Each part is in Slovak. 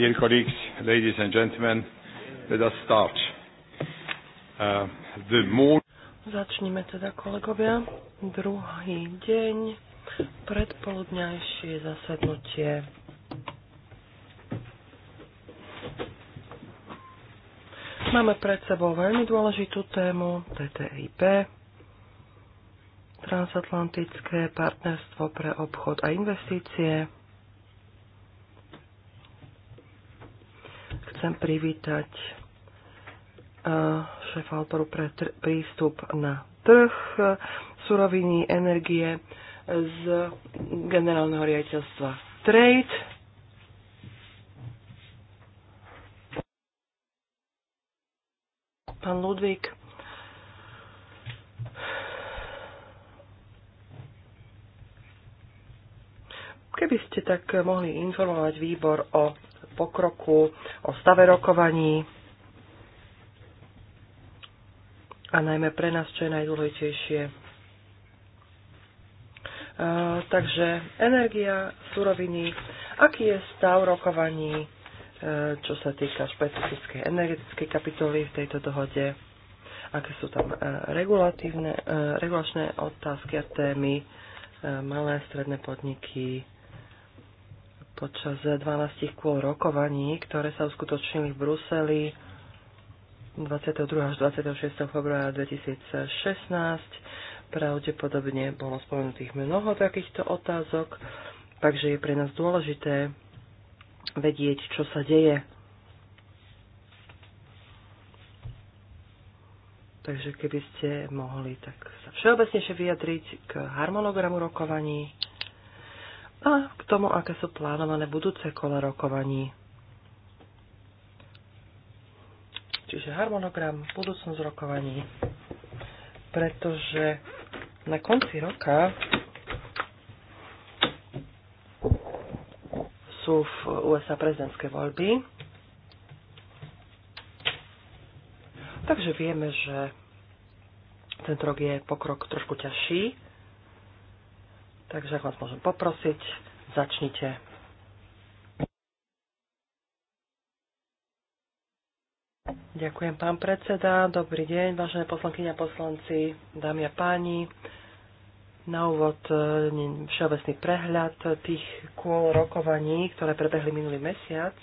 Dear colleagues, ladies and gentlemen, let us start. Uh, the more... Začníme teda, kolegovia. Druhý deň, predpoludňajšie zasadnutie. Máme pred sebou veľmi dôležitú tému TTIP, transatlantické partnerstvo pre obchod a investície. Chcem privítať uh, šéfa odboru pre tr- prístup na trh, e, suroviny, energie z generálneho riaditeľstva Trade. Pán Ludvík, keby ste tak mohli informovať výbor o pokroku, o stave rokovaní a najmä pre nás, čo je najdôležitejšie. E, takže energia, suroviny, aký je stav rokovaní, e, čo sa týka špecifickej energetickej kapitoly v tejto dohode, aké sú tam e, regulatívne, e, regulačné otázky a témy, e, malé, stredné podniky, Počas 12 kôl rokovaní, ktoré sa uskutočnili v Bruseli 22. až 26. februára 2016, pravdepodobne bolo spomenutých mnoho takýchto otázok, takže je pre nás dôležité vedieť, čo sa deje. Takže keby ste mohli tak sa všeobecnejšie vyjadriť k harmonogramu rokovaní a k tomu, aké sú plánované budúce kola rokovaní. Čiže harmonogram, budúcnosť rokovaní, pretože na konci roka sú v USA prezidentské voľby. Takže vieme, že tento rok je pokrok trošku ťažší, Takže ak vás môžem poprosiť, začnite. Ďakujem, pán predseda. Dobrý deň, vážené poslankyňa poslanci, dámy a páni. Na úvod e, všeobecný prehľad tých kôl rokovaní, ktoré prebehli minulý mesiac.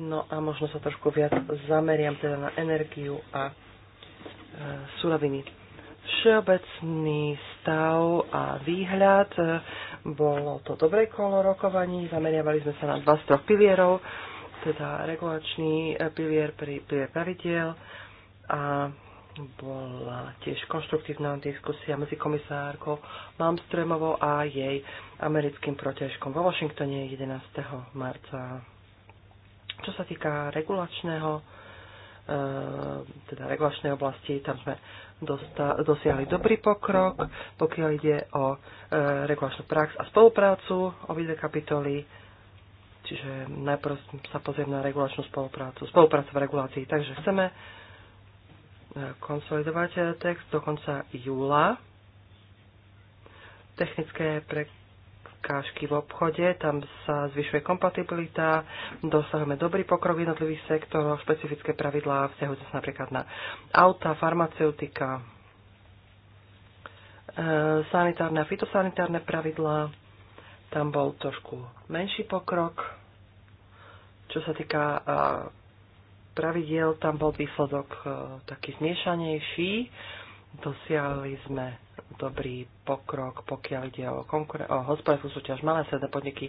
No a možno sa trošku viac zameriam teda na energiu a e, suroviny všeobecný stav a výhľad. Bolo to dobré kolo rokovaní, zameriavali sme sa na dva z troch pilierov, teda regulačný e, pilier, pilier pravidiel a bola tiež konštruktívna diskusia medzi komisárkou Malmströmovou a jej americkým protiažkom vo Washingtone 11. marca. Čo sa týka regulačného, e, teda regulačnej oblasti, tam sme dosiahli dobrý pokrok, pokiaľ ide o e, regulačnú prax a spoluprácu, obidve kapitoly. Čiže najprv sa pozriem na regulačnú spoluprácu, spoluprácu v regulácii. Takže chceme e, konsolidovať e, text do konca júla. Technické pre prekážky v obchode, tam sa zvyšuje kompatibilita, dosahujeme dobrý pokrok v jednotlivých sektoroch, špecifické pravidlá vzťahujúce sa napríklad na auta, farmaceutika, e, sanitárne a fitosanitárne pravidlá. Tam bol trošku menší pokrok. Čo sa týka e, pravidiel, tam bol výsledok e, taký zmiešanejší. Dosiahli sme dobrý pokrok, pokiaľ ide o, konkuren- o hospodárskú súťaž, malé sedné podniky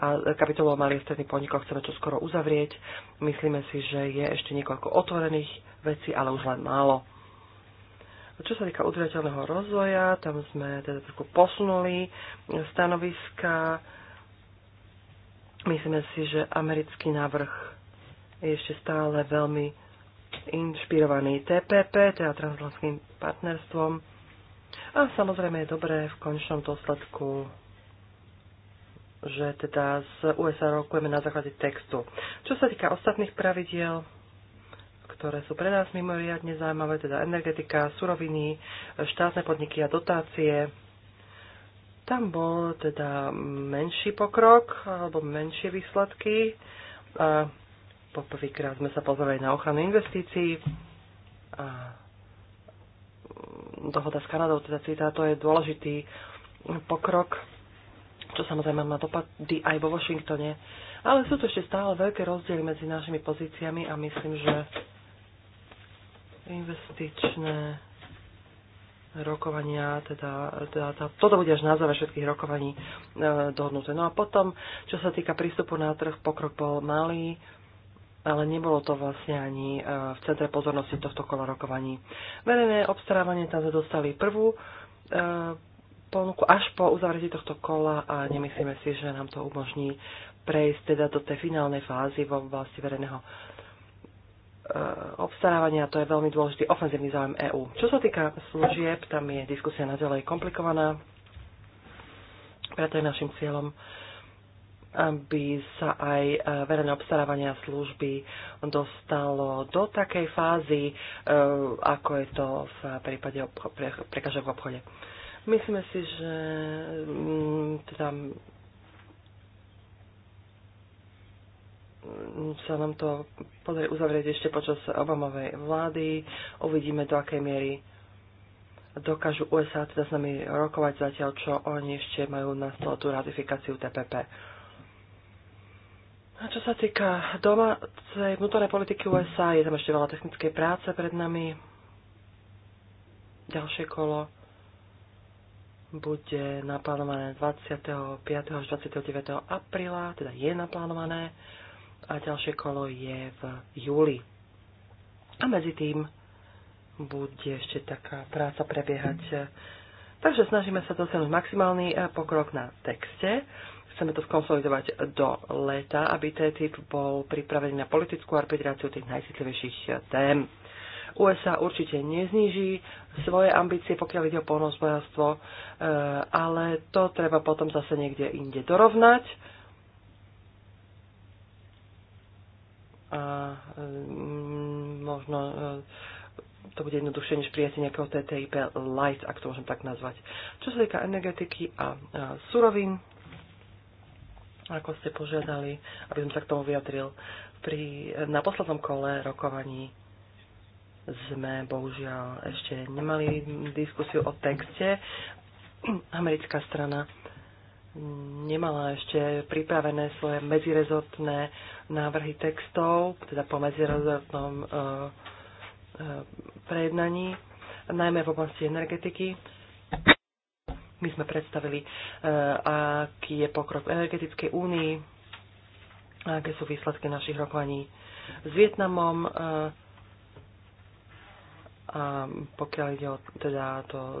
a kapitolu o malých stredných podnikoch chceme čo skoro uzavrieť. Myslíme si, že je ešte niekoľko otvorených vecí, ale už len málo. Čo sa týka udržateľného rozvoja, tam sme teda trošku posunuli stanoviska. Myslíme si, že americký návrh je ešte stále veľmi inšpirovaný TPP, teda transatlantským partnerstvom a samozrejme je dobré v končnom dôsledku že teda z USA rokujeme na základe textu. Čo sa týka ostatných pravidiel, ktoré sú pre nás mimoriadne zaujímavé, teda energetika, suroviny, štátne podniky a dotácie, tam bol teda menší pokrok alebo menšie výsledky. A poprvýkrát sme sa pozerali na ochranu investícií a dohoda s Kanadou, teda CETA, to je dôležitý pokrok, čo samozrejme má dopady aj vo Washingtone. Ale sú tu ešte stále veľké rozdiely medzi našimi pozíciami a myslím, že investičné rokovania, teda, teda teda toto bude až na záver všetkých rokovaní e, dohodnuté. No a potom, čo sa týka prístupu na trh, pokrok bol malý. E, ale nebolo to vlastne ani e, v centre pozornosti tohto kola rokovaní. Verejné obstarávanie tam sme dostali prvú e, ponuku až po uzavretí tohto kola a nemyslíme si, že nám to umožní prejsť teda do tej finálnej fázy vo oblasti verejného e, obstarávania. To je veľmi dôležitý ofenzívny záujem EÚ. Čo sa týka služieb, tam je diskusia naďalej komplikovaná. Preto je našim cieľom uh, aby sa aj e, verejné obstarávania služby dostalo do takej fázy, e, ako je to v prípade prekažok v obchode. Myslíme si, že mm, teda mm, sa nám to podarí uzavrieť ešte počas Obamovej vlády. Uvidíme, do akej miery dokážu USA teda s nami rokovať zatiaľ, čo oni ešte majú na stole tú ratifikáciu TPP. A čo sa týka domácej vnútornej politiky USA, je tam ešte veľa technickej práce pred nami. Ďalšie kolo bude naplánované 25. až 29. apríla, teda je naplánované a ďalšie kolo je v júli. A medzi tým bude ešte taká práca prebiehať. Takže snažíme sa dosiahnuť maximálny eh, pokrok na texte Chceme to skonsolidovať do leta, aby TTIP bol pripravený na politickú arbitráciu tých najcitlivejších tém. USA určite nezníži svoje ambície, pokiaľ ide o polnohospodárstvo, e, ale to treba potom zase niekde inde dorovnať. A mm, možno e, to bude jednoduchšie než prijatie nejakého TTIP light, ak to môžem tak nazvať. Čo sa týka energetiky a surovín, ako ste požiadali, aby som sa k tomu vyjadril. Pri, na poslednom kole rokovaní sme bohužiaľ ešte nemali diskusiu o texte. Americká strana nemala ešte pripravené svoje medzirezortné návrhy textov, teda po medzirezortnom uh, prejednaní, najmä v oblasti energetiky. My sme predstavili, e, aký je pokrok v energetickej únii, aké sú výsledky našich rokovaní s Vietnamom, e, a pokiaľ ide o teda to e,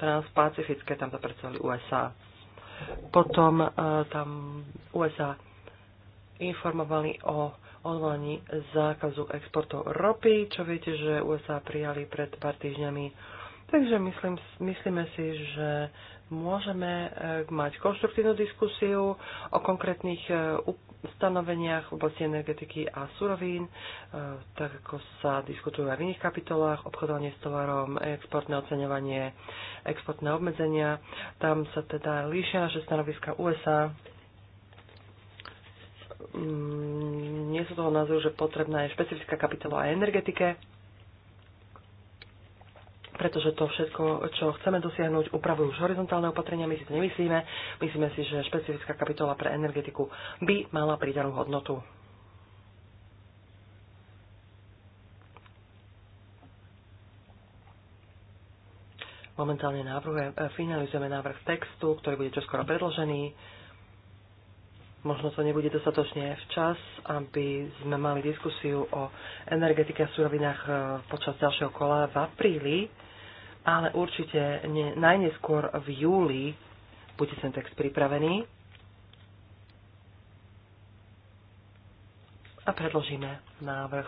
transpacifické, tam to predstavili USA. Potom tam USA informovali o odvolaní zákazu exportov ropy, čo viete, že USA prijali pred pár týždňami Takže myslím, myslíme si, že môžeme eh, mať konštruktívnu diskusiu o konkrétnych eh, ustanoveniach v oblasti energetiky a surovín, eh, tak ako sa diskutujú aj v iných kapitolách, obchodovanie s tovarom, exportné oceňovanie, exportné obmedzenia. Tam sa teda líšia naše stanoviska USA. Mm, nie sú toho názoru, že potrebná je špecifická kapitola aj energetike pretože to všetko, čo chceme dosiahnuť, upravujú už horizontálne opatrenia, my si to nemyslíme. Myslíme si, že špecifická kapitola pre energetiku by mala pridanú hodnotu. Momentálne návrhu, e, finalizujeme návrh textu, ktorý bude čoskoro predložený. Možno to nebude dostatočne včas, aby sme mali diskusiu o energetike a surovinách e, počas ďalšieho kola v apríli ale určite nie, najneskôr v júli bude ten text pripravený a predložíme návrh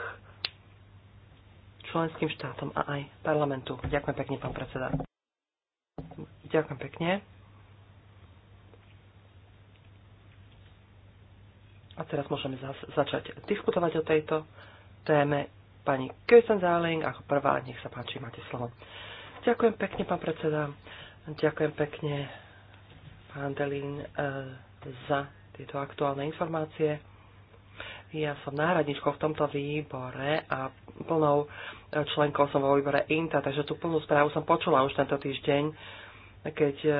členským štátom a aj parlamentu. Ďakujem pekne, pán predseda. Ďakujem pekne. A teraz môžeme začať diskutovať o tejto téme. Pani Kirsten Darling, ako prvá, nech sa páči, máte slovo. Ďakujem pekne, pán predseda. Ďakujem pekne, pán Delín, eh, za tieto aktuálne informácie. Ja som náhradničkou v tomto výbore a plnou eh, členkou som vo výbore INTA, takže tú plnú správu som počula už tento týždeň, keď eh,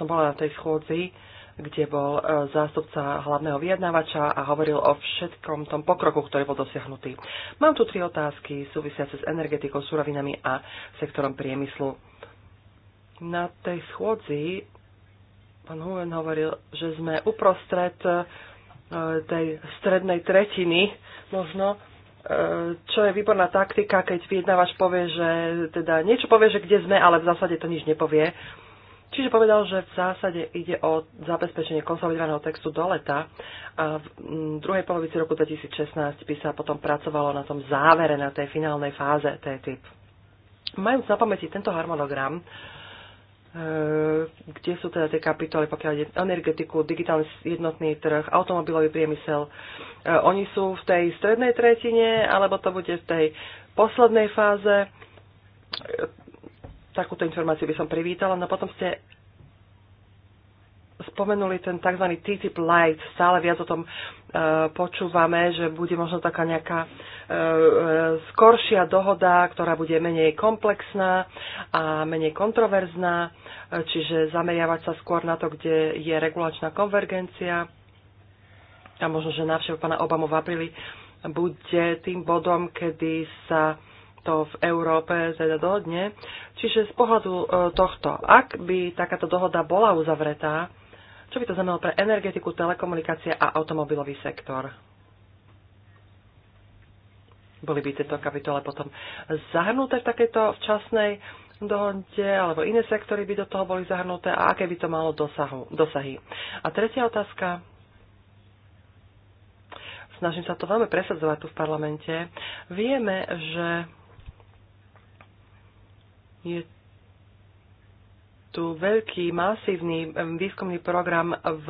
som bola na tej schôdzi kde bol e, zástupca hlavného vyjednávača a hovoril o všetkom tom pokroku, ktorý bol dosiahnutý. Mám tu tri otázky súvisiace s energetikou, surovinami a sektorom priemyslu. Na tej schôdzi pán Huven hovoril, že sme uprostred e, tej strednej tretiny možno, e, čo je výborná taktika, keď vyjednávaš povie, že teda niečo povie, že kde sme, ale v zásade to nič nepovie. Čiže povedal, že v zásade ide o zabezpečenie konsolidovaného textu do leta a v mm, druhej polovici roku 2016 by sa potom pracovalo na tom závere, na tej finálnej fáze TTIP. Majúc na pamäti tento harmonogram, e, kde sú teda tie kapitoly, pokiaľ ide energetiku, digitálny jednotný trh, automobilový priemysel. E, oni sú v tej strednej tretine, alebo to bude v tej poslednej fáze Takúto informáciu by som privítala. No potom ste spomenuli ten tzv. TTIP Light. Stále viac o tom uh, počúvame, že bude možno taká nejaká uh, skoršia dohoda, ktorá bude menej komplexná a menej kontroverzná, čiže zameriavať sa skôr na to, kde je regulačná konvergencia. A možno, že návšteva pána Obamu v apríli bude tým bodom, kedy sa to v Európe teda dohodne. Čiže z pohľadu e, tohto, ak by takáto dohoda bola uzavretá, čo by to znamenalo pre energetiku, telekomunikácie a automobilový sektor? Boli by tieto kapitole potom zahrnuté v takejto včasnej dohode, alebo iné sektory by do toho boli zahrnuté a aké by to malo dosahu, dosahy. A tretia otázka. Snažím sa to veľmi presadzovať tu v parlamente. Vieme, že je tu veľký, masívny výskumný program v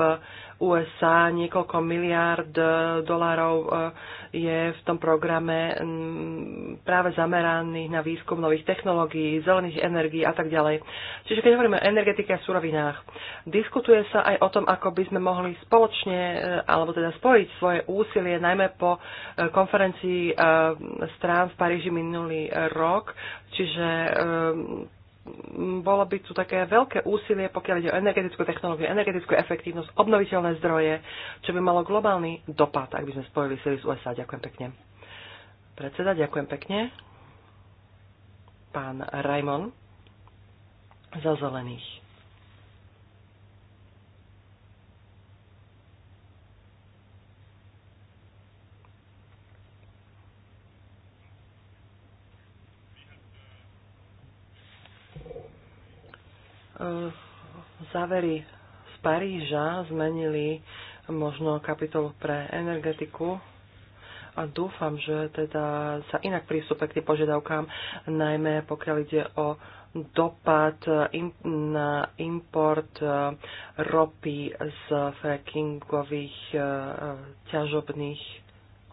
USA niekoľko miliárd e, dolárov e, je v tom programe práve zameraných na výskum nových technológií, zelených energií a tak ďalej. Čiže keď hovoríme o energetike a surovinách, diskutuje sa aj o tom, ako by sme mohli spoločne, e, alebo teda spojiť svoje úsilie, najmä po konferencii strán v Paríži minulý rok, čiže bolo by tu také veľké úsilie, pokiaľ ide o energetickú technológiu, energetickú efektívnosť, obnoviteľné zdroje, čo by malo globálny dopad, ak by sme spojili sily z USA. Ďakujem pekne. Predseda, ďakujem pekne. Pán Raimon za zelených. E, závery z Paríža zmenili možno kapitolu pre energetiku a dúfam, že teda sa inak prístupe k tým požiadavkám, najmä pokiaľ ide o dopad e, na import e, ropy z frackingových ťažobných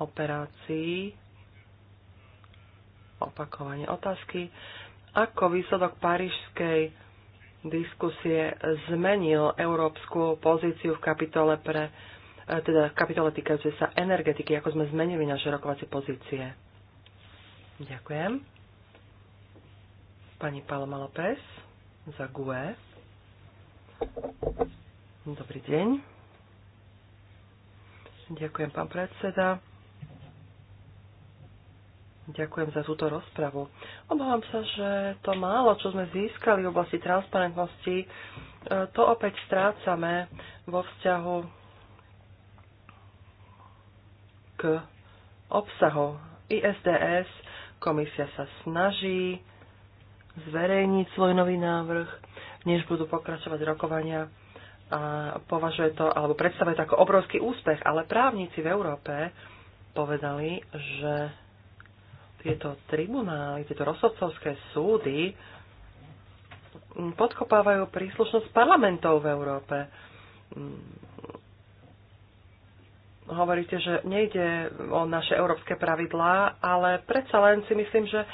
operácií. Opakovanie otázky. Ako výsledok parížskej diskusie zmenil európsku pozíciu v kapitole pre eh, teda v kapitole týkajúce sa energetiky, ako sme zmenili naše rokovacie pozície. Ďakujem. Pani Paloma López za GUE. Dobrý deň. Ďakujem, pán predseda. Ďakujem za túto rozpravu. Obávam sa, že to málo, čo sme získali v oblasti transparentnosti, e, to opäť strácame vo vzťahu k obsahu ISDS. Komisia sa snaží zverejniť svoj nový návrh, než budú pokračovať rokovania a považuje to, alebo predstavuje to ako obrovský úspech, ale právnici v Európe povedali, že tieto tribunály, tieto rozhodcovské súdy podkopávajú príslušnosť parlamentov v Európe. Hovoríte, že nejde o naše európske pravidlá, ale predsa len si myslím, že e,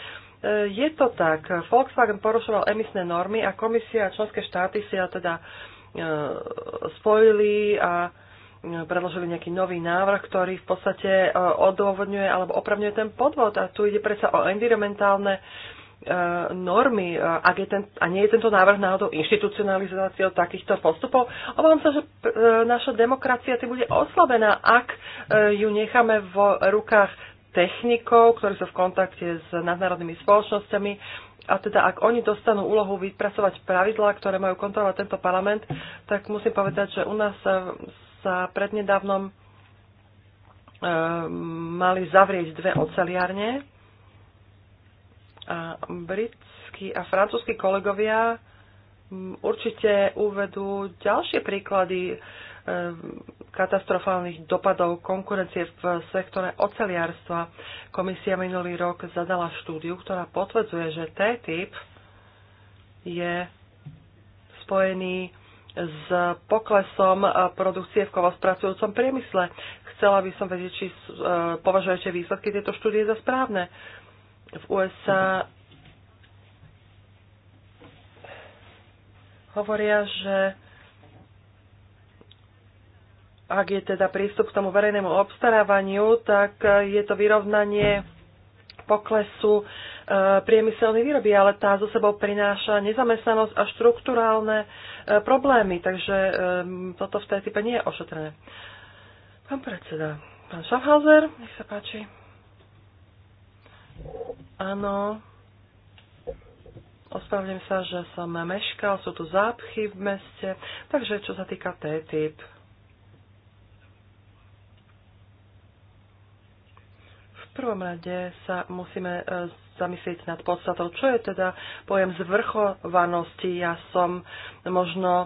je to tak. Volkswagen porušoval emisné normy a komisia a členské štáty si ja teda e, spojili a predložili nejaký nový návrh, ktorý v podstate e, odôvodňuje alebo opravňuje ten podvod. A tu ide predsa o environmentálne e, normy, e, ak je ten, a nie je tento návrh náhodou inštitucionalizáciou takýchto postupov. Obávam sa, že naša demokracia tým bude oslabená, ak ju necháme v rukách technikov, ktorí sú v kontakte s nadnárodnými spoločnosťami. A teda ak oni dostanú úlohu vypracovať pravidlá, ktoré majú kontrolovať tento parlament, tak musím povedať, že u nás sa prednedávnom eh, mali zavrieť dve oceliárne. A britskí a francúzskí kolegovia mm, určite uvedú ďalšie príklady eh, katastrofálnych dopadov konkurencie v sektore oceliarstva. Komisia minulý rok zadala štúdiu, ktorá potvrdzuje, že t T-typ je spojený s poklesom e, produkcie v kovospracujúcom priemysle. Chcela by som vedieť, či e, považujete výsledky tejto štúdie za správne. V USA hovoria, že ak je teda prístup k tomu verejnému obstarávaniu, tak e, je to vyrovnanie poklesu Eh, priemyselnej výroby, ale tá zo sebou prináša nezamestnanosť a štruktúrálne eh, problémy, takže eh, toto v type nie je ošetrené. Pán predseda, pán Schaffhauser, nech sa páči. Áno. Ospravedlňujem sa, že som meškal, sú tu zápchy v meste, takže čo sa týka T-typ. V prvom rade sa musíme zamyslieť nad podstatou, čo je teda pojem zvrchovanosti. Ja som možno e,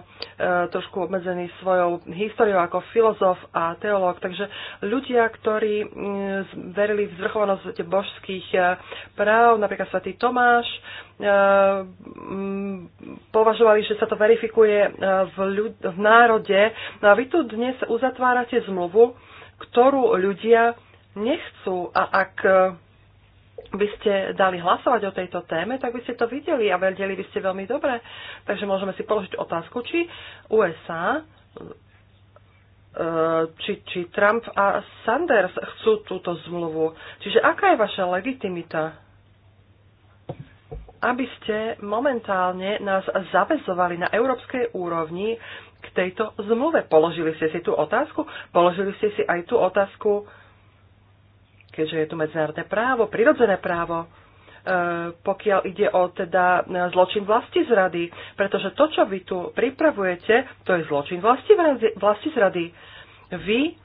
trošku obmedzený svojou históriou ako filozof a teológ, takže ľudia, ktorí e, verili v zvrchovanosť božských e, práv, napríklad svätý Tomáš, e, m, považovali, že sa to verifikuje e, v, ľud, v národe. No a vy tu dnes uzatvárate zmluvu, ktorú ľudia nechcú a ak e, by ste dali hlasovať o tejto téme, tak by ste to videli a vedeli by ste veľmi dobre. Takže môžeme si položiť otázku, či USA, e, či, či Trump a Sanders chcú túto zmluvu. Čiže aká je vaša legitimita? Aby ste momentálne nás zavezovali na európskej úrovni k tejto zmluve. Položili ste si tú otázku? Položili ste si aj tú otázku, keďže je tu medzinárodné právo, prirodzené právo, e, pokiaľ ide o teda zločin vlasti zrady. Pretože to, čo vy tu pripravujete, to je zločin vlasti, vlasti zrady. Vy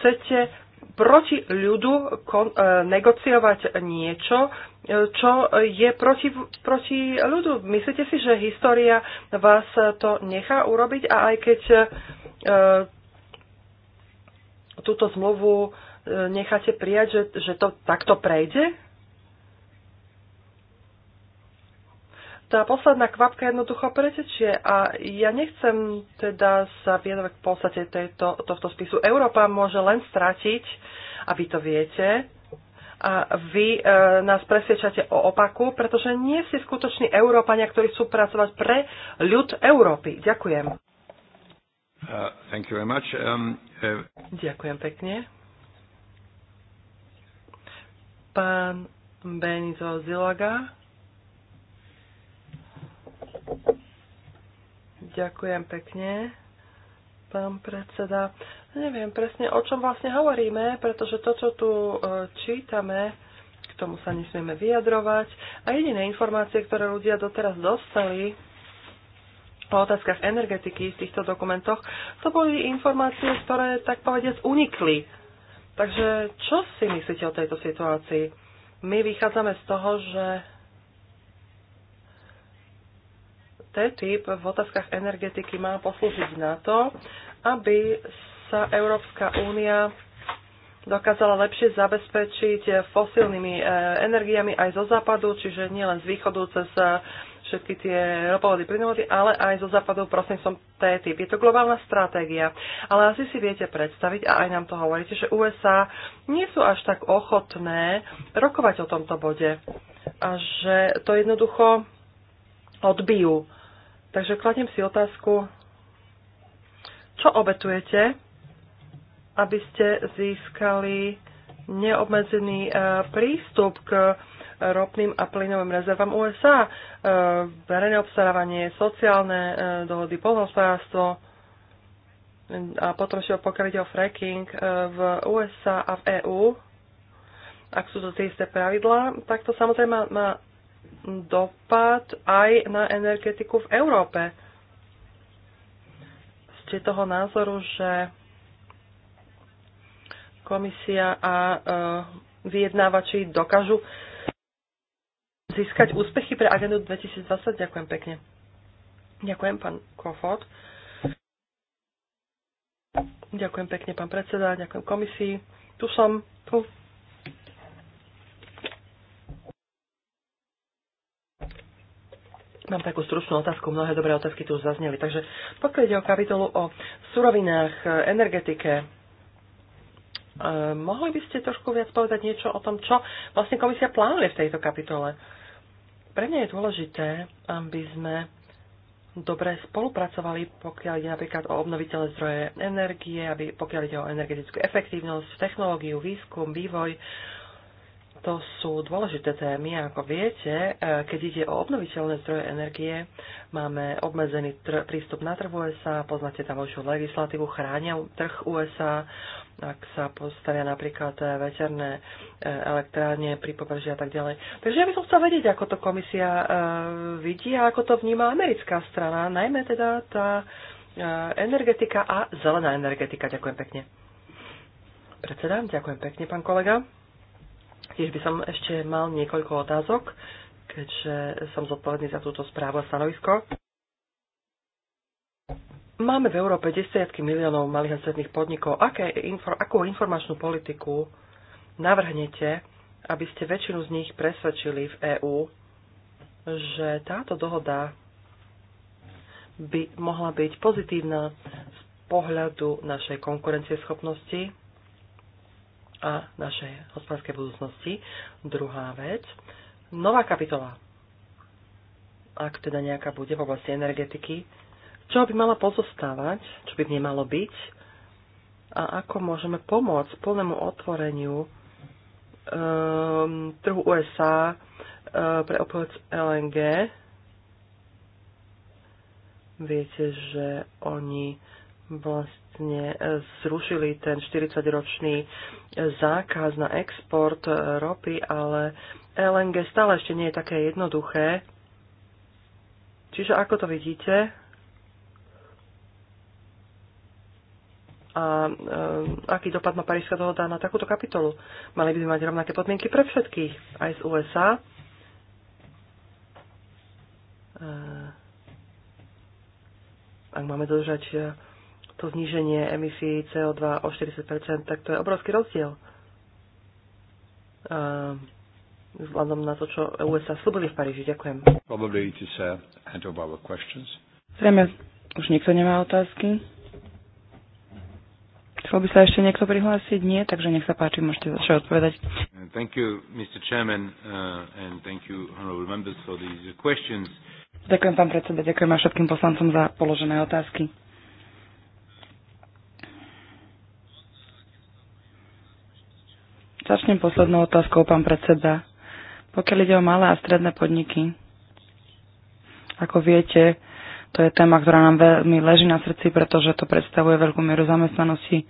chcete proti ľudu kon, e, negociovať niečo, e, čo je proti, proti ľudu. Myslíte si, že história vás to nechá urobiť a aj keď e, túto zmluvu e, necháte prijať, že, že to takto prejde? Tá posledná kvapka jednoducho pretečie a ja nechcem teda sa viedovať v podstate tejto, tohto spisu. Európa môže len stratiť a vy to viete, a vy e, nás presvedčate o opaku, pretože nie ste skutoční Európania, ktorí chcú pracovať pre ľud Európy. Ďakujem. Uh, thank you very much. Um, uh... Ďakujem pekne. Pán Benito Zilaga. Ďakujem pekne, pán predseda. Neviem presne, o čom vlastne hovoríme, pretože to, čo tu e, čítame, k tomu sa nesmieme vyjadrovať. A jediné informácie, ktoré ľudia doteraz dostali o otázkach energetiky v týchto dokumentoch, to boli informácie, ktoré, tak povediať, unikli Takže čo si myslíte o tejto situácii? My vychádzame z toho, že typ v otázkach energetiky má poslúžiť na to, aby sa Európska únia dokázala lepšie zabezpečiť fosílnymi eh, energiami aj zo západu, čiže nielen z východu cez eh, všetky tie ropovody, plynovody, ale aj zo západov prosím som TTIP. Je to globálna stratégia, ale asi si viete predstaviť a aj nám to hovoríte, že USA nie sú až tak ochotné rokovať o tomto bode a že to jednoducho odbijú. Takže kladiem si otázku, čo obetujete, aby ste získali neobmedzený e, prístup k ropným a plynovým rezervám USA. E, verejné obstarávanie, sociálne e, dohody, poľnohospodárstvo a potom ešte pokiaľ ide o fracking e, v USA a v EÚ, ak sú to tie isté pravidlá, tak to samozrejme má dopad aj na energetiku v Európe. Ste toho názoru, že komisia a vyjednávači dokážu získať úspechy pre agendu 2020. Ďakujem pekne. Ďakujem, pán Kofod. Ďakujem pekne, pán predseda. Ďakujem komisii. Tu som. Tu. Mám takú stručnú otázku, mnohé dobré otázky tu už zazneli. Takže pokiaľ ide o kapitolu o surovinách, energetike, eh, mohli by ste trošku viac povedať niečo o tom, čo vlastne komisia plánuje v tejto kapitole? Pre mňa je dôležité, aby sme dobre spolupracovali, pokiaľ ide napríklad o obnoviteľné zdroje energie, aby, pokiaľ ide o energetickú efektívnosť, technológiu, výskum, vývoj, to sú dôležité témy, ako viete, e, keď ide o obnoviteľné zdroje energie, máme obmedzený tr- prístup na trh USA, poznáte tam tamojšiu legislatívu, chránia trh USA, ak sa postavia napríklad e, veterné e, elektrárne pri pobreží a tak ďalej. Takže ja by som chcela vedieť, ako to komisia vidí a ako to vníma americká strana, najmä teda tá energetika a zelená energetika. Ďakujem pekne. Predsedám, ďakujem pekne, pán kolega. Tiež by som ešte mal niekoľko otázok, keďže som zodpovedný za túto správu a stanovisko. Máme v Európe desiatky miliónov malých a stredných podnikov. Aké, infor, akú informačnú politiku navrhnete, aby ste väčšinu z nich presvedčili v EÚ, že táto dohoda by mohla byť pozitívna z pohľadu našej konkurencieschopnosti a našej hospodárskej budúcnosti. Druhá vec, nová kapitola, ak teda nejaká bude v oblasti energetiky, čo by mala pozostávať, čo by nemalo byť a ako môžeme pomôcť plnému otvoreniu um, trhu USA um, eh, pre obchod LNG. Viete, že oni vlastne vlastne zrušili ten 40-ročný zákaz na export ropy, ale LNG stále ešte nie je také jednoduché. Čiže ako to vidíte? A e, aký dopad má Paríska dohoda na takúto kapitolu? Mali by mať rovnaké podmienky pre všetkých, aj z USA. E, eh, ak máme dodržať eh, to zníženie emisí CO2 o 40%, tak to je obrovský rozdiel. Uh, vzhľadom na to, čo USA slúbili v Paríži. Ďakujem. Zrejme už nikto nemá otázky. Chcel by sa ešte niekto prihlásiť? Nie, takže nech sa páči, môžete začať odpovedať. Thank you, Mr. Chairman, uh, and thank you, honorable members, for these questions. Ďakujem, pán predseda, ďakujem aj všetkým poslancom za položené otázky. Začnem poslednou otázkou, pán predseda. Pokiaľ ide o malé a stredné podniky, ako viete, to je téma, ktorá nám veľmi leží na srdci, pretože to predstavuje veľkú mieru zamestnanosti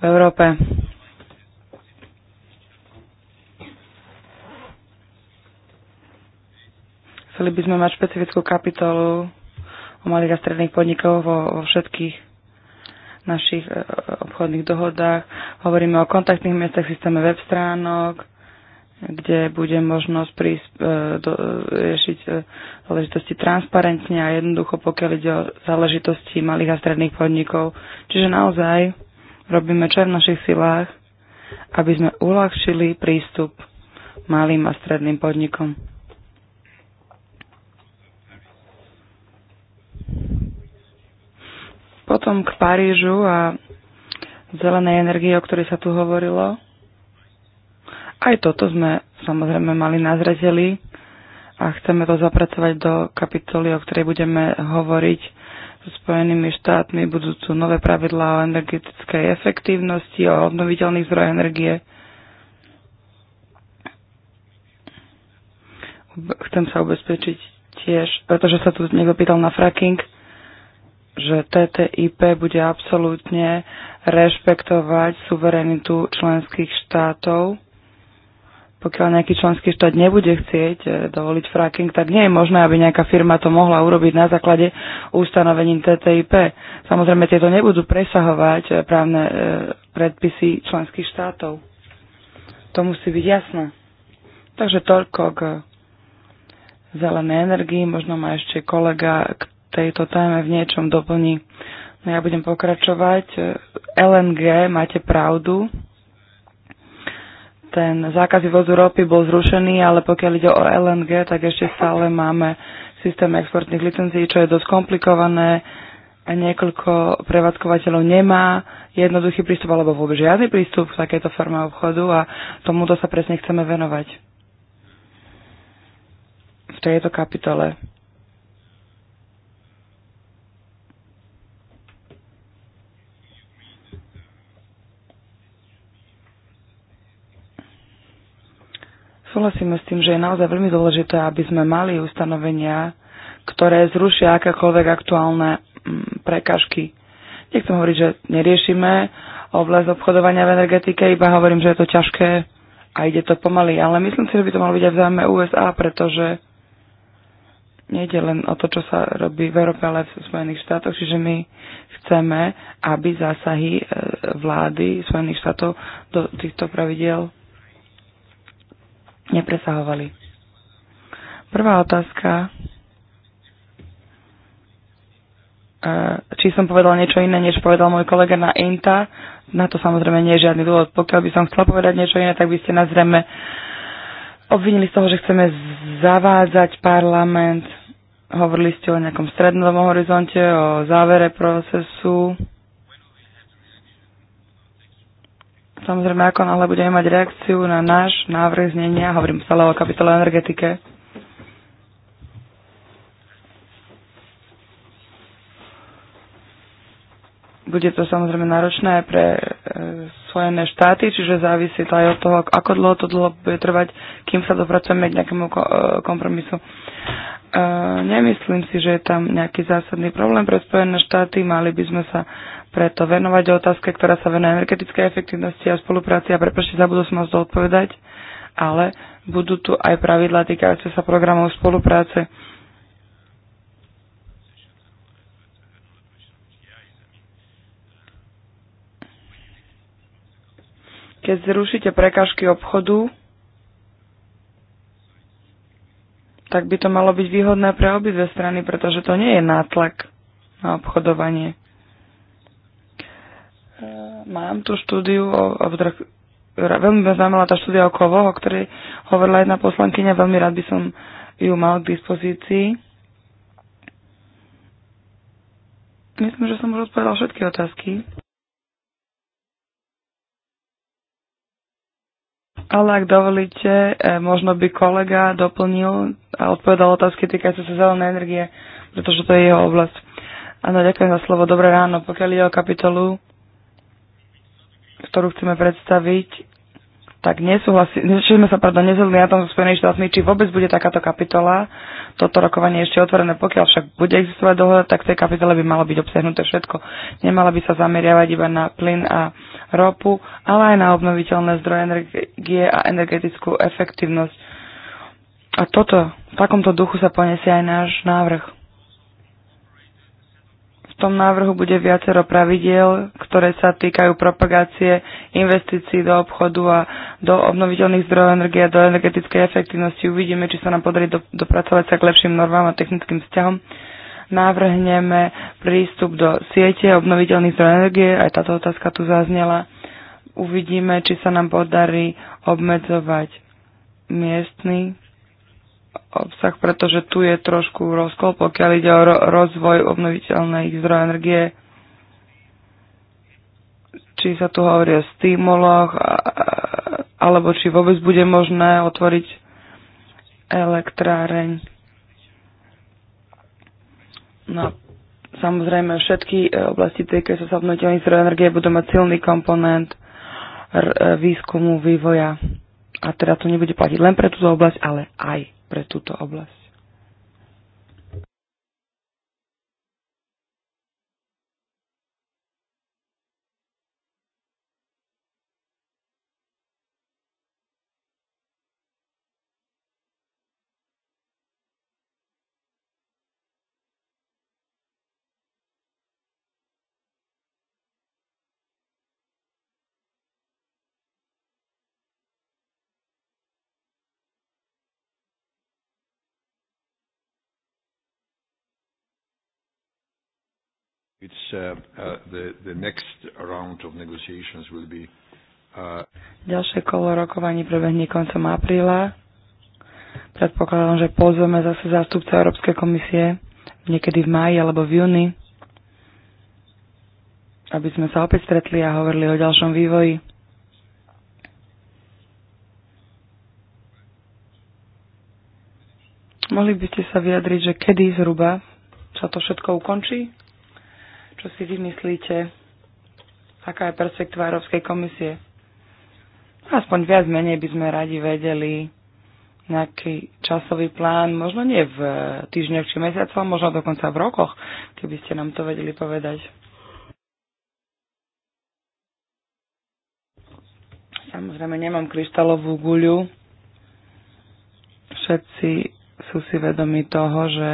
v Európe. Chceli by sme mať špecifickú kapitolu o malých a stredných podnikoch vo, vo všetkých našich e, obchodných dohodách. Hovoríme o kontaktných miestach, systéme web stránok, kde bude možnosť prísť, e, do, e, riešiť záležitosti transparentne a jednoducho, pokiaľ ide o záležitosti malých a stredných podnikov. Čiže naozaj robíme čo v našich silách, aby sme uľahčili prístup malým a stredným podnikom. Potom k Parížu a zelenej energie, o ktorej sa tu hovorilo. Aj toto sme samozrejme mali na zreteli a chceme to zapracovať do kapitoly, o ktorej budeme hovoriť so Spojenými štátmi. Budú tu nové pravidlá o energetickej efektívnosti, o obnoviteľných zdrojoch energie. Chcem sa ubezpečiť tiež, pretože sa tu niekto pýtal na fracking, že TTIP bude absolútne rešpektovať suverenitu členských štátov. Pokiaľ nejaký členský štát nebude chcieť e, dovoliť fracking, tak nie je možné, aby nejaká firma to mohla urobiť na základe ustanovením TTIP. Samozrejme, tieto nebudú presahovať e, právne e, predpisy členských štátov. To musí byť jasné. Takže toľko k zelenej energii. Možno má ešte kolega k tejto téme v niečom doplní. No ja budem pokračovať. LNG, máte pravdu. Ten zákaz vývozu ropy bol zrušený, ale pokiaľ ide o LNG, tak ešte stále máme systém exportných licencií, čo je dosť komplikované. A niekoľko prevádzkovateľov nemá jednoduchý prístup alebo vôbec žiadny prístup k takejto forme obchodu a tomuto sa presne chceme venovať v tejto kapitole. Súhlasíme s tým, že je naozaj veľmi dôležité, aby sme mali ustanovenia, ktoré zrušia akékoľvek aktuálne mm, prekažky. Nechcem hovoriť, že neriešime oblasť obchodovania v energetike, iba hovorím, že je to ťažké a ide to pomaly. Ale myslím si, že by to malo byť aj v záme USA, pretože nejde len o to, čo sa robí v Európe, ale v Spojených štátoch. Čiže my chceme, aby zásahy e, vlády Spojených štátov do týchto pravidiel nepresahovali. Prvá otázka. Eh, či som povedal niečo iné, než povedal môj kolega na INTA, na to samozrejme nie je žiadny dôvod. Pokiaľ by som chcela povedať niečo iné, tak by ste nás zrejme obvinili z toho, že chceme zavádzať parlament. Hovorili ste o nejakom strednom horizonte, o závere procesu. Samozrejme, ako náhle budeme mať reakciu na náš návrh znenia, hovorím stále o kapitole energetike, bude to samozrejme náročné aj pre e, Spojené štáty, čiže závisí to aj od toho, ako dlho to dlho bude trvať, kým sa dopracujeme k nejakému ko, e, kompromisu. E, nemyslím si, že je tam nejaký zásadný problém pre Spojené štáty, mali by sme sa preto venovať otázke, ktorá sa venuje energetickej efektivnosti a spolupráci a prepašte, zabudol som vás to odpovedať, ale budú tu aj pravidlá týkajúce sa programov spolupráce. Keď zrušíte prekážky obchodu, tak by to malo byť výhodné pre obidve strany, pretože to nie je nátlak na obchodovanie. Mám tú štúdiu, o, o, teda, veľmi ma zaujímala tá štúdia o kovoch, o ktorej hovorila jedna poslankyňa, veľmi rád by som ju mal k dispozícii. Myslím, že som už odpovedal všetky otázky. Ale ak dovolíte, eh, možno by kolega doplnil a odpovedal otázky týkajúce sa zelenej energie, pretože to je jeho oblasť. Áno, ďakujem za slovo. Dobré ráno. Pokiaľ ide o kapitolu ktorú chceme predstaviť, tak nesúhlasí, že sme sa pravda nezhodli na tom so Spojenými štátmi, či vôbec bude takáto kapitola. Toto rokovanie je ešte otvorené, pokiaľ však bude existovať dohoda, tak v tej kapitole by malo byť obsiahnuté všetko. Nemala by sa zameriavať iba na plyn a ropu, ale aj na obnoviteľné zdroje energie a energetickú efektívnosť. A toto, v takomto duchu sa poniesie aj náš návrh tom návrhu bude viacero pravidiel, ktoré sa týkajú propagácie investícií do obchodu a do obnoviteľných zdrojov energie a do energetickej efektivnosti. Uvidíme, či sa nám podarí do, dopracovať sa k lepším normám a technickým vzťahom. Návrhneme prístup do siete obnoviteľných zdrojov energie, aj táto otázka tu zaznela. Uvidíme, či sa nám podarí obmedzovať miestny obsah, pretože tu je trošku rozkol, pokiaľ ide o rozvoj obnoviteľných zdrojov energie, či sa tu hovorí o stimuloch, alebo či vôbec bude možné otvoriť elektráreň. No, samozrejme, všetky e, oblasti týkajúce sa obnoviteľných zdrojov energie budú mať silný komponent e, výskumu, vývoja. A teda to nebude platiť len pre túto oblasť, ale aj pre túto oblasť. It's, uh, uh, the, the next round of negotiations will be uh... Ďalšie kolo rokovaní prebehne koncom apríla. Predpokladám, že pozveme zase zástupca Európskej komisie niekedy v máji alebo v júni, aby sme sa opäť stretli a hovorili o ďalšom vývoji. Mohli by ste sa vyjadriť, že kedy zhruba sa to všetko ukončí? Čo si vymyslíte? Aká je perspektíva Európskej komisie? Aspoň viac menej by sme radi vedeli nejaký časový plán, možno nie v týždňoch či mesiacoch, možno dokonca v rokoch, keby ste nám to vedeli povedať. Samozrejme, nemám kryštálovú guľu. Všetci sú si vedomi toho, že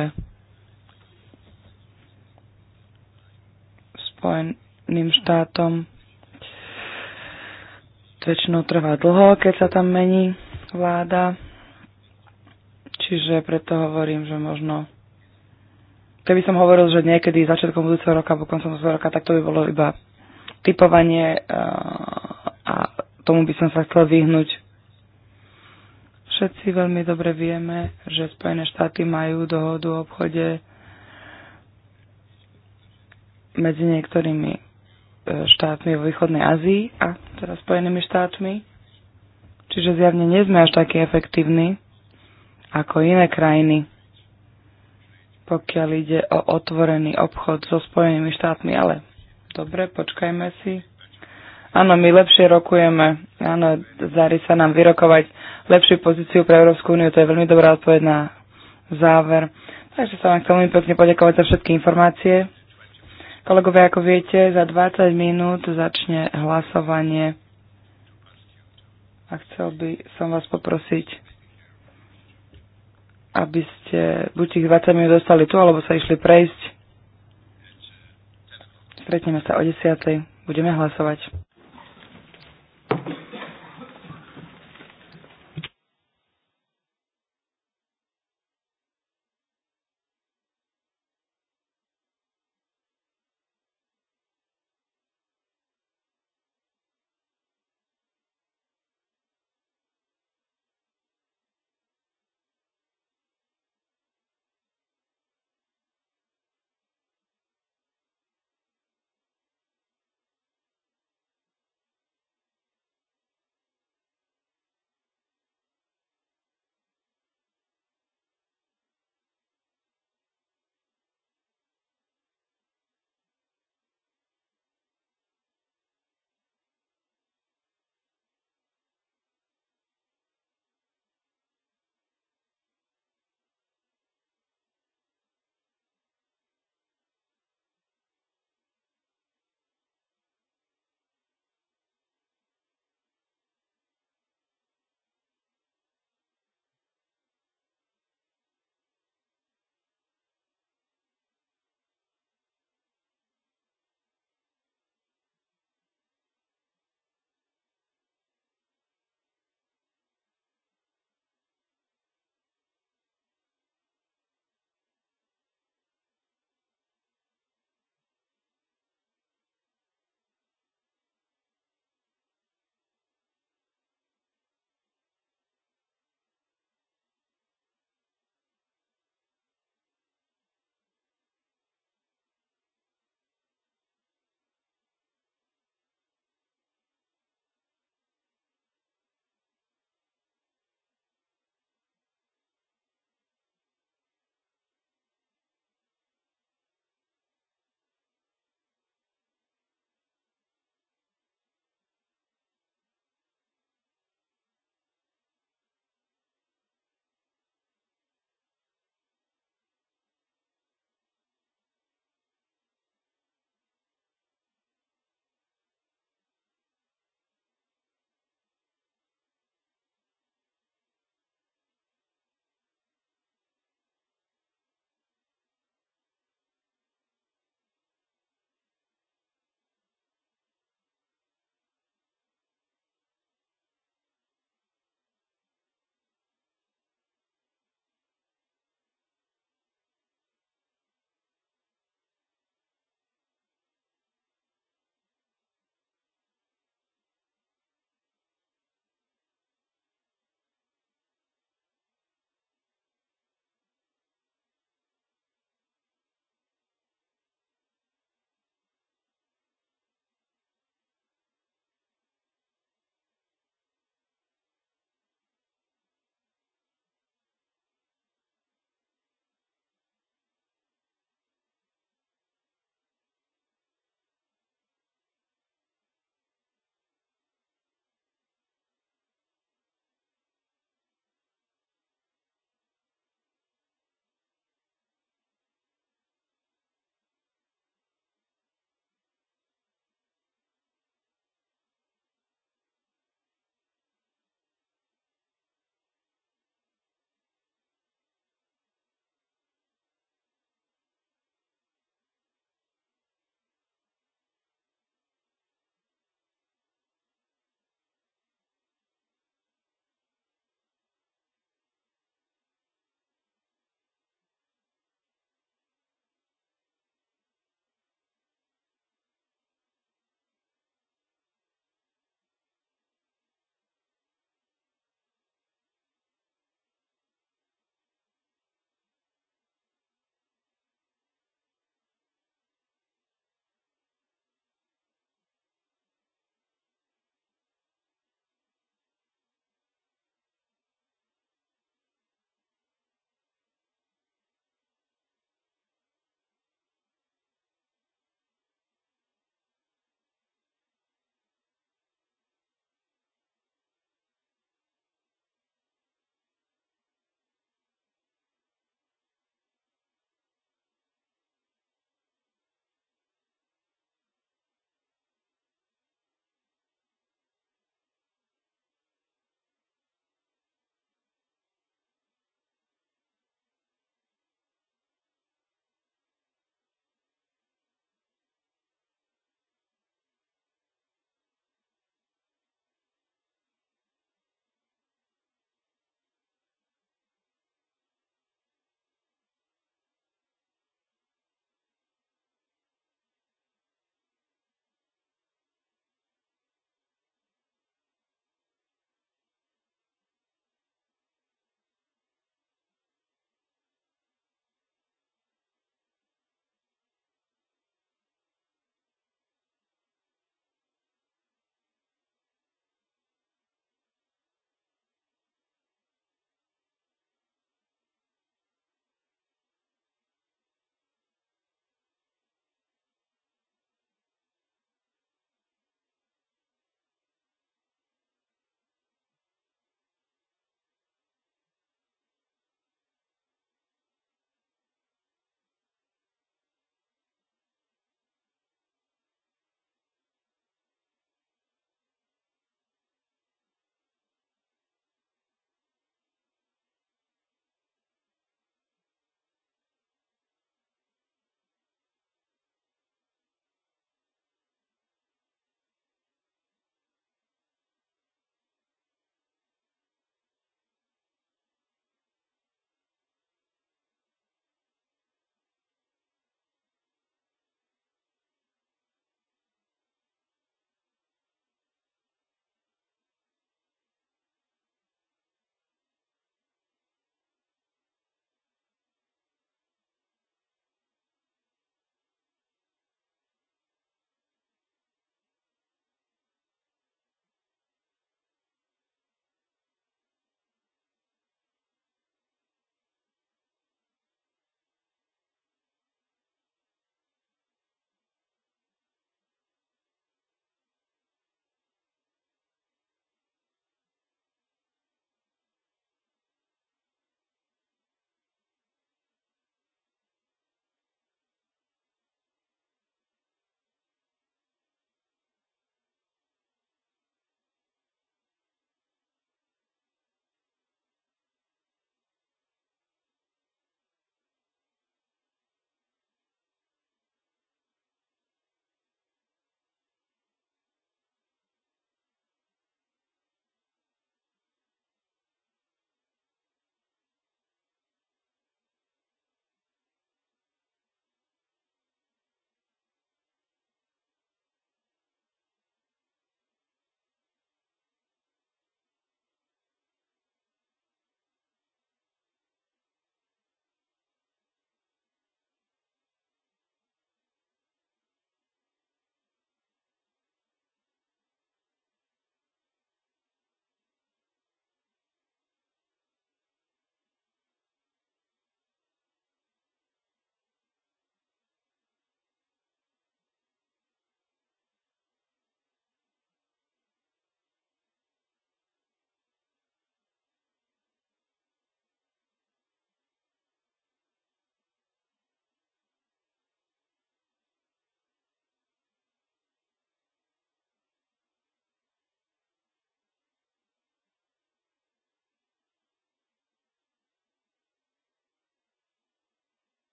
Spojeným štátom to väčšinou trvá dlho, keď sa tam mení vláda. Čiže preto hovorím, že možno keby som hovoril, že niekedy začiatkom budúceho roka alebo koncom budúceho roka, tak to by bolo iba typovanie eh, a tomu by som sa chcel vyhnúť. Všetci veľmi dobre vieme, že Spojené štáty majú dohodu o obchode medzi niektorými e, štátmi vo východnej Ázii a teda Spojenými štátmi. Čiže zjavne nie sme až takí efektívni ako iné krajiny, pokiaľ ide o otvorený obchod so Spojenými štátmi, ale dobre, počkajme si. Áno, my lepšie rokujeme. Áno, zarí sa nám vyrokovať lepšiu pozíciu pre Európsku úniu. To je veľmi dobrá odpoveď na záver. Takže sa vám chcem veľmi pekne poďakovať za všetky informácie. Kolegovia, ako viete, za 20 minút začne hlasovanie. A chcel by som vás poprosiť, aby ste buď tých 20 minút dostali tu, alebo sa išli prejsť. Stretneme sa o 10. Budeme hlasovať.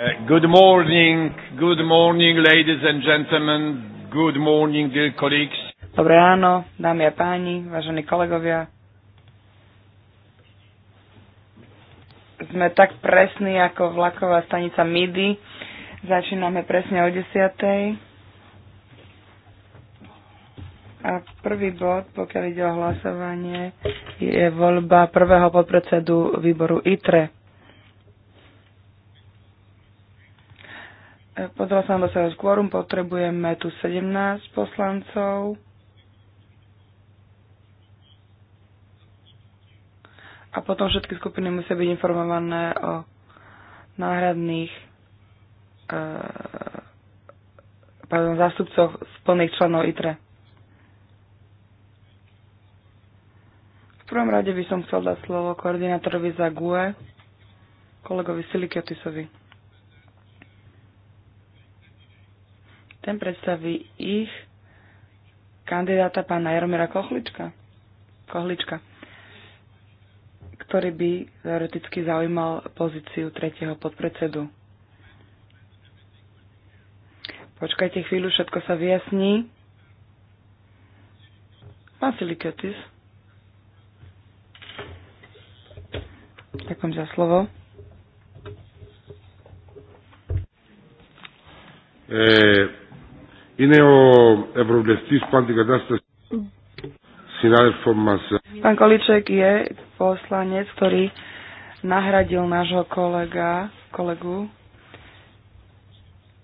Uh, good morning, good morning, ladies and gentlemen, good morning, dear colleagues. Dobré ráno, dámy a páni, vážení kolegovia. Sme tak presní ako vlaková stanica MIDI. Začíname presne o 10. A prvý bod, pokiaľ ide o hlasovanie, je voľba prvého podpredsedu výboru ITRE. E, Pozrela sa na dosahať kvorum, potrebujeme tu 17 poslancov. A potom všetky skupiny musia byť informované o náhradných e, pardon, zástupcoch z plných členov ITRE. V prvom rade by som chcel dať slovo koordinátorovi za GUE, kolegovi Silikiotisovi. ten predstaví ich kandidáta pána Jaromira Kohlička, Kohlička ktorý by teoreticky zaujímal pozíciu tretieho podpredsedu. Počkajte chvíľu, všetko sa vyjasní. Pán Silikotis. Ďakujem za slovo. E Είναι ο ευρωβουλευτή που αντικατάσταση. συνάδελφο μα. Παν μας. Pán Kolíček je poslanec, ktorý nahradil nášho kolega, kolegu.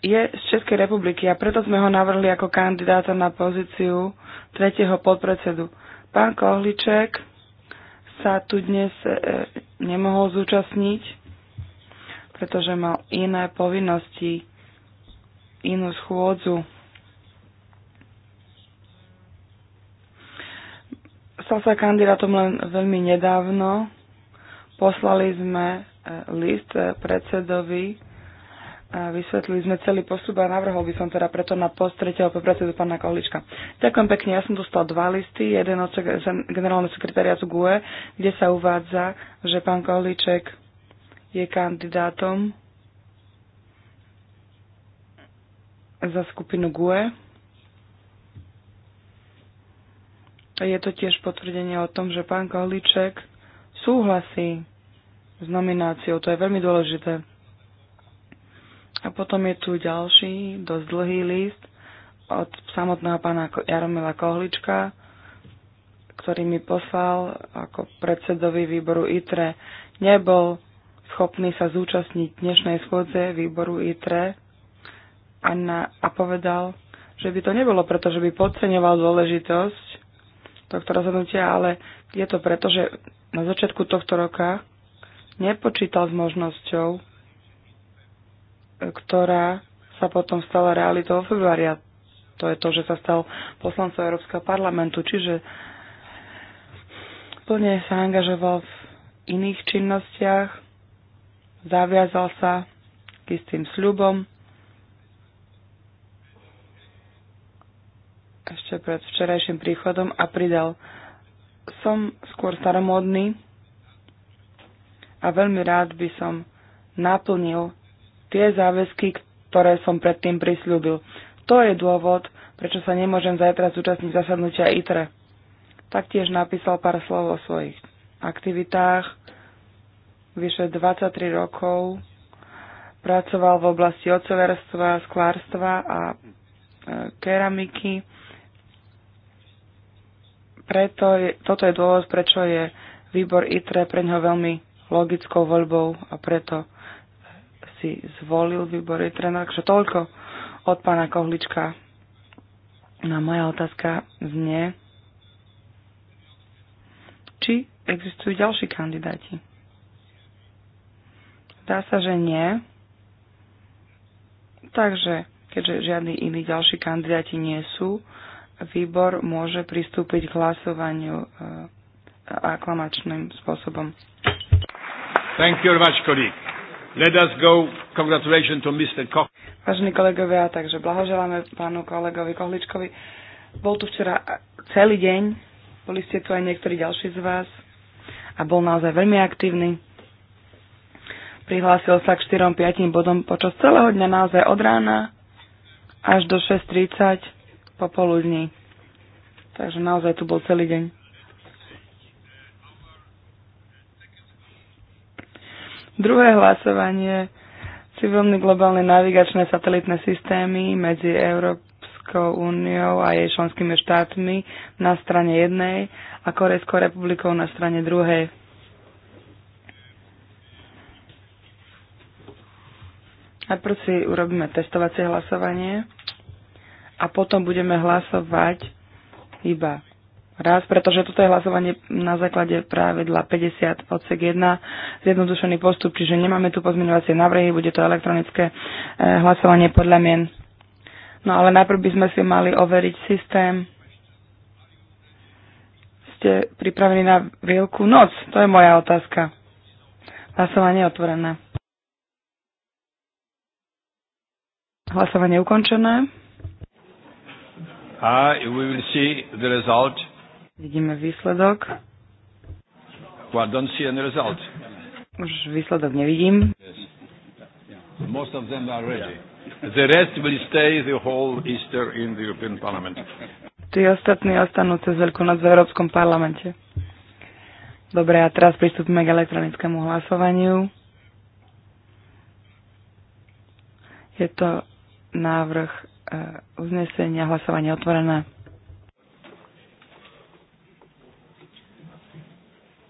Je z Českej republiky a preto sme ho navrhli ako kandidáta na pozíciu tretieho podpredsedu. Pán Kohliček sa tu dnes e, nemohol zúčastniť, pretože mal iné povinnosti, inú schôdzu. stal sa kandidátom len veľmi nedávno. Poslali sme e, list e, predsedovi a vysvetlili sme celý postup a navrhol by som teda preto na post tretieho predsedu pána Kohlička. Ďakujem pekne, ja som dostal dva listy, jeden od generálneho sekretária z GUE, kde sa uvádza, že pán Kohliček je kandidátom za skupinu GUE. je to tiež potvrdenie o tom, že pán Kohliček súhlasí s nomináciou. To je veľmi dôležité. A potom je tu ďalší, dosť dlhý list od samotného pána Jaromila Kohlička, ktorý mi poslal ako predsedovi výboru ITRE. Nebol schopný sa zúčastniť dnešnej schôdze výboru ITRE a, na, a povedal, že by to nebolo pretože by podceňoval dôležitosť tohto rozhodnutia, ale je to preto, že na začiatku tohto roka nepočítal s možnosťou, e, ktorá sa potom stala realitou februária. To je to, že sa stal poslancom Európskeho parlamentu, čiže plne sa angažoval v iných činnostiach, zaviazal sa k istým sľubom, ešte pred včerajším príchodom a pridal. Som skôr staromodný a veľmi rád by som naplnil tie záväzky, ktoré som predtým prislúbil. To je dôvod, prečo sa nemôžem zajtra zúčastniť zasadnutia ITRE. Taktiež napísal pár slov o svojich aktivitách. Vyše 23 rokov pracoval v oblasti ocelerstva, sklárstva a e, keramiky. Preto je, toto je dôvod, prečo je výbor ITRE pre ňoho veľmi logickou voľbou a preto si zvolil výbor ITRE. No, takže toľko od pána Kohlička. No moja otázka znie, či existujú ďalší kandidáti. Zdá sa, že nie. Takže, keďže žiadni iní ďalší kandidáti nie sú, výbor môže pristúpiť k hlasovaniu e, aklamačným spôsobom. Thank you very much, colleague. Let us go. Congratulations to Mr. Koch. Vážení kolegovia, takže blahoželáme pánu kolegovi Kohličkovi. Bol tu včera celý deň, boli ste tu aj niektorí ďalší z vás a bol naozaj veľmi aktívny. Prihlásil sa k 4-5 bodom počas celého dňa, naozaj od rána až do 6.30 popoludní. Takže naozaj tu bol celý deň. Druhé hlasovanie civilné globálne navigačné satelitné systémy medzi Európskou úniou a jej členskými štátmi na strane jednej a Korejskou republikou na strane druhej. Najprv si urobíme testovacie hlasovanie a potom budeme hlasovať iba raz, pretože toto je hlasovanie na základe pravidla 50 odsek 1, zjednodušený postup, čiže nemáme tu pozmeňovacie návrhy, bude to elektronické eh, hlasovanie podľa mien. No ale najprv by sme si mali overiť systém. Ste pripravení na veľkú noc? To je moja otázka. Hlasovanie je otvorené. Hlasovanie je ukončené. Uh, we will see the result. Vidíme výsledok. Well, don't see any result. Už výsledok nevidím. Yes. Yeah. Most of them are ready. Yeah. The rest will stay the whole Easter in the European Parliament. Tí ostatní ostanú cez Veľkú noc v Európskom parlamente. Dobre, a teraz pristúpime k elektronickému hlasovaniu. Je to návrh E, uznesenia, hlasovanie otvorené.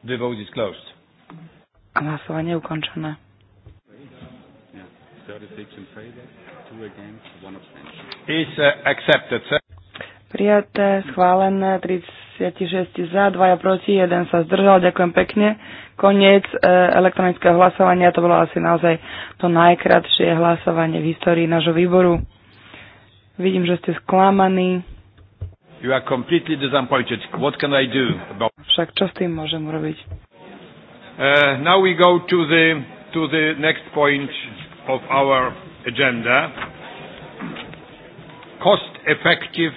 The vote is closed. Hlasovanie je ukončené. Is uh, accepted. Prijaté, schválené, 36 za, 2 proti, 1 sa zdržal, ďakujem pekne. Koniec e, elektronického hlasovania, to bolo asi naozaj to najkratšie hlasovanie v histórii nášho výboru. Vidím, že ste sklamaní. You are completely disappointed. What can I do about... Však čo s tým môžem urobiť? Uh, now we go to the, to the next point of our agenda. Cost effective.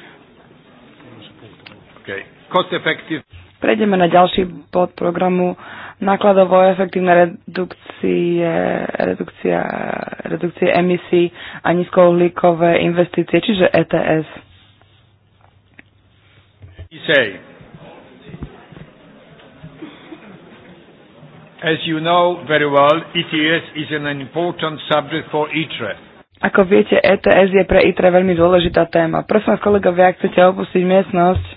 Okay. Cost effective Prejdeme na ďalší bod programu nákladovo efektívna redukcie, redukcia, redukcie emisí a nízkouhlíkové investície, čiže ETS. As you know very well, ETS is an important subject for ITRE. Ako viete, ETS je pre ITRE veľmi dôležitá téma. Prosím vás, kolegovia, ak chcete opustiť miestnosť,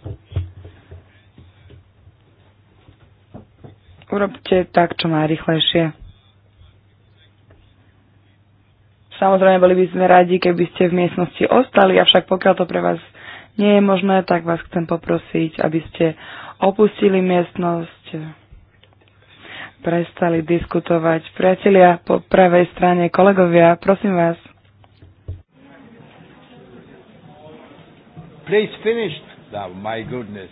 urobte tak, čo najrychlejšie. Samozrejme, boli by sme radi, keby ste v miestnosti ostali, avšak pokiaľ to pre vás nie je možné, tak vás chcem poprosiť, aby ste opustili miestnosť, prestali diskutovať. Priatelia po pravej strane, kolegovia, prosím vás. Please finish. Oh, my goodness.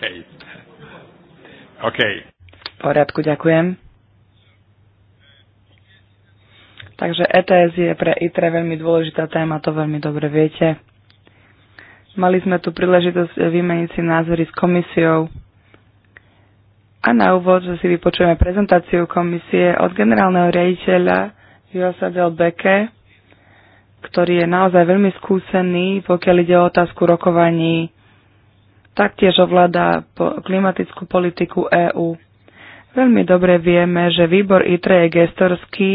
Okay. Okay. V poriadku, ďakujem. Takže ETS je pre ITRE veľmi dôležitá téma, to veľmi dobre viete. Mali sme tu príležitosť vymeniť si názory s komisiou a na úvod, že si vypočujeme prezentáciu komisie od generálneho riaditeľa Josa Del Beke, ktorý je naozaj veľmi skúsený, pokiaľ ide o otázku rokovaní taktiež ovláda klimatickú politiku EÚ. Veľmi dobre vieme, že výbor ITRE je gestorský.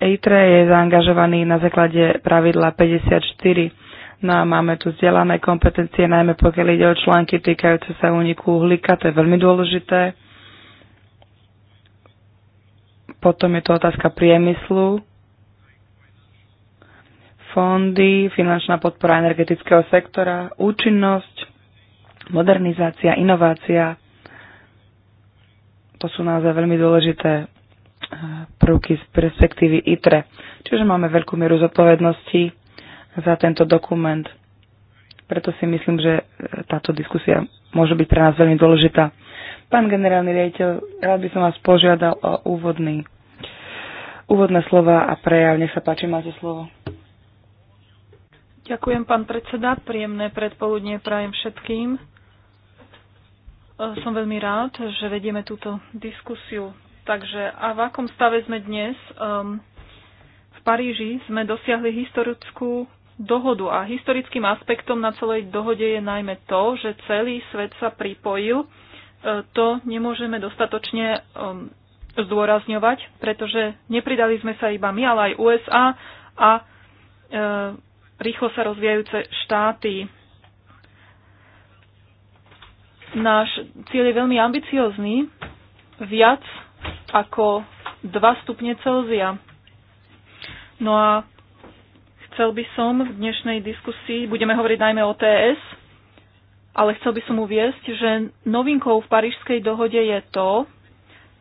ITRE je zaangažovaný na základe pravidla 54. No a máme tu vzdelané kompetencie, najmä pokiaľ ide o články týkajúce sa úniku uhlíka, to je veľmi dôležité. Potom je tu otázka priemyslu, fondy, finančná podpora energetického sektora, účinnosť, Modernizácia, inovácia, to sú naozaj veľmi dôležité eh, prvky z perspektívy ITRE. Čiže máme veľkú mieru zodpovednosti za tento dokument. Preto si myslím, že eh, táto diskusia môže byť pre nás veľmi dôležitá. Pán generálny riaditeľ, rád by som vás požiadal o úvodný, úvodné slova a prejav. Nech sa páči, máte slovo. Ďakujem, pán predseda. Príjemné predpoludne prajem všetkým. E, som veľmi rád, že vedieme túto diskusiu. Takže a v akom stave sme dnes? Um, v Paríži sme dosiahli historickú dohodu a historickým aspektom na celej dohode je najmä to, že celý svet sa pripojil. E, to nemôžeme dostatočne um, zdôrazňovať, pretože nepridali sme sa iba my, ale aj USA a e, rýchlo sa rozvíjajúce štáty Náš cieľ je veľmi ambiciózny, viac ako 2 stupne Celzia. No a chcel by som v dnešnej diskusii, budeme hovoriť najmä o TS, ale chcel by som uviesť, že novinkou v Parížskej dohode je to,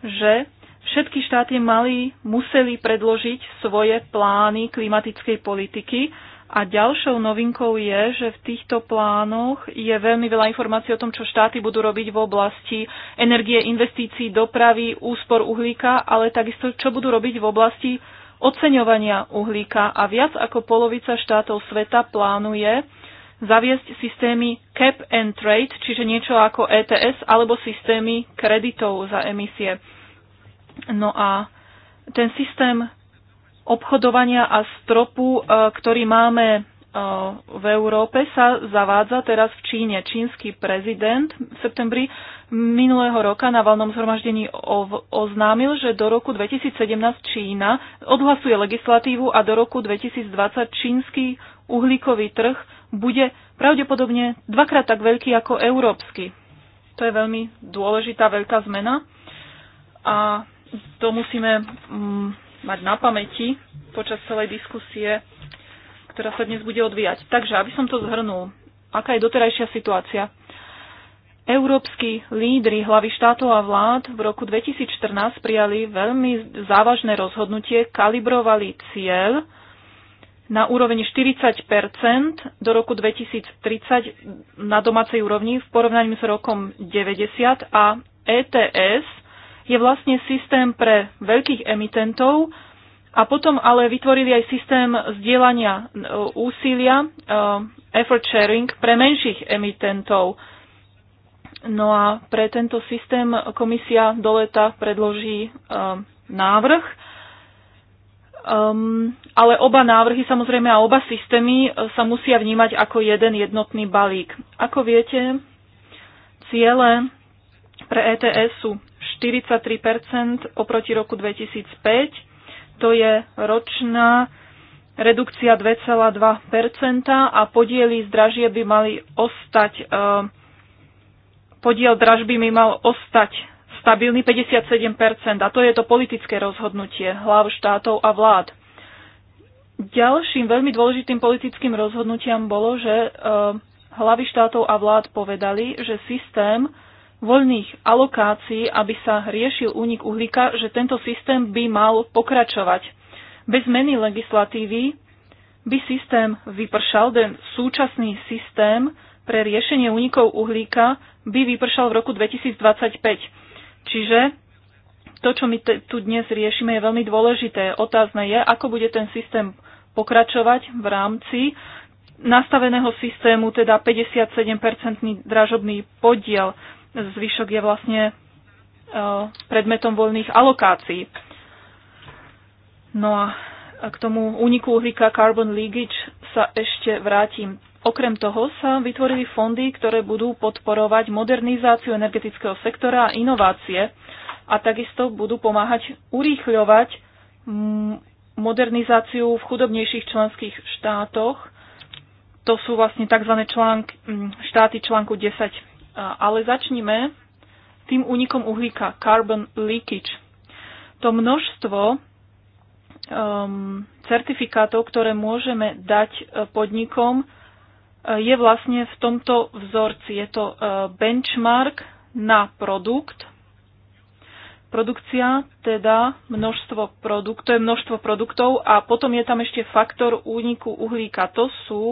že všetky štáty mali, museli predložiť svoje plány klimatickej politiky a ďalšou novinkou je, že v týchto plánoch je veľmi veľa informácií o tom, čo štáty budú robiť v oblasti energie, investícií, dopravy, úspor uhlíka, ale takisto, čo budú robiť v oblasti oceňovania uhlíka. A viac ako polovica štátov sveta plánuje zaviesť systémy cap and trade, čiže niečo ako ETS, alebo systémy kreditov za emisie. No a ten systém obchodovania a stropu, e, ktorý máme e, v Európe, sa zavádza teraz v Číne. Čínsky prezident v septembri minulého roka na valnom zhromaždení oznámil, že do roku 2017 Čína odhlasuje legislatívu a do roku 2020 čínsky uhlíkový trh bude pravdepodobne dvakrát tak veľký ako európsky. To je veľmi dôležitá veľká zmena a to musíme mm, mať na pamäti počas celej diskusie, ktorá sa dnes bude odvíjať. Takže, aby som to zhrnul, aká je doterajšia situácia? Európsky lídry hlavy štátov a vlád v roku 2014 prijali veľmi závažné rozhodnutie, kalibrovali cieľ na úroveň 40 do roku 2030 na domácej úrovni v porovnaní s rokom 90 a ETS je vlastne systém pre veľkých emitentov a potom ale vytvorili aj systém zdieľania e, úsilia, e, effort sharing, pre menších emitentov. No a pre tento systém komisia do leta predloží e, návrh. Um, ale oba návrhy samozrejme a oba systémy sa musia vnímať ako jeden jednotný balík. Ako viete, ciele pre ETS sú 43 oproti roku 2005. To je ročná redukcia 2,2 a podiely z dražie by mali ostať, eh, podiel dražby by mal ostať stabilný 57 a to je to politické rozhodnutie hlav štátov a vlád. Ďalším veľmi dôležitým politickým rozhodnutiam bolo, že eh, hlavy štátov a vlád povedali, že systém voľných alokácií, aby sa riešil únik uhlíka, že tento systém by mal pokračovať. Bez zmeny legislatívy by systém vypršal, ten súčasný systém pre riešenie únikov uhlíka by vypršal v roku 2025. Čiže to, čo my tu dnes riešime, je veľmi dôležité. Otázne je, ako bude ten systém pokračovať v rámci nastaveného systému, teda 57-percentný dražobný podiel zvyšok je vlastne e, predmetom voľných alokácií. No a k tomu úniku uhlíka Carbon Leakage sa ešte vrátim. Okrem toho sa vytvorili fondy, ktoré budú podporovať modernizáciu energetického sektora a inovácie a takisto budú pomáhať urýchľovať modernizáciu v chudobnejších členských štátoch. To sú vlastne tzv. Článk, štáty článku 10 ale začnime tým únikom uhlíka, carbon leakage. To množstvo um, certifikátov, ktoré môžeme dať e, podnikom, e, je vlastne v tomto vzorci. Je to e, benchmark na produkt. Produkcia, teda množstvo produkt, to je množstvo produktov a potom je tam ešte faktor úniku uhlíka. To sú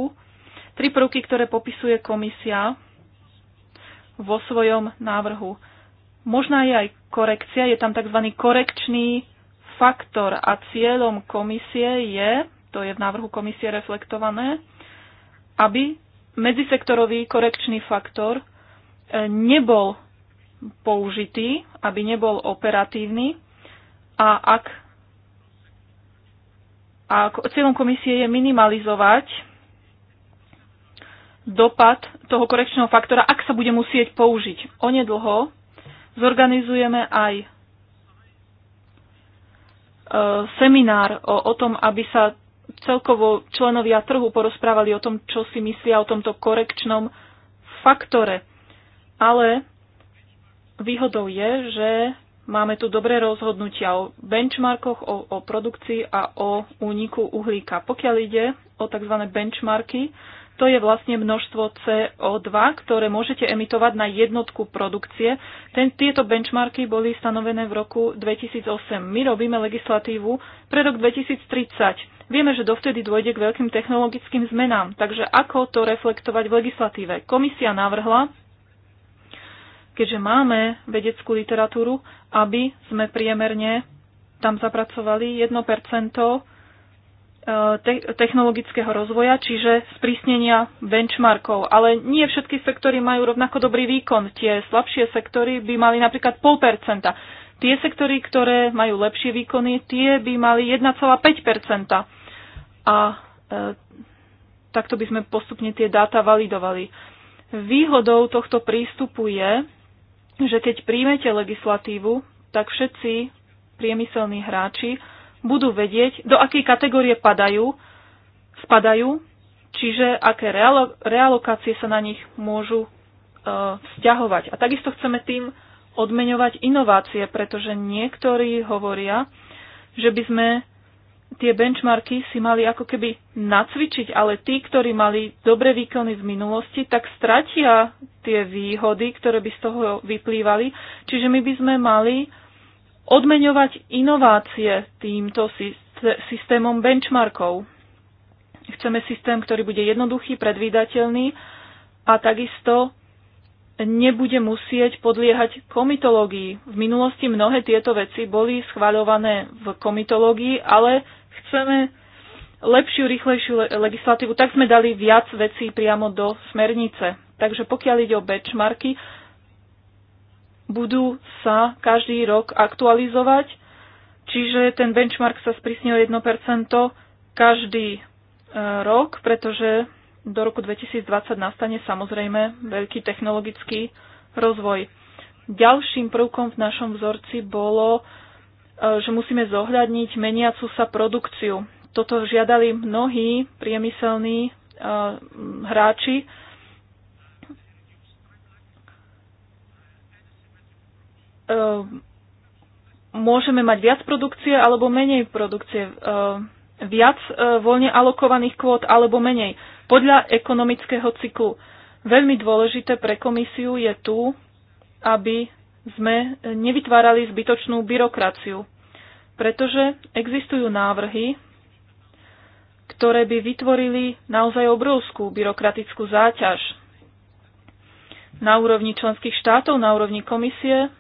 tri prvky, ktoré popisuje komisia vo svojom návrhu. Možná je aj korekcia, je tam tzv. korekčný faktor a cieľom komisie je, to je v návrhu komisie reflektované, aby medzisektorový korekčný faktor e, nebol použitý, aby nebol operatívny a ak a cieľom komisie je minimalizovať dopad toho korekčného faktora, ak sa bude musieť použiť. Onedlho zorganizujeme aj e, seminár o, o tom, aby sa celkovo členovia trhu porozprávali o tom, čo si myslia o tomto korekčnom faktore. Ale výhodou je, že máme tu dobré rozhodnutia o benchmarkoch, o, o produkcii a o úniku uhlíka. Pokiaľ ide o tzv. benchmarky, to je vlastne množstvo CO2, ktoré môžete emitovať na jednotku produkcie. Ten, tieto benchmarky boli stanovené v roku 2008. My robíme legislatívu pre rok 2030. Vieme, že dovtedy dôjde k veľkým technologickým zmenám, takže ako to reflektovať v legislatíve? Komisia navrhla, keďže máme vedeckú literatúru, aby sme priemerne tam zapracovali 1 technologického rozvoja, čiže sprísnenia benchmarkov. Ale nie všetky sektory majú rovnako dobrý výkon. Tie slabšie sektory by mali napríklad 0,5%. Tie sektory, ktoré majú lepšie výkony, tie by mali 1,5%. A e, takto by sme postupne tie dáta validovali. Výhodou tohto prístupu je, že keď príjmete legislatívu, tak všetci priemyselní hráči budú vedieť, do akej kategórie padajú, spadajú, čiže aké realo, realokácie sa na nich môžu e, vzťahovať. A takisto chceme tým odmeňovať inovácie, pretože niektorí hovoria, že by sme tie benchmarky si mali ako keby nacvičiť, ale tí, ktorí mali dobré výkony v minulosti, tak stratia tie výhody, ktoré by z toho vyplývali. Čiže my by sme mali odmeňovať inovácie týmto systémom benchmarkov. Chceme systém, ktorý bude jednoduchý, predvídateľný a takisto nebude musieť podliehať komitológii. V minulosti mnohé tieto veci boli schváľované v komitológii, ale chceme lepšiu, rýchlejšiu legislatívu. Tak sme dali viac vecí priamo do smernice. Takže pokiaľ ide o benchmarky, budú sa každý rok aktualizovať, čiže ten benchmark sa sprísne o 1% každý e, rok, pretože do roku 2020 nastane samozrejme veľký technologický rozvoj. Ďalším prvkom v našom vzorci bolo, e, že musíme zohľadniť meniacu sa produkciu. Toto žiadali mnohí priemyselní e, hráči, Ehm, môžeme mať viac produkcie alebo menej produkcie, ehm, viac e, voľne alokovaných kvót alebo menej, podľa ekonomického cyklu. Veľmi dôležité pre komisiu je tu, aby sme nevytvárali zbytočnú byrokraciu, pretože existujú návrhy, ktoré by vytvorili naozaj obrovskú byrokratickú záťaž na úrovni členských štátov, na úrovni komisie,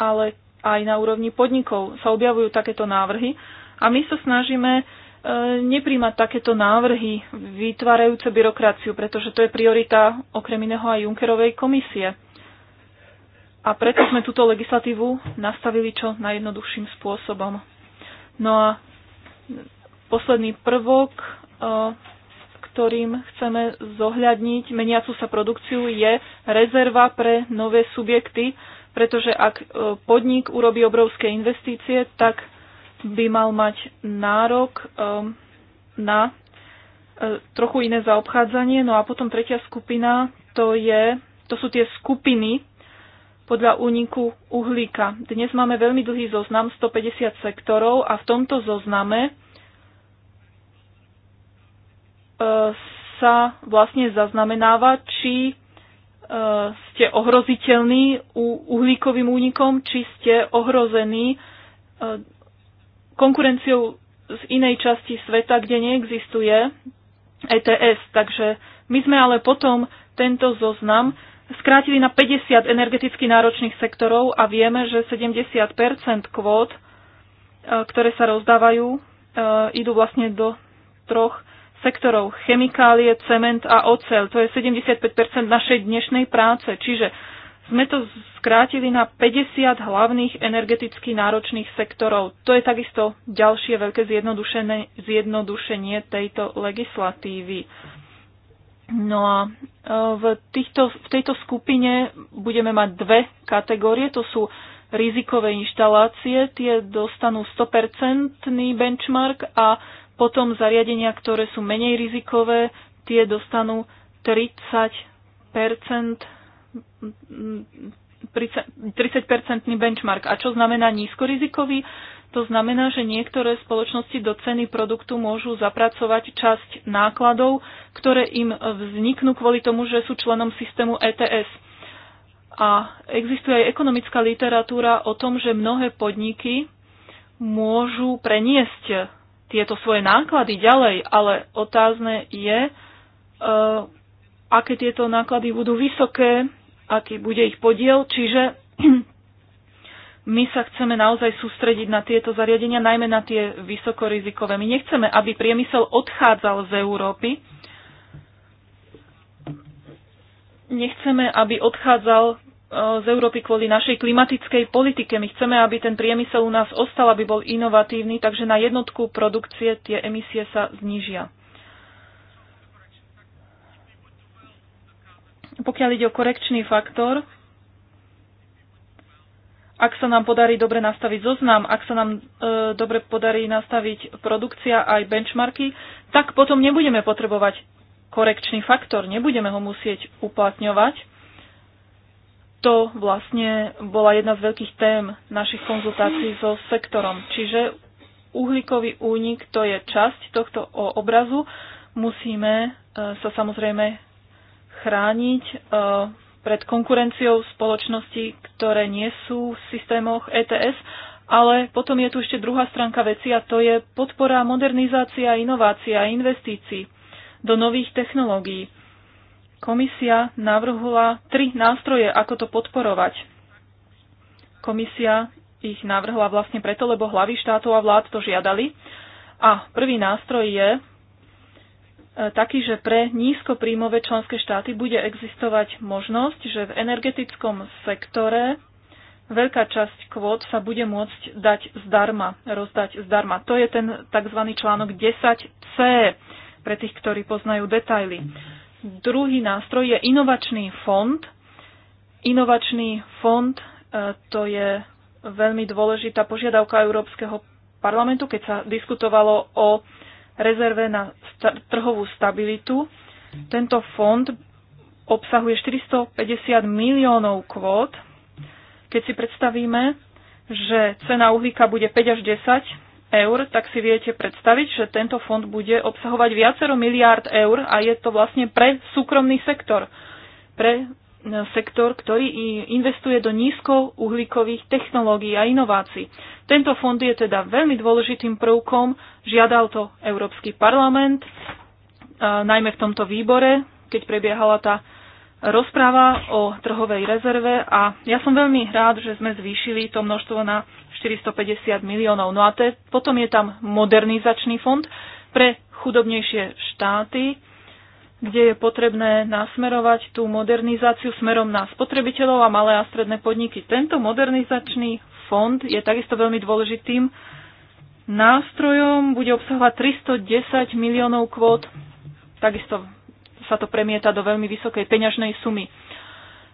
ale aj na úrovni podnikov sa objavujú takéto návrhy a my sa snažíme e, nepríjmať takéto návrhy vytvárajúce byrokraciu, pretože to je priorita okrem iného aj Junkerovej komisie. A preto sme túto legislatívu nastavili čo najjednoduchším spôsobom. No a posledný prvok, e, ktorým chceme zohľadniť meniacu sa produkciu, je rezerva pre nové subjekty, pretože ak e, podnik urobí obrovské investície, tak by mal mať nárok e, na e, trochu iné zaobchádzanie. No a potom tretia skupina, to, je, to sú tie skupiny podľa úniku uhlíka. Dnes máme veľmi dlhý zoznam 150 sektorov a v tomto zozname sa vlastne zaznamenáva, či ste ohroziteľní uhlíkovým únikom, či ste ohrození e, konkurenciou z inej časti sveta, kde neexistuje ETS. Takže my sme ale potom tento zoznam skrátili na 50 energeticky náročných sektorov a vieme, že 70 kvót, e, ktoré sa rozdávajú, e, idú vlastne do troch sektorov chemikálie, cement a ocel. To je 75 našej dnešnej práce. Čiže sme to skrátili na 50 hlavných energeticky náročných sektorov. To je takisto ďalšie veľké zjednodušenie tejto legislatívy. No a e, v, týchto, v tejto skupine budeme mať dve kategórie. To sú rizikové inštalácie, tie dostanú 100% benchmark a potom zariadenia, ktoré sú menej rizikové, tie dostanú 30 30-percentný benchmark. A čo znamená nízkorizikový? To znamená, že niektoré spoločnosti do ceny produktu môžu zapracovať časť nákladov, ktoré im vzniknú kvôli tomu, že sú členom systému ETS. A existuje aj ekonomická literatúra o tom, že mnohé podniky môžu preniesť tieto svoje náklady ďalej, ale otázne je, e, aké tieto náklady budú vysoké, aký bude ich podiel, čiže my sa chceme naozaj sústrediť na tieto zariadenia, najmä na tie vysokorizikové. My nechceme, aby priemysel odchádzal z Európy. Nechceme, aby odchádzal E, z Európy kvôli našej klimatickej politike. My chceme, aby ten priemysel u nás ostal, aby bol inovatívny, takže na jednotku produkcie tie emisie sa znížia. Pokiaľ ide o korekčný faktor, ak sa nám podarí dobre nastaviť zoznam, ak sa nám e, dobre podarí nastaviť produkcia aj benchmarky, tak potom nebudeme potrebovať korekčný faktor, nebudeme ho musieť uplatňovať to vlastne bola jedna z veľkých tém našich konzultácií so sektorom. Čiže uhlíkový únik to je časť tohto obrazu. Musíme e, sa samozrejme chrániť e, pred konkurenciou spoločností, ktoré nie sú v systémoch ETS, ale potom je tu ešte druhá stránka veci a to je podpora modernizácia, inovácia a investícií do nových technológií. Komisia navrhla tri nástroje, ako to podporovať. Komisia ich navrhla vlastne preto, lebo hlavy štátov a vlád to žiadali. A prvý nástroj je e, taký, že pre nízkopríjmové členské štáty bude existovať možnosť, že v energetickom sektore veľká časť kvót sa bude môcť dať zdarma, rozdať zdarma. To je ten tzv. článok 10c pre tých, ktorí poznajú detaily. Druhý nástroj je inovačný fond. Inovačný fond e, to je veľmi dôležitá požiadavka Európskeho parlamentu, keď sa diskutovalo o rezerve na trhovú stabilitu. Tento fond obsahuje 450 miliónov kvót. Keď si predstavíme, že cena uhlíka bude 5 až 10 eur, tak si viete predstaviť, že tento fond bude obsahovať viacero miliárd eur a je to vlastne pre súkromný sektor. Pre e, sektor, ktorý investuje do nízkouhlíkových technológií a inovácií. Tento fond je teda veľmi dôležitým prvkom, žiadal to Európsky parlament, e, najmä v tomto výbore, keď prebiehala tá rozpráva o trhovej rezerve a ja som veľmi rád, že sme zvýšili to množstvo na 450 miliónov. No a te, potom je tam modernizačný fond pre chudobnejšie štáty, kde je potrebné nasmerovať tú modernizáciu smerom na spotrebiteľov a malé a stredné podniky. Tento modernizačný fond je takisto veľmi dôležitým nástrojom, bude obsahovať 310 miliónov kvót, takisto sa to premieta do veľmi vysokej peňažnej sumy.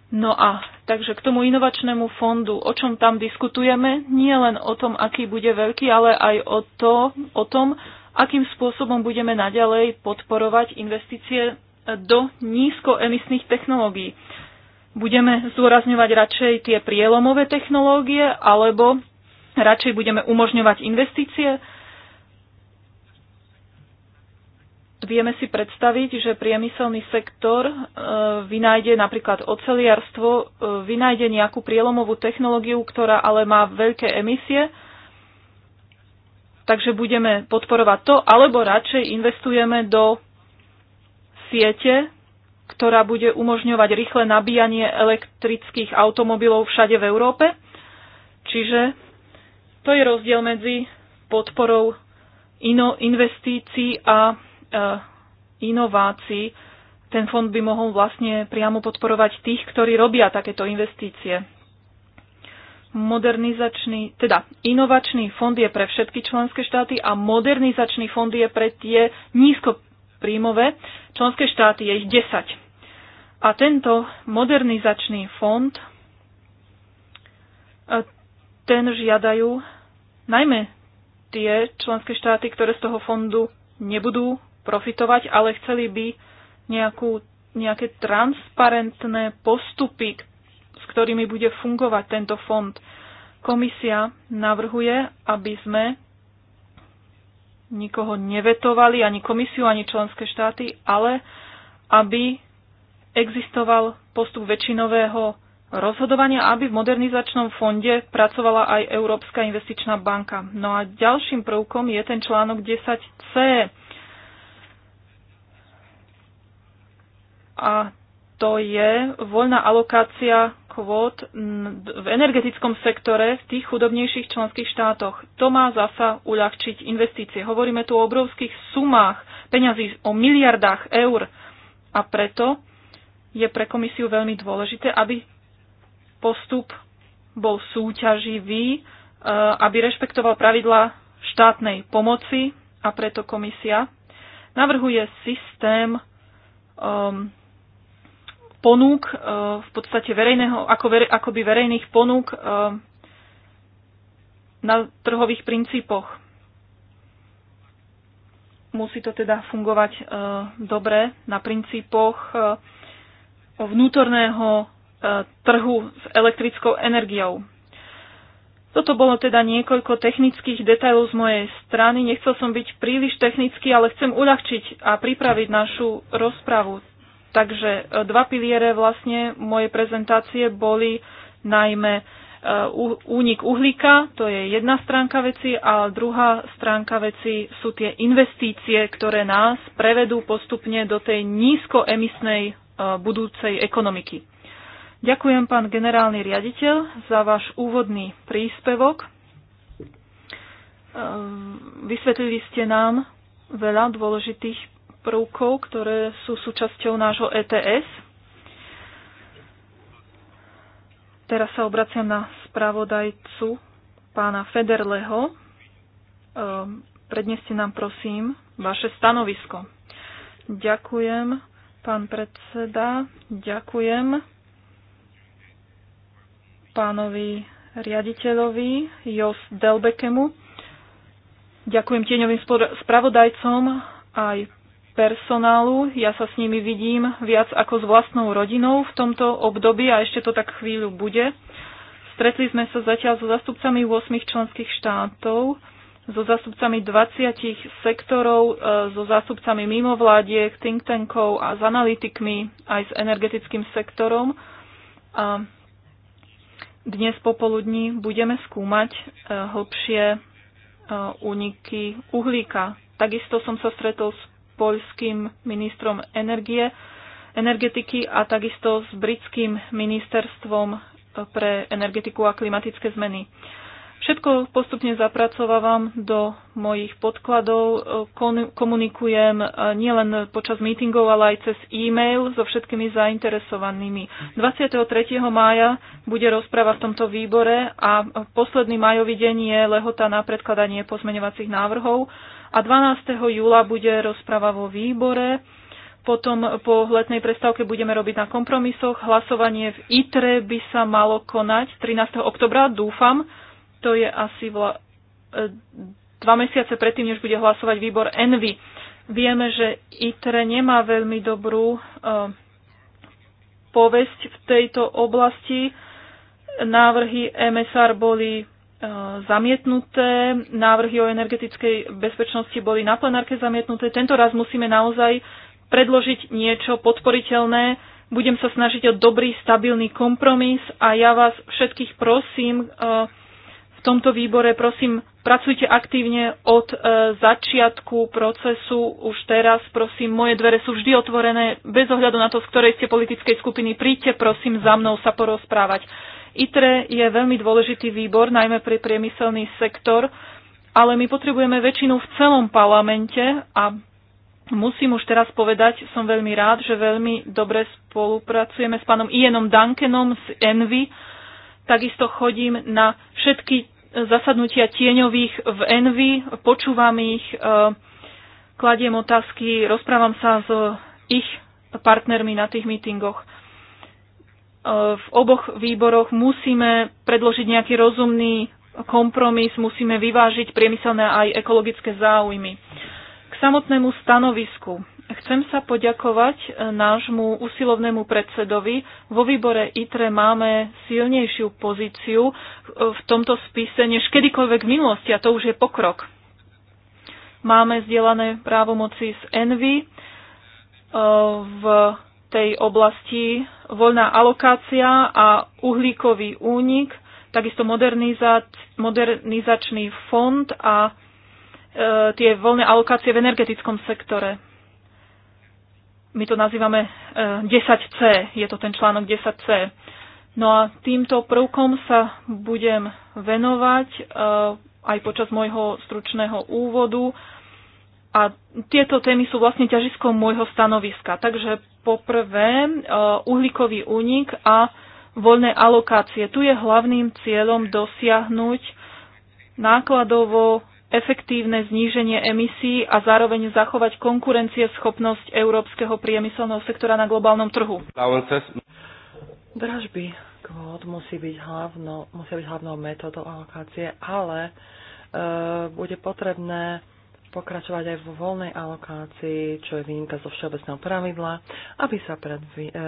No a takže k tomu inovačnému fondu, o čom tam diskutujeme, nie len o tom, aký bude veľký, ale aj o, to, o tom, akým spôsobom budeme naďalej podporovať investície do nízkoemisných technológií. Budeme zdôrazňovať radšej tie prielomové technológie, alebo radšej budeme umožňovať investície, vieme si predstaviť, že priemyselný sektor e, vynájde napríklad oceliarstvo, e, vynájde nejakú prielomovú technológiu, ktorá ale má veľké emisie, takže budeme podporovať to, alebo radšej investujeme do siete, ktorá bude umožňovať rýchle nabíjanie elektrických automobilov všade v Európe. Čiže to je rozdiel medzi podporou ino investícií a Eh, inovácií, ten fond by mohol vlastne priamo podporovať tých, ktorí robia takéto investície. Modernizačný, teda inovačný fond je pre všetky členské štáty a modernizačný fond je pre tie nízkopríjmové členské štáty, je ich 10. A tento modernizačný fond, eh, ten žiadajú najmä tie členské štáty, ktoré z toho fondu nebudú profitovať, ale chceli by nejakú, nejaké transparentné postupy, s ktorými bude fungovať tento fond. Komisia navrhuje, aby sme nikoho nevetovali, ani komisiu, ani členské štáty, ale aby existoval postup väčšinového rozhodovania, aby v modernizačnom fonde pracovala aj Európska investičná banka. No a ďalším prvkom je ten článok 10c. a to je voľná alokácia kvót v energetickom sektore v tých chudobnejších členských štátoch. To má zasa uľahčiť investície. Hovoríme tu o obrovských sumách peňazí, o miliardách eur. A preto je pre komisiu veľmi dôležité, aby postup bol súťaživý, e, aby rešpektoval pravidla štátnej pomoci a preto komisia navrhuje systém um, ponúk, e, v podstate verejného, ako verej, akoby verejných ponúk e, na trhových princípoch. Musí to teda fungovať e, dobre na princípoch vnútorného trhu s elektrickou energiou. Toto bolo teda niekoľko technických detajlov z mojej strany. Nechcel som byť príliš technický, ale chcem uľahčiť a pripraviť našu rozpravu. Takže e, dva piliere vlastne mojej prezentácie boli najmä e, únik uhlíka, to je jedna stránka veci, a druhá stránka veci sú tie investície, ktoré nás prevedú postupne do tej nízkoemisnej e, budúcej ekonomiky. Ďakujem, pán generálny riaditeľ, za váš úvodný príspevok. Vysvetlili ste nám veľa dôležitých prvkov, ktoré sú súčasťou nášho ETS. Teraz sa obraciam na spravodajcu pána Federleho. Ehm, predneste nám prosím vaše stanovisko. Ďakujem, pán predseda. Ďakujem pánovi riaditeľovi Jos Delbekemu. Ďakujem tieňovým spravodajcom aj personálu. Ja sa s nimi vidím viac ako s vlastnou rodinou v tomto období a ešte to tak chvíľu bude. Stretli sme sa zatiaľ so zastupcami 8 členských štátov, so zastupcami 20 sektorov, e, so zastupcami mimovládiek, think tankov a s analytikmi aj s energetickým sektorom. A dnes popoludní budeme skúmať e, hlbšie e, úniky uhlíka. Takisto som sa stretol s poľským ministrom energie, energetiky a takisto s britským ministerstvom pre energetiku a klimatické zmeny. Všetko postupne zapracovávam do mojich podkladov, komunikujem e, nielen počas mítingov, ale aj cez e-mail so všetkými zainteresovanými. 23. mája bude rozpráva v tomto výbore a posledný majový deň je lehota na predkladanie pozmeňovacích návrhov a 12. júla bude rozprava vo výbore. Potom po letnej prestávke budeme robiť na kompromisoch. Hlasovanie v ITRE by sa malo konať 13. oktobra, dúfam. To je asi vla... E, dva mesiace predtým, než bude hlasovať výbor ENVY. Vieme, že ITRE nemá veľmi dobrú e, povesť v tejto oblasti. Návrhy MSR boli E, zamietnuté, návrhy o energetickej bezpečnosti boli na plenárke zamietnuté. Tento raz musíme naozaj predložiť niečo podporiteľné. Budem sa snažiť o dobrý, stabilný kompromis a ja vás všetkých prosím e, v tomto výbore, prosím, pracujte aktívne od e, začiatku procesu už teraz. Prosím, moje dvere sú vždy otvorené, bez ohľadu na to, z ktorej ste politickej skupiny. Príďte, prosím, za mnou sa porozprávať. ITRE je veľmi dôležitý výbor, najmä pre priemyselný sektor, ale my potrebujeme väčšinu v celom parlamente a musím už teraz povedať, som veľmi rád, že veľmi dobre spolupracujeme s pánom Ianom Duncanom z Envy. Takisto chodím na všetky zasadnutia tieňových v Envy, počúvam ich, e, kladiem otázky, rozprávam sa s ich partnermi na tých mítingoch v oboch výboroch musíme predložiť nejaký rozumný kompromis, musíme vyvážiť priemyselné aj ekologické záujmy. K samotnému stanovisku. Chcem sa poďakovať e, nášmu usilovnému predsedovi. Vo výbore ITRE máme silnejšiu pozíciu e, v tomto spise než kedykoľvek v minulosti a to už je pokrok. Máme zdieľané právomoci z Envy e, v tej oblasti voľná alokácia a uhlíkový únik, takisto modernizačný fond a e, tie voľné alokácie v energetickom sektore. My to nazývame e, 10C, je to ten článok 10C. No a týmto prvkom sa budem venovať e, aj počas môjho stručného úvodu. A tieto témy sú vlastne ťažiskom môjho stanoviska. Takže poprvé e, uhlíkový únik a voľné alokácie. Tu je hlavným cieľom dosiahnuť nákladovo efektívne zníženie emisí a zároveň zachovať konkurencieschopnosť európskeho priemyselného sektora na globálnom trhu. Dražby kvót musí byť hlavnou, musia byť hlavnou metódou alokácie, ale e, bude potrebné pokračovať aj vo voľnej alokácii, čo je výnimka zo všeobecného pravidla, aby sa e,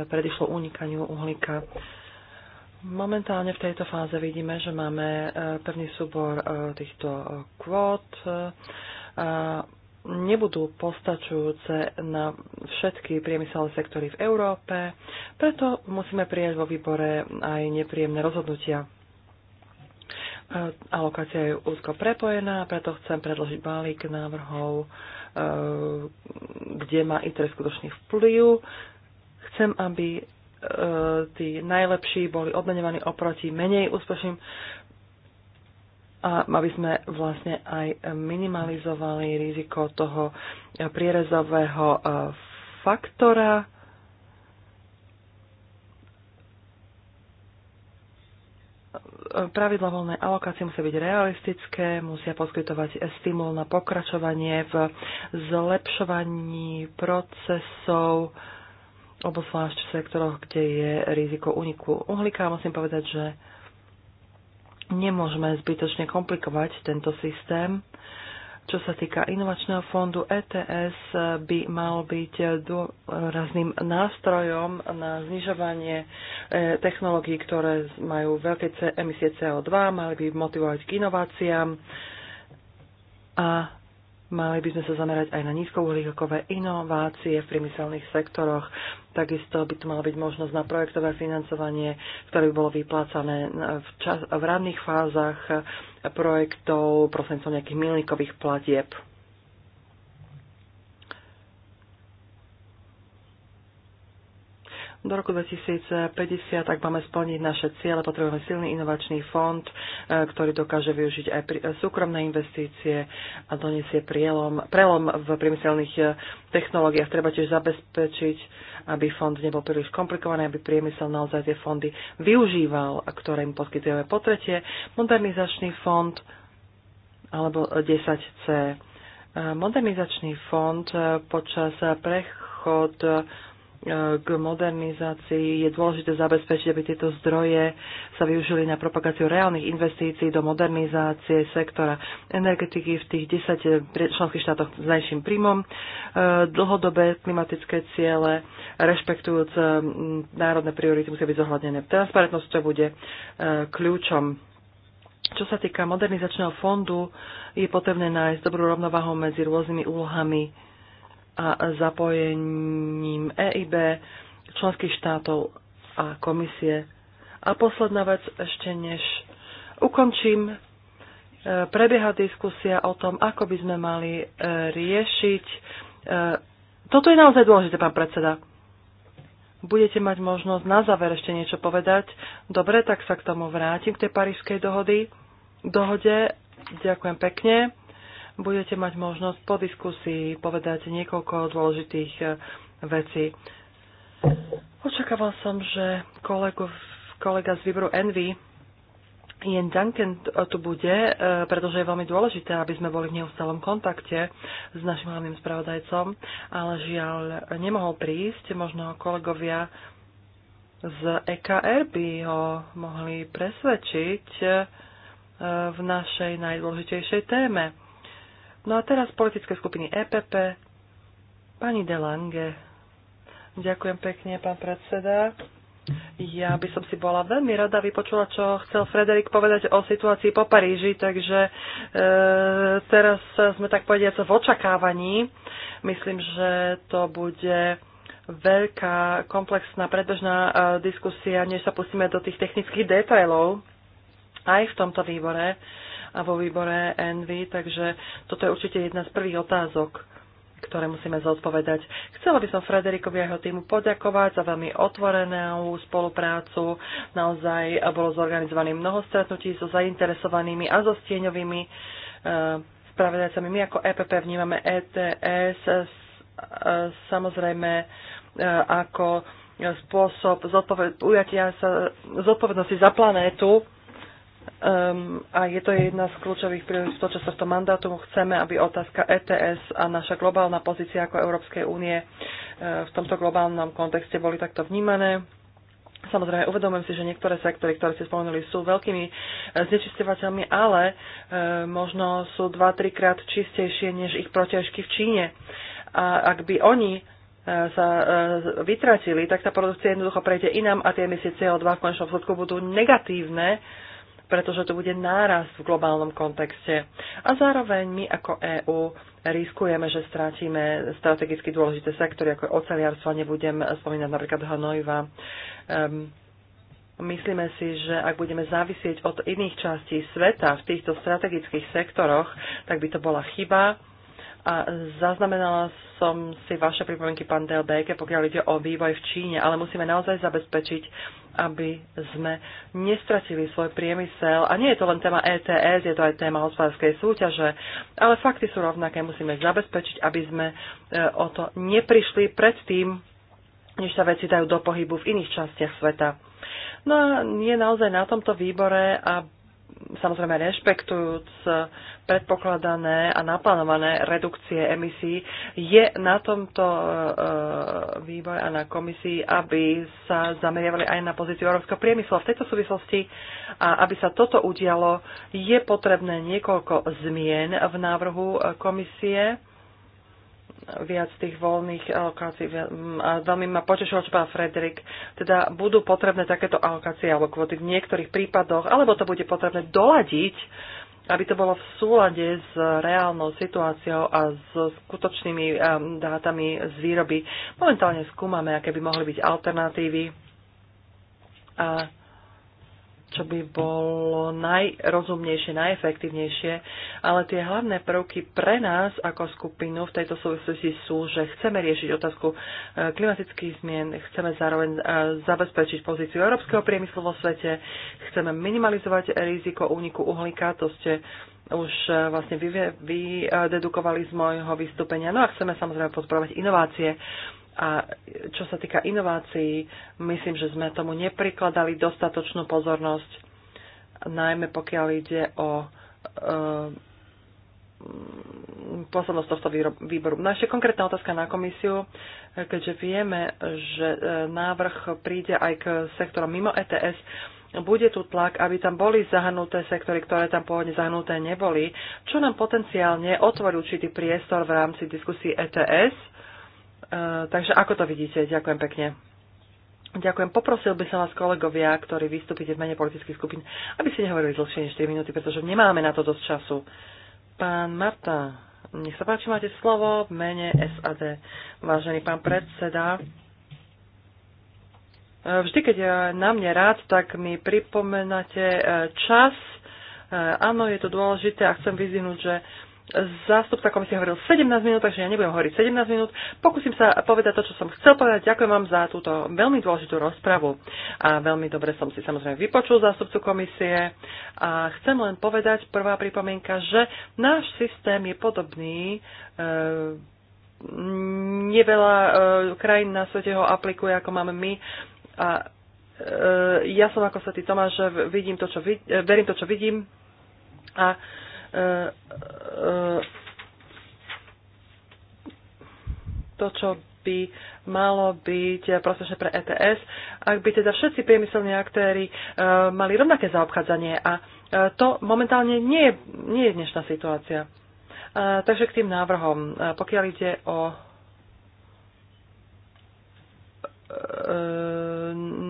predišlo unikaniu uhlíka. Momentálne v tejto fáze vidíme, že máme e, pevný súbor e, týchto kvót. Nebudú postačujúce na všetky priemyselné sektory v Európe, preto musíme prijať vo výbore aj nepríjemné rozhodnutia. E, alokácia je úzko prepojená, preto chcem predložiť balík návrhov, e, kde má ITRE skutočný vplyv. Chcem, aby e, tí najlepší boli odmenovaní oproti menej úspešným a aby sme vlastne aj minimalizovali riziko toho prierezového faktora pravidla voľnej alokácie musia byť realistické, musia poskytovať stimul na pokračovanie v zlepšovaní procesov, obzvlášť v sektoroch, kde je riziko úniku uhlíka. Musím povedať, že nemôžeme zbytočne komplikovať tento systém. Čo sa týka inovačného fondu, ETS by mal byť dôrazným nástrojom na znižovanie e, technológií, ktoré majú veľké emisie CO2, mali by motivovať k inováciám a mali by sme sa zamerať aj na nízkouhlíkové inovácie v priemyselných sektoroch. Takisto by to mala byť možnosť na projektové financovanie, ktoré by bolo vyplácané v, čas, v ranných fázach projektov prostredníctvom nejakých milníkových platieb. Do roku 2050, ak máme splniť naše ciele, potrebujeme silný inovačný fond, e, ktorý dokáže využiť aj e, súkromné investície a donesie prielom, prelom v priemyselných e, technológiách. Treba tiež zabezpečiť, aby fond nebol príliš komplikovaný, aby priemysel naozaj tie fondy využíval, ktoré im poskytujeme. Po tretie, modernizačný fond alebo 10C. Modernizačný fond počas prechod E, k modernizácii je dôležité zabezpečiť, aby tieto zdroje sa využili na propagáciu reálnych investícií do modernizácie sektora energetiky v tých 10 členských štátoch s najším príjmom, e, dlhodobé klimatické ciele, rešpektujúc e, národné priority musia byť zohľadnené. Transparentnosť to bude kľúčom čo sa týka modernizačného fondu, je potrebné nájsť dobrú rovnováhu medzi rôznymi úlohami a zapojením EIB, členských štátov a komisie. A posledná vec ešte než ukončím. E, prebieha diskusia o tom, ako by sme mali e, riešiť. E, toto je naozaj dôležité, pán predseda. Budete mať možnosť na záver ešte niečo povedať. Dobre, tak sa k tomu vrátim, k tej parížskej dohody. Dohode. Ďakujem pekne budete mať možnosť po diskusii povedať niekoľko dôležitých eh, vecí. Očakával som, že kolegu, kolega z výboru Envy Ian Duncan tu bude, eh, pretože je veľmi dôležité, aby sme boli v neustálom kontakte s našim hlavným spravodajcom, ale žiaľ nemohol prísť, možno kolegovia z EKR by ho mohli presvedčiť eh, v našej najdôležitejšej téme. No a teraz politické skupiny EPP. Pani Delange. Ďakujem pekne, pán predseda. Ja by som si bola veľmi rada vypočula, čo chcel Frederik povedať o situácii po Paríži, takže e, teraz sme tak povediať v očakávaní. Myslím, že to bude veľká komplexná predbežná e, diskusia, než sa pustíme do tých technických detailov aj v tomto výbore. E, a vo výbore ENVY, takže toto je určite jedna z prvých otázok, ktoré musíme zodpovedať. Chcela by som Frederikovi a jeho týmu poďakovať za veľmi otvorenú spoluprácu. Naozaj bolo zorganizované mnoho stretnutí so zainteresovanými a so stieňovými eh, spravedajcami. My ako EPP vnímame ETS eh, samozrejme eh, ako spôsob zodpoved- ujatia sa zodpovednosti za planétu Um, a je to jedna z kľúčových priorít v tom mandátu. Chceme, aby otázka ETS a naša globálna pozícia ako Európskej únie e, v tomto globálnom kontexte boli takto vnímané. Samozrejme, uvedomujem si, že niektoré sektory, ktoré ste spomenuli, sú veľkými e, znečistovateľmi, ale e, možno sú 2-3 krát čistejšie než ich protiažky v Číne. A ak by oni e, sa vytratili, tak tá produkcia jednoducho prejde inám a tie emisie CO2 v končnom sledku budú negatívne pretože to bude náraz v globálnom kontexte. A zároveň my ako EÚ riskujeme, že strátime strategicky dôležité sektory, ako je oceliarstvo, nebudem spomínať napríklad Hanojva. Um, ehm, Myslíme si, že ak budeme závisieť od iných častí sveta v týchto strategických sektoroch, tak by to bola chyba a zaznamenala som si vaše pripomienky, pán Delbeke, pokiaľ ide o vývoj v Číne, ale musíme naozaj zabezpečiť, aby sme nestratili svoj priemysel. A nie je to len téma ETS, je to aj téma hospodárskej súťaže, ale fakty sú rovnaké. Musíme zabezpečiť, aby sme e, o to neprišli predtým, než sa veci dajú do pohybu v iných častiach sveta. No a je naozaj na tomto výbore, aby samozrejme rešpektujúc predpokladané a naplánované redukcie emisí, je na tomto e, e, vývoj a na komisii, aby sa zameriavali aj na pozíciu európskeho priemyslu. V tejto súvislosti, a aby sa toto udialo, je potrebné niekoľko zmien v návrhu e, komisie viac tých voľných alokácií. A veľmi ma potešilo, čo pán Frederik. Teda budú potrebné takéto alokácie alebo kvóty v niektorých prípadoch, alebo to bude potrebné doladiť, aby to bolo v súlade s reálnou situáciou a s skutočnými dátami z výroby. Momentálne skúmame, aké by mohli byť alternatívy. A čo by bolo najrozumnejšie, najefektívnejšie, ale tie hlavné prvky pre nás ako skupinu v tejto súvislosti sú, že chceme riešiť otázku e, klimatických zmien, chceme zároveň e, zabezpečiť pozíciu európskeho priemyslu vo svete, chceme minimalizovať riziko úniku uhlíka, to ste už e, vlastne vydedukovali vy, z môjho vystúpenia. No a chceme samozrejme podporovať inovácie. A čo sa týka inovácií, myslím, že sme tomu neprikladali dostatočnú pozornosť, najmä pokiaľ ide o e, pôsobnosť tohto výboru. No ešte konkrétna otázka na komisiu, keďže vieme, že e, návrh príde aj k sektorom mimo ETS. Bude tu tlak, aby tam boli zahrnuté sektory, ktoré tam pôvodne zahrnuté neboli, čo nám potenciálne otvorí určitý priestor v rámci diskusie ETS Eh, takže ako to vidíte? Ďakujem pekne. Ďakujem. Poprosil by som vás kolegovia, ktorí vystúpite v mene politických skupín, aby ste nehovorili dlhšie než 4 minúty, pretože nemáme na to dosť času. Pán Marta, nech sa páči, máte slovo v mene SAD. Vážený pán predseda, eh, vždy, keď je na mne rád, tak mi pripomenáte eh, čas. Áno, je to dôležité a chcem vyzvinúť, že Zástupca komisie hovoril 17 minút, takže ja nebudem hovoriť 17 minút. Pokúsim sa povedať to, čo som chcel povedať. Ďakujem vám za túto veľmi dôležitú rozpravu. A veľmi dobre som si samozrejme vypočul zástupcu komisie. A chcem len povedať, prvá pripomienka, že náš systém je podobný e, neveľa e, krajín na svete ho aplikuje, ako máme my. A e, ja som ako sa ty Tomáš, že vidím to, čo vid- e, verím to, čo vidím. A E, e, to, čo by malo byť prospešné pre ETS, ak by teda všetci priemyselní aktéry e, mali rovnaké zaobchádzanie a to momentálne nie je, nie je dnešná situácia. Takže k tým návrhom. Pokiaľ ide o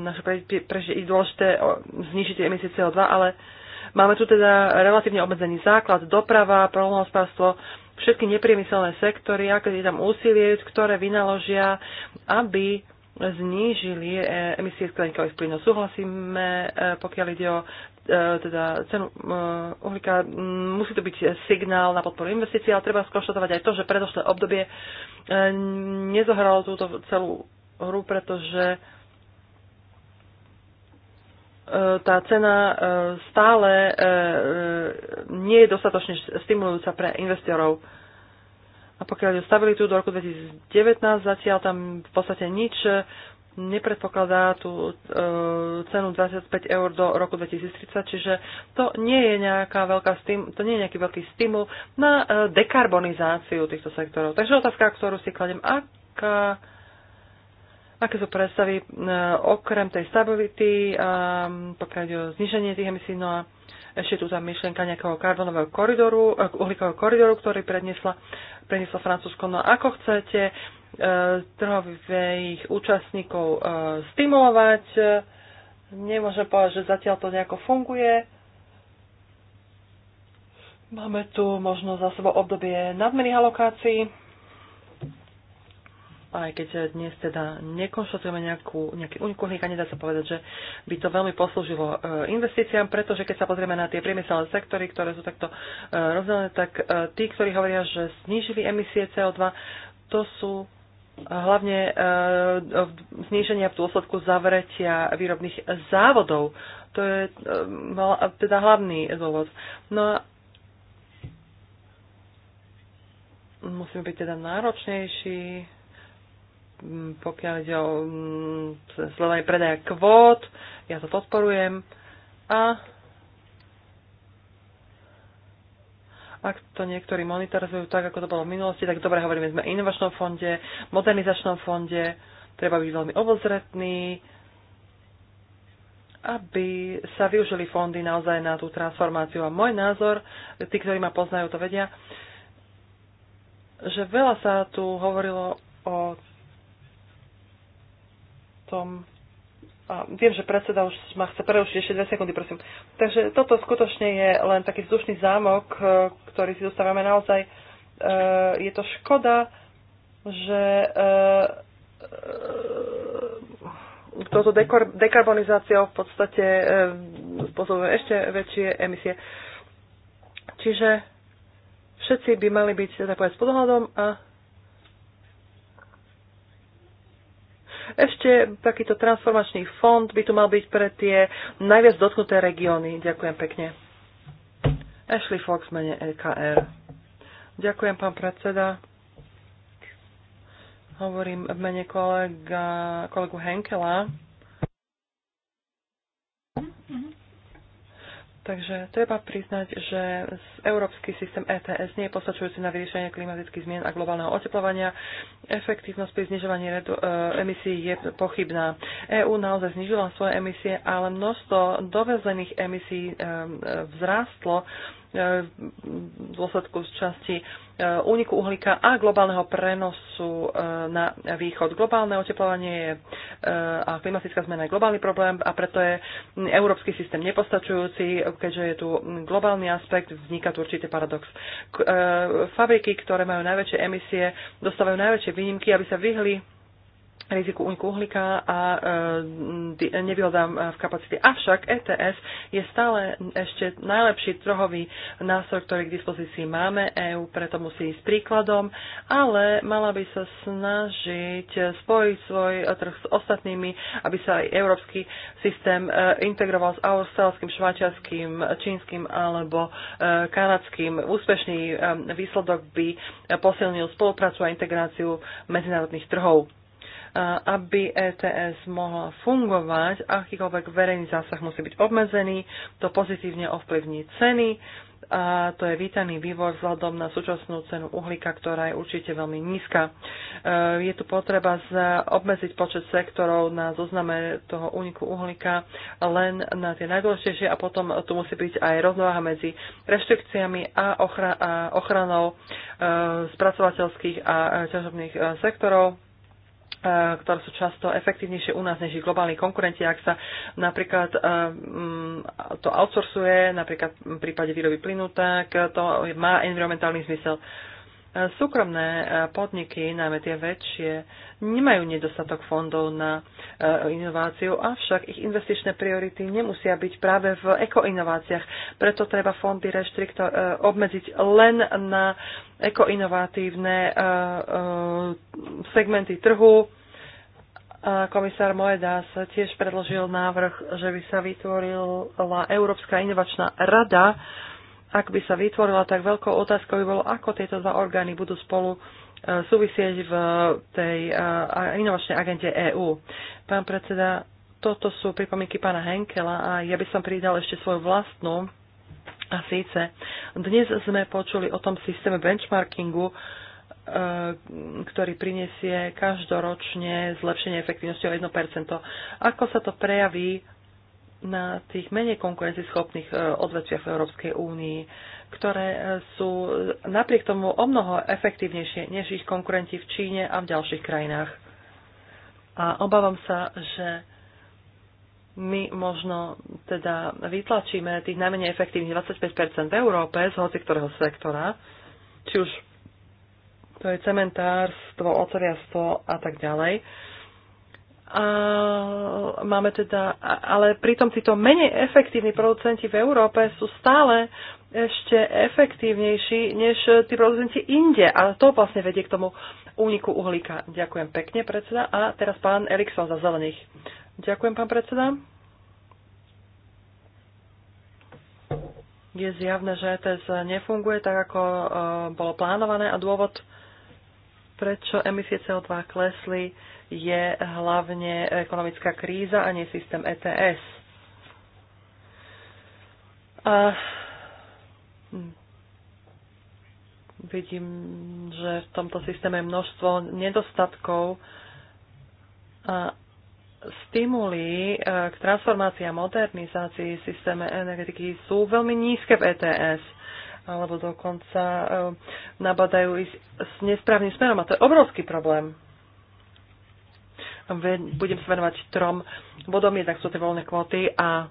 naše prežitie, je dôležité znižiť emisie CO2, ale uh, Máme tu teda relatívne obmedzený základ, doprava, polnohospodárstvo, všetky nepriemyselné sektory, aké je tam úsilie, ktoré vynaložia, aby znížili eh, emisie skleníkových plynov. Súhlasíme, eh, pokiaľ ide o eh, teda cenu uhlíka, musí to byť signál na podporu investícií, ale treba skonštatovať aj to, že predošlé obdobie nezohralo túto celú hru, pretože tá cena e, stále e, e, nie je dostatočne stimulujúca pre investorov. A pokiaľ je stabilitu do roku 2019, zatiaľ tam v podstate nič nepredpokladá tú e, cenu 25 eur do roku 2030, čiže to nie je, nejaká veľká stim, to nie je nejaký veľký stimul na e, dekarbonizáciu týchto sektorov. Takže otázka, ktorú si kladem, aká aké sú predstavy e, okrem tej stability, e, pokiaľ ide o zniženie tých emisí, no a ešte tu tá myšlienka nejakého karbonového koridoru, e, uhlíkového koridoru, ktorý predniesla, predniesla Francúzsko. No ako chcete trhových účastníkov stimulovať, nemôžem povedať, že zatiaľ to nejako funguje. Máme tu možno za sebou obdobie nadmerných alokácií, aj keď dnes teda nekonštatujeme nejakú, nejaký unikulník a nedá sa povedať, že by to veľmi poslúžilo e, investíciám, pretože keď sa pozrieme na tie priemyselné sektory, ktoré sú takto e, rozdelené, tak e, tí, ktorí hovoria, že znížili emisie CO2, to sú hlavne zníženia v dôsledku zavretia výrobných závodov. To je teda hlavný dôvod. No a musíme byť teda náročnejší, pokiaľ ide o sledovanie predaja kvót, ja to podporujem. A ak to niektorí monitorizujú tak, ako to bolo v minulosti, tak dobre hovoríme, sme o inovačnom fonde, modernizačnom fonde, treba byť veľmi obozretný, aby sa využili fondy naozaj na tú transformáciu. A môj názor, tí, ktorí ma poznajú, to vedia, že veľa sa tu hovorilo o tom a viem, že predseda už ma chce prerušiť ešte dve sekundy, prosím. Takže toto skutočne je len taký vzdušný zámok, e, ktorý si dostávame naozaj. E, je to škoda, že e, toto dekarbonizáciou v podstate spôsobuje ešte väčšie emisie. Čiže všetci by mali byť, tak povedať, pod a Ešte takýto transformačný fond by tu mal byť pre tie najviac dotknuté regióny. Ďakujem pekne. Ashley Fox, mene EKR. Ďakujem, pán predseda. Hovorím v mene kolega, kolegu Henkela. Mm-hmm. Takže treba priznať, že európsky systém ETS nie je postačujúci na vyriešenie klimatických zmien a globálneho oteplovania. Efektívnosť pri znižovaní redu- e, emisí je pochybná. EÚ naozaj znižila svoje emisie, ale množstvo dovezených emisí e, e, vzrástlo E, v dôsledku z časti e, úniku uhlíka a globálneho prenosu e, na východ. Globálne oteplovanie je, a klimatická zmena je globálny problém a preto je európsky systém nepostačujúci, keďže je tu globálny aspekt, vzniká tu určite paradox. Fabriky, ktoré majú najväčšie emisie, dostávajú najväčšie výnimky, aby sa vyhli riziku uniku uhlíka a e, nevyhľadám e, v kapacite. Avšak ETS je stále ešte najlepší trhový nástroj, ktorý k dispozícii máme. EÚ preto musí ísť príkladom, ale mala by sa snažiť spojiť svoj trh s ostatnými, aby sa aj európsky systém e, integroval s australským, švajčiarským, čínskym alebo kanadským. Úspešný výsledok by posilnil spoluprácu a integráciu medzinárodných trhov aby ETS mohla fungovať, akýkoľvek verejný zásah musí byť obmedzený, to pozitívne ovplyvní ceny a to je vítaný vývoj vzhľadom na súčasnú cenu uhlíka, ktorá je určite veľmi nízka. E, je tu potreba obmedziť počet sektorov na zozname toho úniku uhlíka len na tie najdôležitejšie a potom tu musí byť aj rovnováha medzi reštrikciami a ochranou e, spracovateľských a ťažobných e, sektorov E, ktoré sú často efektívnejšie u nás než ich globálni konkurenti. Ak sa napríklad e, mm, to outsourcuje, napríklad v prípade výroby plynu, tak to má environmentálny zmysel. E, súkromné podniky, najmä tie väčšie, nemajú nedostatok fondov na inováciu, avšak ich investičné priority nemusia byť práve v ekoinováciách. Preto treba fondy obmedziť len na ekoinovatívne eh, eh, segmenty trhu. Komisár Moeda sa tiež predložil návrh, že by sa vytvorila Európska inovačná rada. Ak by sa vytvorila, tak veľkou otázkou by bolo, ako tieto dva orgány budú spolu eh, súvisieť v tej inovačnej agente EÚ. Pán predseda, toto sú pripomienky pána Henkela a ja by som pridal ešte svoju vlastnú. A síce, dnes sme počuli o tom systéme benchmarkingu, e, ktorý prinesie každoročne zlepšenie efektivnosti o 1%. Ako sa to prejaví na tých menej konkurencieschopných e, odvetviach v Európskej únii, ktoré e, sú napriek tomu o mnoho efektívnejšie než ich konkurenti v Číne a v ďalších krajinách. A obávam sa, že my možno teda vytlačíme tých najmenej efektívnych 25% v Európe z hoci ktorého sektora, či už to je cementárstvo, oceliarstvo a tak ďalej. A máme teda, ale pritom títo menej efektívni producenti v Európe sú stále ešte efektívnejší než tí producenti inde. A to vlastne vedie k tomu úniku uhlíka. Ďakujem pekne, predseda. A teraz pán Erikson za zelených. Ďakujem, pán predseda. Je zjavné, že ETS nefunguje tak, ako e, bolo plánované a dôvod, prečo emisie CO2 klesli, je hlavne ekonomická kríza a nie systém ETS. A hm, vidím, že v tomto systéme je množstvo nedostatkov a stimuly e, k transformácii a modernizácii systéme energetiky sú veľmi nízke v ETS alebo dokonca e, nabadajú ísť s nesprávnym smerom a to je obrovský problém. Budem sa venovať trom bodom, jednak sú tie voľné kvoty a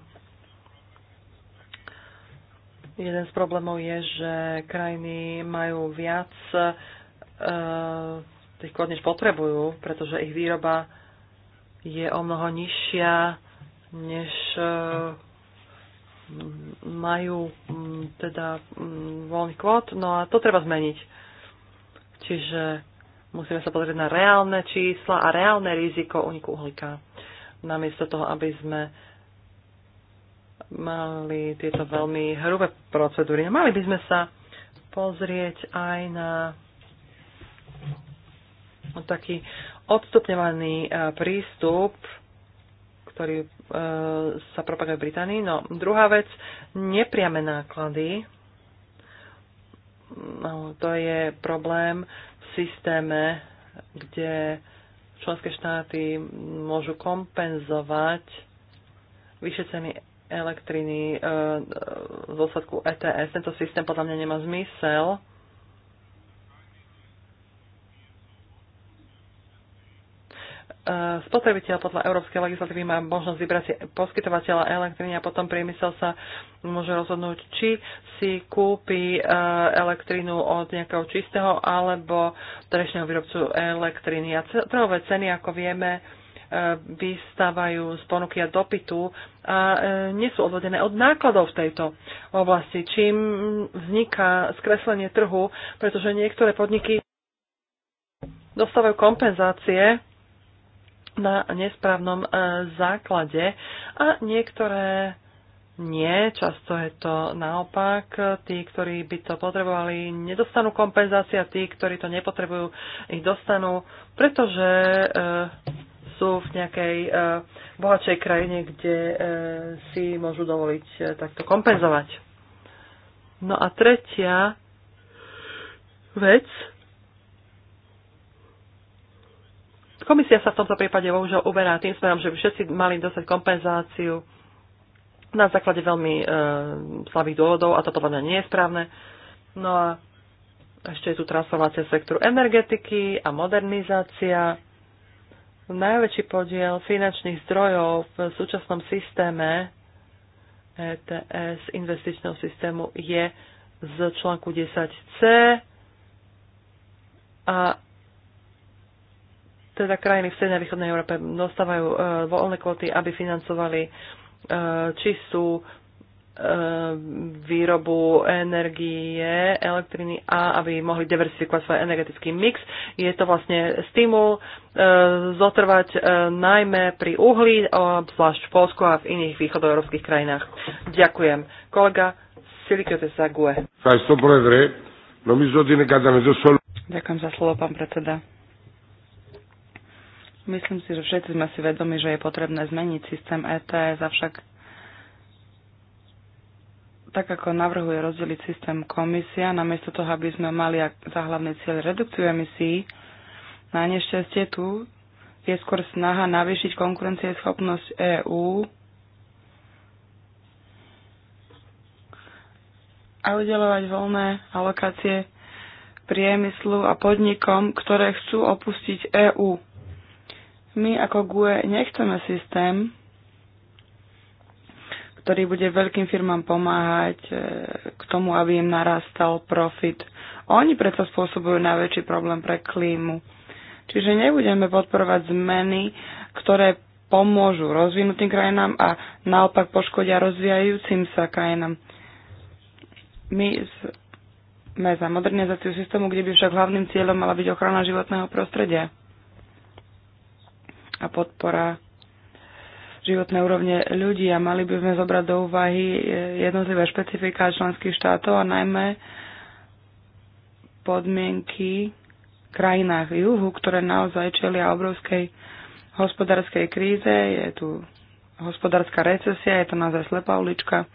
jeden z problémov je, že krajiny majú viac e, tých kvót, než potrebujú, pretože ich výroba je o mnoho nižšia, než eh, majú mm, teda mm, voľný kvót. No a to treba zmeniť. Čiže musíme sa pozrieť na reálne čísla a reálne riziko uniku uhlíka. Namiesto toho, aby sme mali tieto veľmi hrubé procedúry. Mali by sme sa pozrieť aj na taký odstupňovaný e, prístup, ktorý e, sa propaguje v Británii. No, druhá vec, nepriame náklady. No, to je problém v systéme, kde členské štáty môžu kompenzovať vyššie ceny elektriny e, v dôsledku ETS. Tento systém podľa mňa nemá zmysel Eh, spotrebiteľ podľa európskej legislatívy má možnosť vybrať si poskytovateľa elektriny a potom priemysel sa môže rozhodnúť, či si kúpi eh, elektrinu od nejakého čistého alebo trešného výrobcu elektriny. A trhové ceny, ako vieme, eh, vystávajú z ponuky a dopytu a nie sú odvodené od nákladov v tejto oblasti, čím vzniká skreslenie trhu, pretože niektoré podniky dostávajú kompenzácie na nesprávnom e, základe a niektoré nie, často je to naopak. Tí, ktorí by to potrebovali, nedostanú kompenzácia, tí, ktorí to nepotrebujú, ich dostanú, pretože e, sú v nejakej e, bohatšej krajine, kde e, si môžu dovoliť e, takto kompenzovať. No a tretia vec, Komisia sa v tomto prípade bohužiaľ uberá tým smerom, že by všetci mali dostať kompenzáciu na základe veľmi e, slabých dôvodov a to podľa mňa nie je správne. No a ešte je tu transformácia sektoru energetiky a modernizácia. Najväčší podiel finančných zdrojov v súčasnom systéme ETS investičného systému je z článku 10c a teda krajiny v strednej a východnej Európe dostávajú e, voľné kvóty, aby financovali e, čistú e, výrobu energie, elektriny a aby mohli diversifikovať svoj energetický mix. Je to vlastne stimul e, zotrvať e, najmä pri uhlí, o, zvlášť v Polsku a v iných východoeurópskych krajinách. Ďakujem. Kolega Silikiote Sague. Ďakujem za slovo, pán predseda. Myslím si, že všetci sme si vedomi, že je potrebné zmeniť systém ETS, avšak tak ako navrhuje rozdeliť systém komisia, namiesto toho, aby sme mali za hlavný cieľ redukciu emisí, na nešťastie tu je skôr snaha navýšiť konkurencieschopnosť EÚ a udelovať voľné alokácie priemyslu a podnikom, ktoré chcú opustiť EÚ. My ako GUE nechceme systém, ktorý bude veľkým firmám pomáhať e, k tomu, aby im narastal profit. Oni preto spôsobujú najväčší problém pre klímu. Čiže nebudeme podporovať zmeny, ktoré pomôžu rozvinutým krajinám a naopak poškodia rozvíjajúcim sa krajinám. My sme za modernizáciu systému, kde by však hlavným cieľom mala byť ochrana životného prostredia a podpora životnej úrovne ľudí a mali by sme zobrať do úvahy jednotlivé špecifika členských štátov a najmä podmienky v krajinách juhu, ktoré naozaj čelia obrovskej hospodárskej kríze. Je tu hospodárska recesia, je to naozaj slepá ulička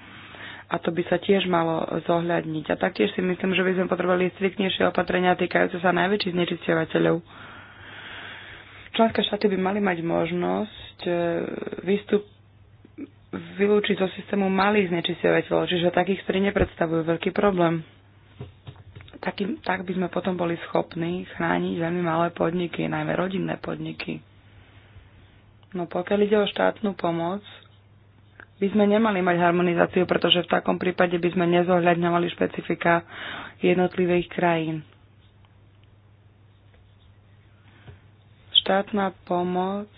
a to by sa tiež malo zohľadniť. A taktiež si myslím, že by sme potrebovali striktnejšie opatrenia týkajúce sa najväčších znečisťovateľov členské štáty by mali mať možnosť e, výstup vylúčiť zo systému malých znečisťovateľov, čiže takých, ktorí nepredstavujú veľký problém. Taký, tak by sme potom boli schopní chrániť veľmi malé podniky, najmä rodinné podniky. No pokiaľ ide o štátnu pomoc, by sme nemali mať harmonizáciu, pretože v takom prípade by sme nezohľadňovali špecifika jednotlivých krajín. Štátna pomoc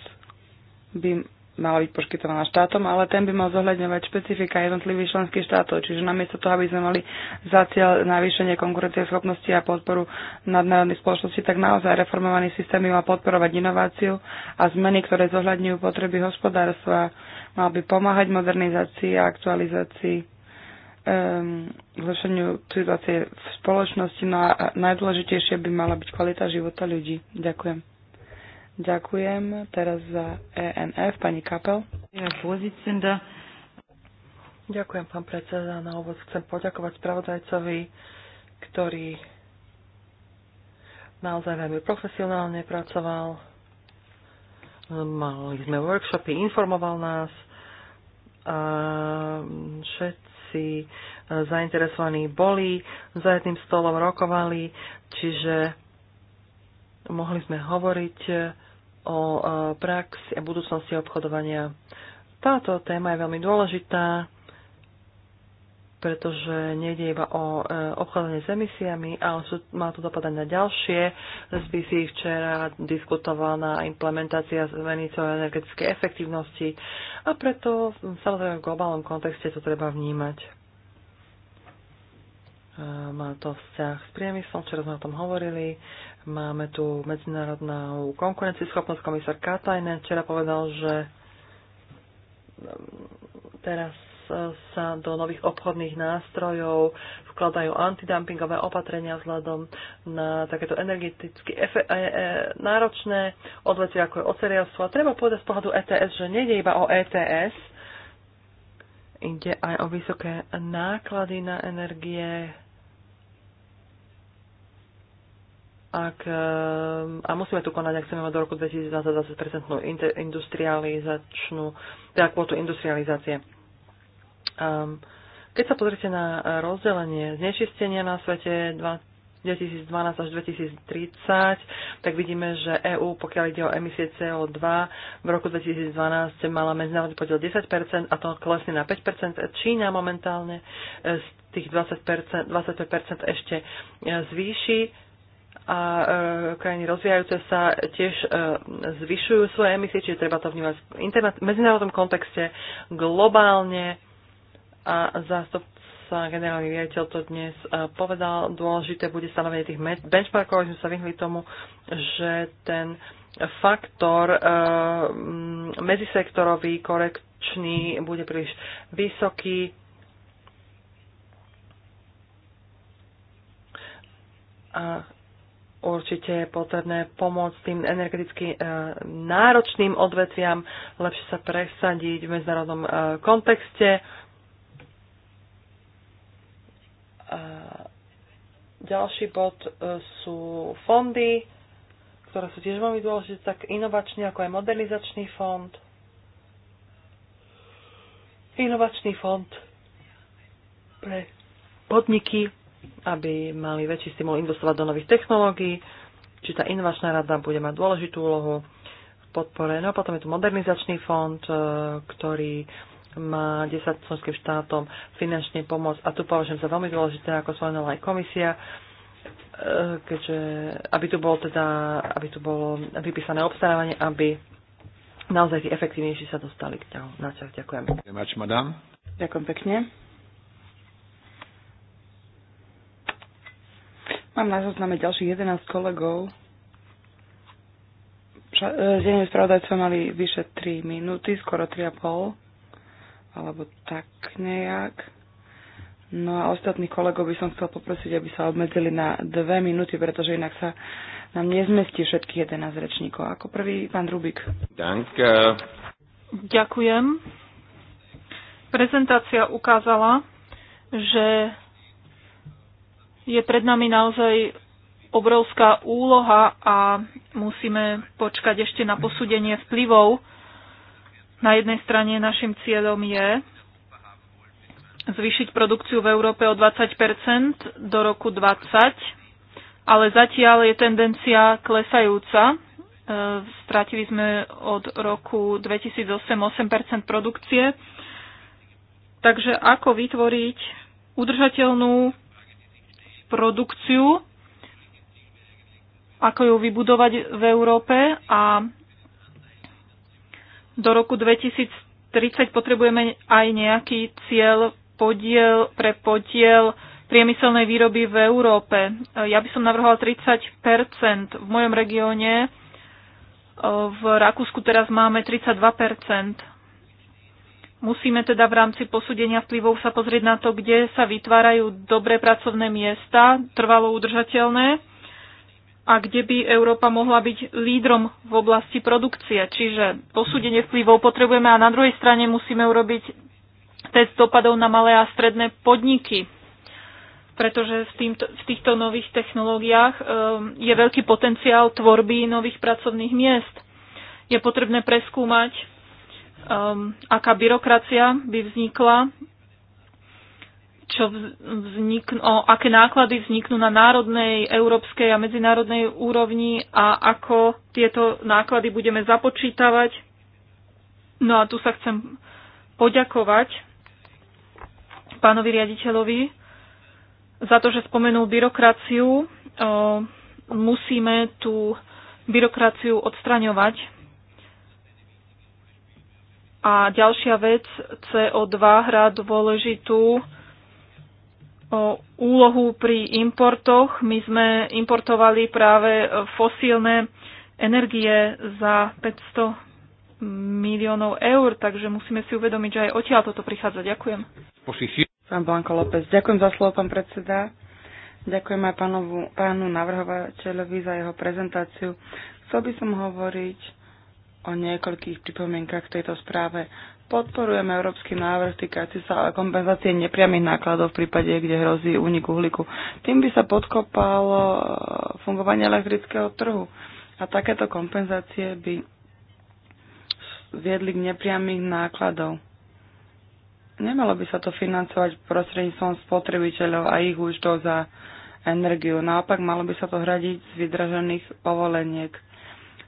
by mala byť poskytovaná štátom, ale ten by mal zohľadňovať špecifika jednotlivých členských štátov. Čiže namiesto toho, aby sme mali za cieľ navýšenie konkurencieschopnosti a podporu nadnárodnej spoločnosti, tak naozaj reformovaný systém by mal podporovať inováciu a zmeny, ktoré zohľadňujú potreby hospodárstva. Mal by pomáhať modernizácii a aktualizácii um, zlepšeniu situácie v spoločnosti. No a najdôležitejšie by mala byť kvalita života ľudí. Ďakujem. Ďakujem teraz za ENF, pani Kapel. Ďakujem, pán predseda. Na úvod chcem poďakovať spravodajcovi, ktorý naozaj veľmi profesionálne pracoval. Mali sme workshopy, informoval nás a všetci zainteresovaní boli, za jedným stolom rokovali, čiže mohli sme hovoriť o praxi a budúcnosti obchodovania. Táto téma je veľmi dôležitá, pretože nejde iba o e, obchodovanie s emisiami, ale sú, má to dopadať na ďalšie si Včera diskutovaná implementácia zmenice o energetickej efektívnosti a preto samozrejme v globálnom kontexte to treba vnímať e, má to vzťah s priemyslom, včera sme o tom hovorili, Máme tu medzinárodnú konkurencieschopnosť. Komisár Katajnen včera povedal, že ehm, teraz e, sa do nových obchodných nástrojov vkladajú antidumpingové opatrenia vzhľadom na takéto energeticky efe, e, e, náročné odvetvia ako je oceliarstvo. A treba povedať z pohľadu ETS, že nejde iba o ETS, ide aj o vysoké náklady na energie, Ak, eh, a musíme tu konať, ak chceme mať do roku 2020 20% industrializačnú, teda kvotu industrializácie. Um, keď sa pozrite na rozdelenie znečistenia na svete 2012 až 2030, tak vidíme, že EÚ, pokiaľ ide o emisie CO2, v roku 2012 mala medzinárodný podiel 10% a to klesne na 5%. Čína momentálne eh, z tých 20%, 25% ešte eh, zvýši a e, krajiny rozvíjajúce sa tiež e, zvyšujú svoje emisie, čiže treba to vnímať v internet, medzinárodnom kontexte globálne a zástupca generálny riaditeľ to dnes e, povedal. Dôležité bude stanovenie tých benchmarkov, aby sme sa vyhli tomu, že ten faktor e, medzisektorový, korekčný bude príliš vysoký. A určite je potrebné pomôcť tým energeticky e, náročným odvetviam lepšie sa presadiť v medzinárodnom e, kontexte. Ďalší bod e, sú fondy, ktoré sú tiež veľmi dôležité, tak inovačný ako aj modernizačný fond. Inovačný fond pre podniky aby mali väčší stimul investovať do nových technológií, či tá inovačná rada bude mať dôležitú úlohu v podpore. No a potom je tu modernizačný fond, e, ktorý má 10 členským štátom finančne pomôcť. A tu považujem za veľmi dôležité, ako spomenula aj komisia, e, keďže aby tu bolo teda, aby tu bolo vypísané obstarávanie, aby naozaj tí efektívnejší sa dostali k ťahu. Na ťah. Ďakujem. Ďakujem pekne. Mám na zozname ďalších 11 kolegov. E, deň spravodajcov mali vyše 3 minúty, skoro 3,5, alebo tak nejak. No a ostatných kolegov by som chcel poprosiť, aby sa obmedzili na 2 minúty, pretože inak sa nám nezmestí všetkých 11 rečníkov. Ako prvý pán Rubik. Danke. Ďakujem. Prezentácia ukázala, že je pred nami naozaj obrovská úloha a musíme počkať ešte na posúdenie vplyvov. Na jednej strane našim cieľom je zvýšiť produkciu v Európe o 20 do roku 20, ale zatiaľ je tendencia klesajúca. E, Strátili sme od roku 2008 8 produkcie. Takže ako vytvoriť udržateľnú produkciu, ako ju vybudovať v Európe a do roku 2030 potrebujeme aj nejaký cieľ podiel pre podiel priemyselnej výroby v Európe. Ja by som navrhoval 30 V mojom regióne eh, v Rakúsku teraz máme 32 Musíme teda v rámci posúdenia vplyvov sa pozrieť na to, kde sa vytvárajú dobré pracovné miesta, trvalo udržateľné a kde by Európa mohla byť lídrom v oblasti produkcie. Čiže posúdenie vplyvov potrebujeme a na druhej strane musíme urobiť test dopadov na malé a stredné podniky, pretože v, týmto, v týchto nových technológiách um, je veľký potenciál tvorby nových pracovných miest. Je potrebné preskúmať um, aká byrokracia by vznikla, čo vzniknú, o, aké náklady vzniknú na národnej, európskej a medzinárodnej úrovni a ako tieto náklady budeme započítavať. No a tu sa chcem poďakovať pánovi riaditeľovi za to, že spomenul byrokraciu. O, musíme tú byrokraciu odstraňovať a ďalšia vec, CO2 hrá dôležitú úlohu pri importoch. My sme importovali práve fosílne energie za 500 miliónov eur, takže musíme si uvedomiť, že aj odtiaľ toto prichádza. Ďakujem. Pán Blanko López, ďakujem za slovo, pán predseda. Ďakujem aj pánovu, pánu navrhovateľovi za jeho prezentáciu. Chcel by som hovoriť o niekoľkých pripomienkach k tejto správe. Podporujeme európsky návrh týkajúci sa kompenzácie nepriamých nákladov v prípade, kde hrozí únik uhlíku. Tým by sa podkopalo e, fungovanie elektrického trhu a takéto kompenzácie by viedli k nepriamých nákladov. Nemalo by sa to financovať prostredníctvom spotrebiteľov a ich účtov za energiu. Naopak malo by sa to hradiť z vydražených povoleniek.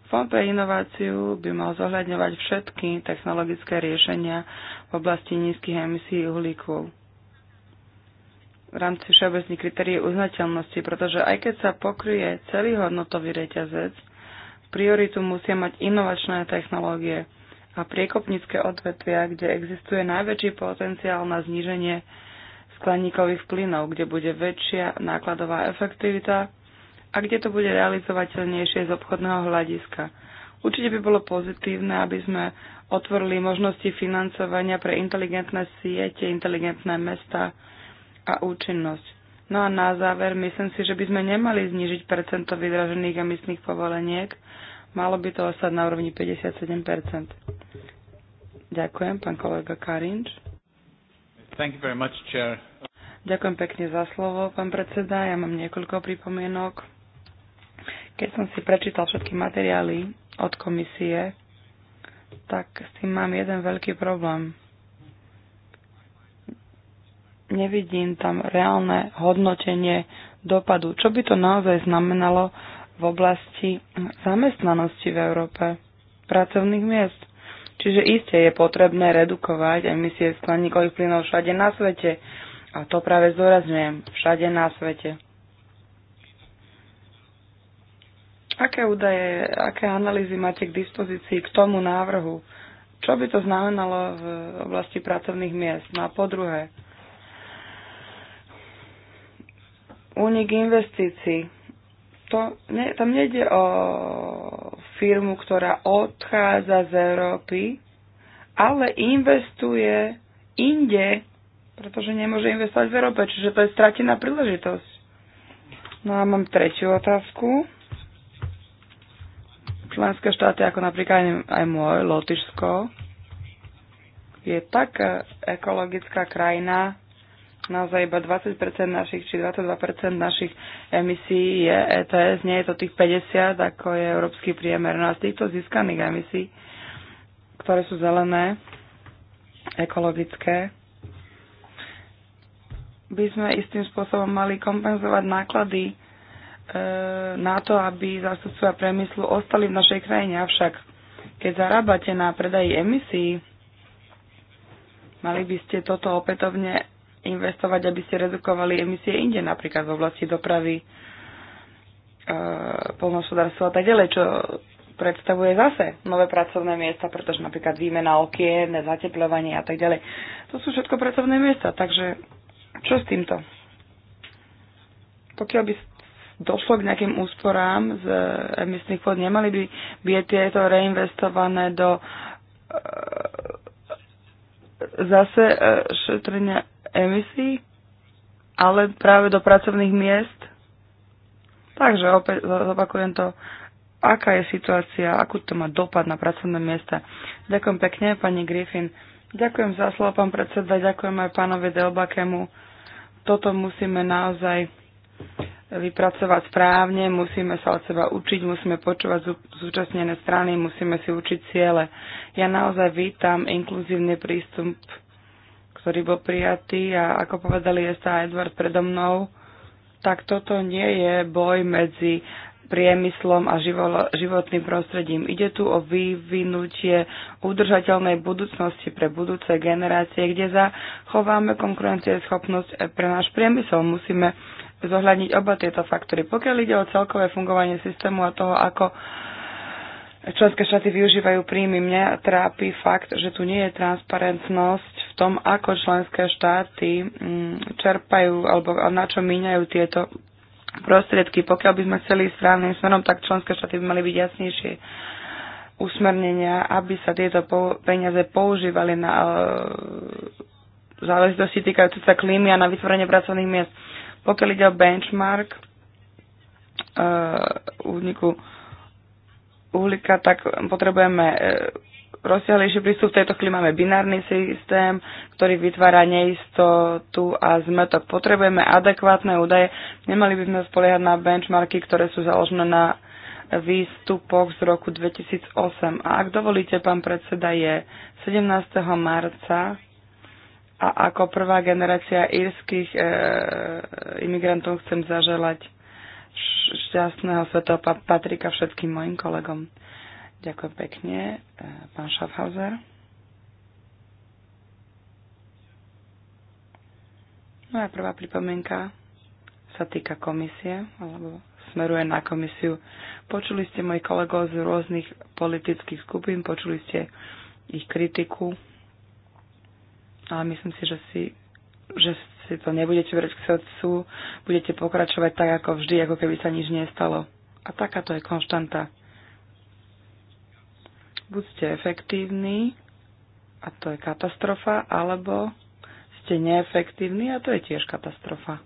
Fond pre inováciu by mal zohľadňovať všetky technologické riešenia v oblasti nízkych emisí uhlíkov v rámci všeobecných kritérií uznateľnosti, pretože aj keď sa pokryje celý hodnotový reťazec, prioritu musia mať inovačné technológie a priekopnícke odvetvia, kde existuje najväčší potenciál na zníženie skleníkových plynov, kde bude väčšia nákladová efektivita a kde to bude realizovateľnejšie z obchodného hľadiska. Určite by bolo pozitívne, aby sme otvorili možnosti financovania pre inteligentné siete, inteligentné mesta a účinnosť. No a na záver, myslím si, že by sme nemali znižiť percento vydražených emisných povoleniek. Malo by to ostať na úrovni 57%. Ďakujem, pán kolega Karinč. Thank you very much, chair. Ďakujem pekne za slovo, pán predseda. Ja mám niekoľko pripomienok. Keď som si prečítal všetky materiály od komisie, tak s tým mám jeden veľký problém. Nevidím tam reálne hodnotenie dopadu. Čo by to naozaj znamenalo v oblasti zamestnanosti v Európe, pracovných miest? Čiže iste je potrebné redukovať emisie skleníkových plynov všade na svete. A to práve zdôrazňujem, všade na svete. Aké údaje, aké analýzy máte k dispozícii k tomu návrhu? Čo by to znamenalo v oblasti pracovných miest? No a po druhé, únik investícií. To, ne, tam nejde o firmu, ktorá odchádza z Európy, ale investuje inde, pretože nemôže investovať v Európe, čiže to je stratená príležitosť. No a mám tretiu otázku členské štáty, ako napríklad aj môj, Lotyšsko, je tak e, ekologická krajina, naozaj iba 20% našich, či 22% našich emisí je ETS, nie je to tých 50, ako je európsky priemer. No a z týchto získaných emisí, ktoré sú zelené, ekologické, by sme istým spôsobom mali kompenzovať náklady E, na to, aby zástupcovia priemyslu ostali v našej krajine. Avšak, keď zarábate na predaji emisí, mali by ste toto opätovne investovať, aby ste redukovali emisie inde, napríklad v oblasti dopravy, e, polnohospodárstva a tak ďalej, čo predstavuje zase nové pracovné miesta, pretože napríklad výmena okien, zateplovanie a tak ďalej. To sú všetko pracovné miesta, takže čo s týmto? Pokiaľ by došlo k nejakým úsporám z emisných kvót, nemali by byť tieto reinvestované do e, zase e, šetrenia emisí, ale práve do pracovných miest. Takže opäť zopakujem to, aká je situácia, akú to má dopad na pracovné miesta. Ďakujem pekne, pani Griffin. Ďakujem za slovo, pán predseda, ďakujem aj pánovi Delbakemu. Toto musíme naozaj vypracovať správne, musíme sa od seba učiť, musíme počúvať zúčastnené strany, musíme si učiť ciele. Ja naozaj vítam inkluzívny prístup, ktorý bol prijatý a ako povedali je a Edward predo mnou, tak toto nie je boj medzi priemyslom a životným prostredím. Ide tu o vyvinutie udržateľnej budúcnosti pre budúce generácie, kde zachováme konkurencieschopnosť pre náš priemysel. Musíme zohľadniť oba tieto faktory. Pokiaľ ide o celkové fungovanie systému a toho, ako členské štáty využívajú príjmy, mňa trápi fakt, že tu nie je transparentnosť v tom, ako členské štáty mm, čerpajú alebo na čo míňajú tieto prostriedky. Pokiaľ by sme chceli ísť správnym smerom, tak členské štáty by mali byť jasnejšie usmernenia, aby sa tieto peniaze používali na e, záležitosti týkajúce sa klímy a na vytvorenie pracovných miest. Pokiaľ ide o benchmark uh, uhlíka, tak potrebujeme uh, rozsiahlejší prístup. V tejto chvíli máme binárny systém, ktorý vytvára neistotu a zmetok. Potrebujeme adekvátne údaje. Nemali by sme spoliehať na benchmarky, ktoré sú založené na výstupoch z roku 2008. A ak dovolíte, pán predseda, je 17. marca a ako prvá generácia írskych e, imigrantov chcem zaželať šťastného sveta Patrika všetkým mojim kolegom. Ďakujem pekne, e, pán Schaffhauser. Moja prvá pripomienka sa týka komisie, alebo smeruje na komisiu. Počuli ste mojich kolegov z rôznych politických skupín, počuli ste ich kritiku ale myslím si, že si, že si to nebudete vrať k srdcu, budete pokračovať tak ako vždy, ako keby sa nič nestalo. A takáto je konštanta. Buďte efektívni, a to je katastrofa, alebo ste neefektívni a to je tiež katastrofa.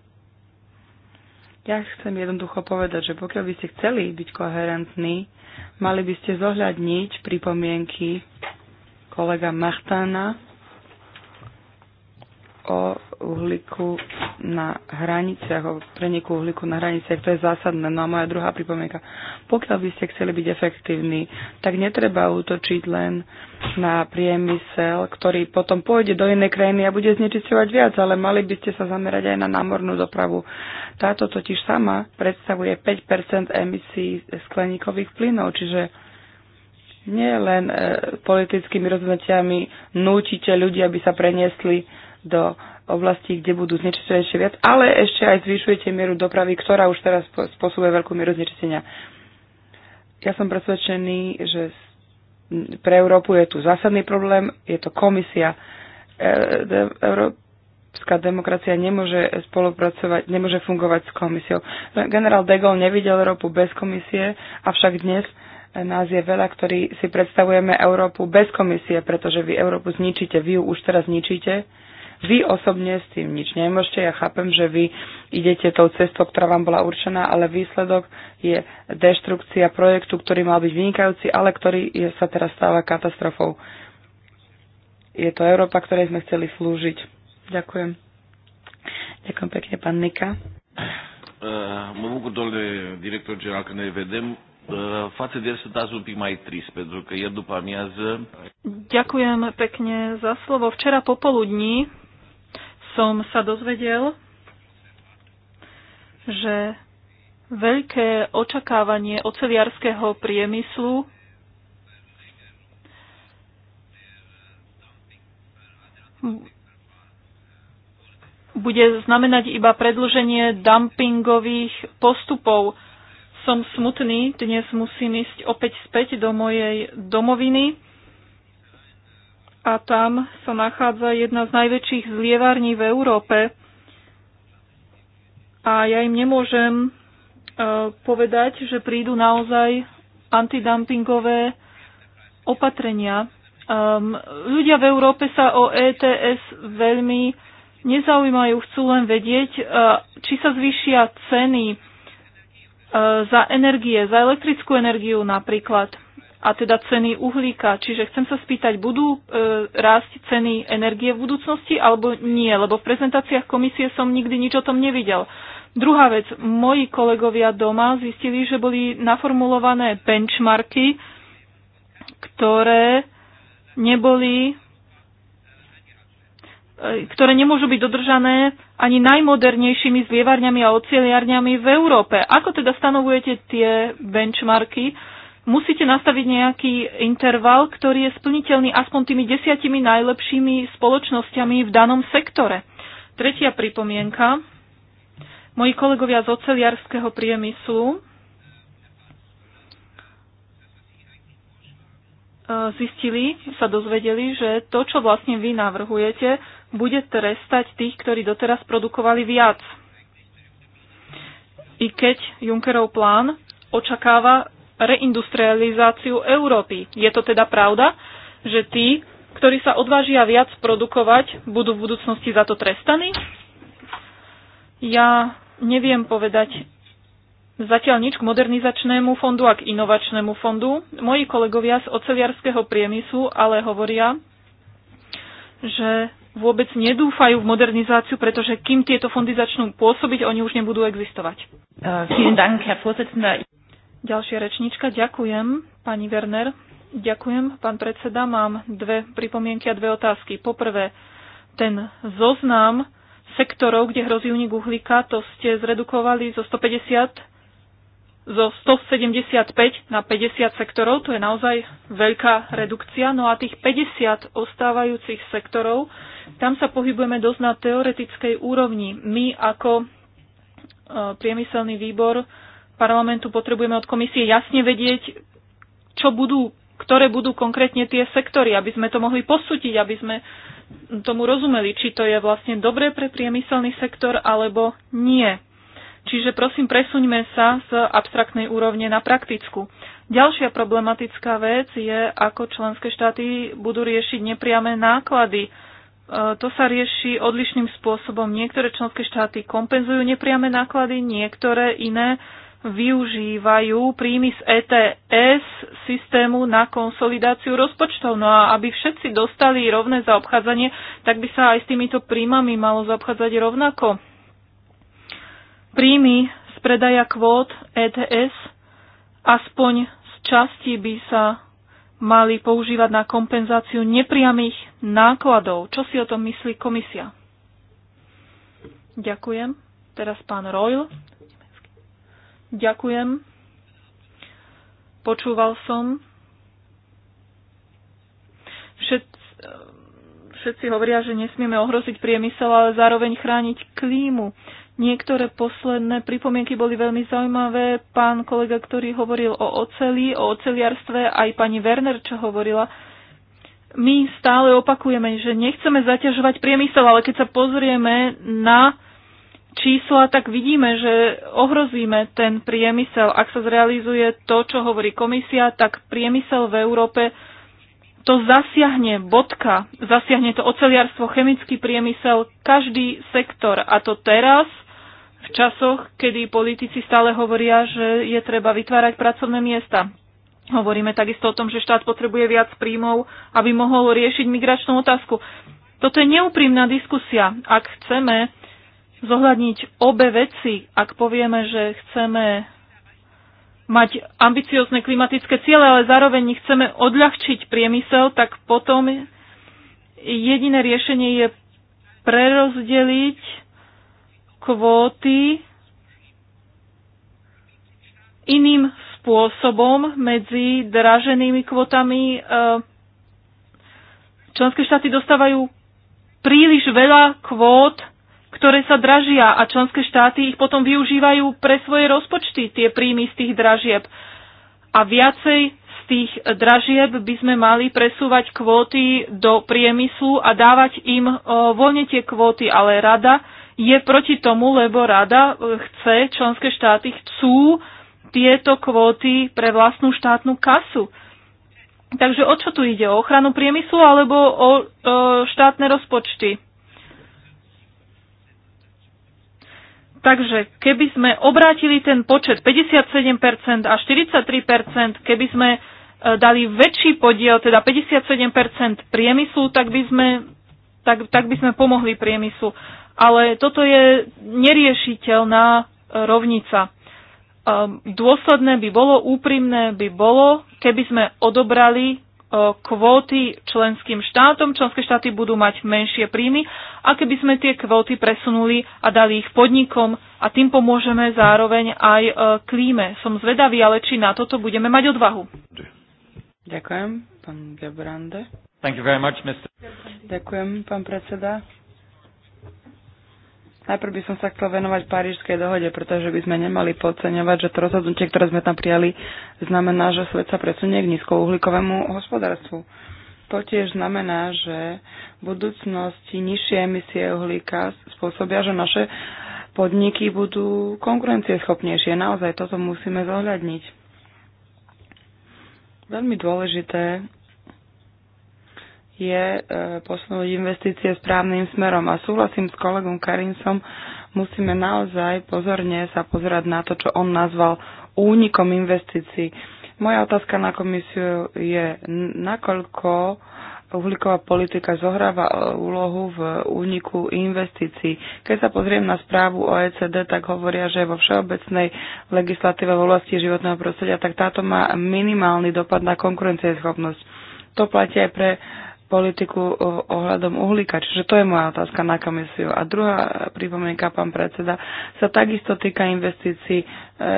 Ja chcem jednoducho povedať, že pokiaľ by ste chceli byť koherentní, mali by ste zohľadniť pripomienky kolega Machtana o uhlíku na hraniciach, o preniku uhlíku na hraniciach. To je zásadné. No a moja druhá pripomienka. Pokiaľ by ste chceli byť efektívni, tak netreba útočiť len na priemysel, ktorý potom pôjde do inej krajiny a bude znečisťovať viac, ale mali by ste sa zamerať aj na námornú dopravu. Táto totiž sama predstavuje 5 emisí skleníkových plynov, čiže nie len e, politickými rozhodnutiami nútite ľudia, aby sa preniesli do oblastí, kde budú znečistenia ešte viac, ale ešte aj zvyšujete mieru dopravy, ktorá už teraz spôsobuje veľkú mieru znečistenia. Ja som presvedčený, že pre Európu je tu zásadný problém, je to komisia. E, Európska demokracia nemôže spolupracovať, nemôže fungovať s komisiou. Generál de Gaulle nevidel Európu bez komisie, avšak dnes nás je veľa, ktorí si predstavujeme Európu bez komisie, pretože vy Európu zničíte, vy ju už teraz zničíte vy osobne s tým nič nemôžete. Ja chápem, že vy idete tou cestou, ktorá vám bola určená, ale výsledok je deštrukcia projektu, ktorý mal byť vynikajúci, ale ktorý je, sa teraz stáva katastrofou. Je to Európa, ktorej sme chceli slúžiť. Ďakujem. Ďakujem pekne, pán Nika. Eh, mă bucur, domnule director general, că ne vedem. Eh, față de el sunt azi un pic mai trist, pentru că el după amiază... Ďakujem pekne za slovo. Včera popoludní som sa dozvedel, že veľké očakávanie oceliarského priemyslu bude znamenať iba predlženie dumpingových postupov. Som smutný, dnes musím ísť opäť späť do mojej domoviny a tam sa nachádza jedna z najväčších zlievarní v Európe a ja im nemôžem e, povedať, že prídu naozaj antidumpingové opatrenia. Um, ľudia v Európe sa o ETS veľmi nezaujímajú, chcú len vedieť, uh, či sa zvýšia ceny uh, za energie, za elektrickú energiu napríklad a teda ceny uhlíka. Čiže chcem sa spýtať, budú e, rásť ceny energie v budúcnosti alebo nie? Lebo v prezentáciách komisie som nikdy nič o tom nevidel. Druhá vec, moji kolegovia doma zistili, že boli naformulované benchmarky, ktoré neboli e, ktoré nemôžu byť dodržané ani najmodernejšími zlievarňami a oceliarňami v Európe. Ako teda stanovujete tie benchmarky? musíte nastaviť nejaký interval, ktorý je splniteľný aspoň tými desiatimi najlepšími spoločnosťami v danom sektore. Tretia pripomienka. Moji kolegovia z oceliarského priemyslu e, zistili, sa dozvedeli, že to, čo vlastne vy navrhujete, bude trestať tých, ktorí doteraz produkovali viac. I keď Junckerov plán očakáva reindustrializáciu Európy. Je to teda pravda, že tí, ktorí sa odvážia viac produkovať, budú v budúcnosti za to trestaní? Ja neviem povedať zatiaľ nič k modernizačnému fondu a k inovačnému fondu. Moji kolegovia z oceliarského priemyslu ale hovoria, že vôbec nedúfajú v modernizáciu, pretože kým tieto fondy začnú pôsobiť, oni už nebudú existovať. Ďalšia rečnička. Ďakujem, pani Werner. Ďakujem, pán predseda. Mám dve pripomienky a dve otázky. Poprvé, ten zoznam sektorov, kde hrozí únik uhlíka, to ste zredukovali zo 150 zo 175 na 50 sektorov, to je naozaj veľká redukcia. No a tých 50 ostávajúcich sektorov, tam sa pohybujeme dosť na teoretickej úrovni. My ako e, priemyselný výbor parlamentu potrebujeme od komisie jasne vedieť, čo budú, ktoré budú konkrétne tie sektory, aby sme to mohli posúdiť, aby sme tomu rozumeli, či to je vlastne dobré pre priemyselný sektor alebo nie. Čiže prosím, presuňme sa z abstraktnej úrovne na praktickú. Ďalšia problematická vec je, ako členské štáty budú riešiť nepriame náklady e, to sa rieši odlišným spôsobom. Niektoré členské štáty kompenzujú nepriame náklady, niektoré iné využívajú príjmy z ETS systému na konsolidáciu rozpočtov. No a aby všetci dostali rovné zaobchádzanie, tak by sa aj s týmito príjmami malo zaobchádzať rovnako. Príjmy z predaja kvót ETS aspoň z časti by sa mali používať na kompenzáciu nepriamých nákladov. Čo si o tom myslí komisia? Ďakujem. Teraz pán Royal Ďakujem. Počúval som. Všetci, všetci hovoria, že nesmieme ohroziť priemysel, ale zároveň chrániť klímu. Niektoré posledné pripomienky boli veľmi zaujímavé. Pán kolega, ktorý hovoril o oceli, o oceliarstve, aj pani Werner, čo hovorila. My stále opakujeme, že nechceme zaťažovať priemysel, ale keď sa pozrieme na čísla, tak vidíme, že ohrozíme ten priemysel. Ak sa zrealizuje to, čo hovorí komisia, tak priemysel v Európe to zasiahne bodka, zasiahne to oceliarstvo, chemický priemysel, každý sektor. A to teraz, v časoch, kedy politici stále hovoria, že je treba vytvárať pracovné miesta. Hovoríme takisto o tom, že štát potrebuje viac príjmov, aby mohol riešiť migračnú otázku. Toto je neúprimná diskusia. Ak chceme zohľadniť obe veci, ak povieme, že chceme mať ambiciozne klimatické ciele, ale zároveň chceme odľahčiť priemysel, tak potom jediné riešenie je prerozdeliť kvóty iným spôsobom medzi draženými kvotami. Ehm, členské štáty dostávajú príliš veľa kvót ktoré sa dražia a členské štáty ich potom využívajú pre svoje rozpočty, tie príjmy z tých dražieb. A viacej z tých dražieb by sme mali presúvať kvóty do priemyslu a dávať im e, voľne tie kvóty, ale rada je proti tomu, lebo rada e, chce, členské štáty chcú tieto kvóty pre vlastnú štátnu kasu. Takže o čo tu ide? O ochranu priemyslu alebo o, o e, štátne rozpočty? Takže keby sme obrátili ten počet 57% a 43%, keby sme e, dali väčší podiel, teda 57% priemyslu, tak by sme, tak, tak by sme pomohli priemyslu. Ale toto je neriešiteľná e, rovnica. E, dôsledné by bolo, úprimné by bolo, keby sme odobrali kvóty členským štátom, členské štáty budú mať menšie príjmy a keby sme tie kvóty presunuli a dali ich podnikom a tým pomôžeme zároveň aj e, klíme. Som zvedavý, ale či na toto budeme mať odvahu. Ďakujem, pán Gebrande. Thank you very much, Mr. Ďakujem, pán predseda. Najprv by som sa chcel venovať Parížskej dohode, pretože by sme nemali podceňovať, že to rozhodnutie, ktoré sme tam prijali, znamená, že svet sa presunie k nízkouhlíkovému hospodárstvu. To tiež znamená, že v budúcnosti nižšie emisie uhlíka spôsobia, že naše podniky budú konkurencieschopnejšie. Naozaj toto musíme zohľadniť. Veľmi dôležité je e, posunúť investície správnym smerom. A súhlasím s kolegom Karinsom, musíme naozaj pozorne sa pozerať na to, čo on nazval únikom investícií. Moja otázka na komisiu je, nakoľko uhlíková politika zohráva e, úlohu v úniku investícií. Keď sa pozriem na správu OECD, tak hovoria, že vo všeobecnej legislatíve v oblasti životného prostredia, tak táto má minimálny dopad na konkurencieschopnosť. To platí aj pre politiku ohľadom uhlíka. Čiže to je moja otázka na komisiu. A druhá pripomienka, pán predseda, sa takisto týka investícií. E,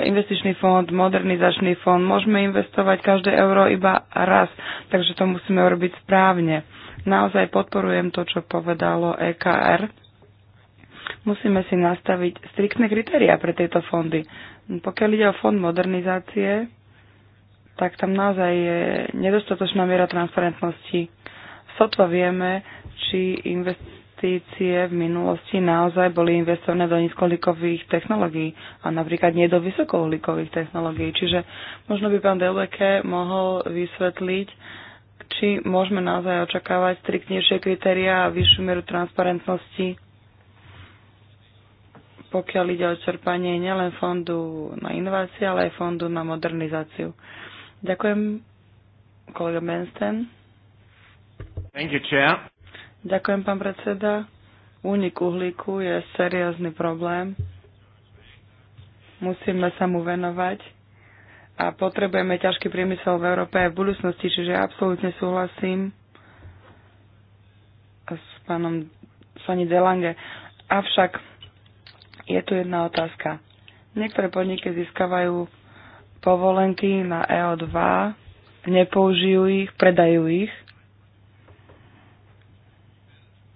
investičný fond, modernizačný fond, môžeme investovať každé euro iba raz, takže to musíme urobiť správne. Naozaj podporujem to, čo povedalo EKR. Musíme si nastaviť striktné kritériá pre tieto fondy. Pokiaľ ide o fond modernizácie, tak tam naozaj je nedostatočná miera transparentnosti sotva vieme, či investície v minulosti naozaj boli investované do nízkouhlíkových technológií a napríklad nie do vysokoholikových technológií. Čiže možno by pán Delbeke mohol vysvetliť, či môžeme naozaj očakávať striktnejšie kritéria a vyššiu mieru transparentnosti, pokiaľ ide o čerpanie nielen fondu na inovácie, ale aj fondu na modernizáciu. Ďakujem, kolega Bensten. You, Ďakujem, pán predseda. Únik uhlíku je seriózny problém. Musíme sa mu venovať a potrebujeme ťažký priemysel v Európe aj v budúcnosti, čiže absolútne súhlasím s pánom Sani Delange. Avšak je tu jedna otázka. Niektoré podniky získavajú povolenky na EO2, nepoužijú ich, predajú ich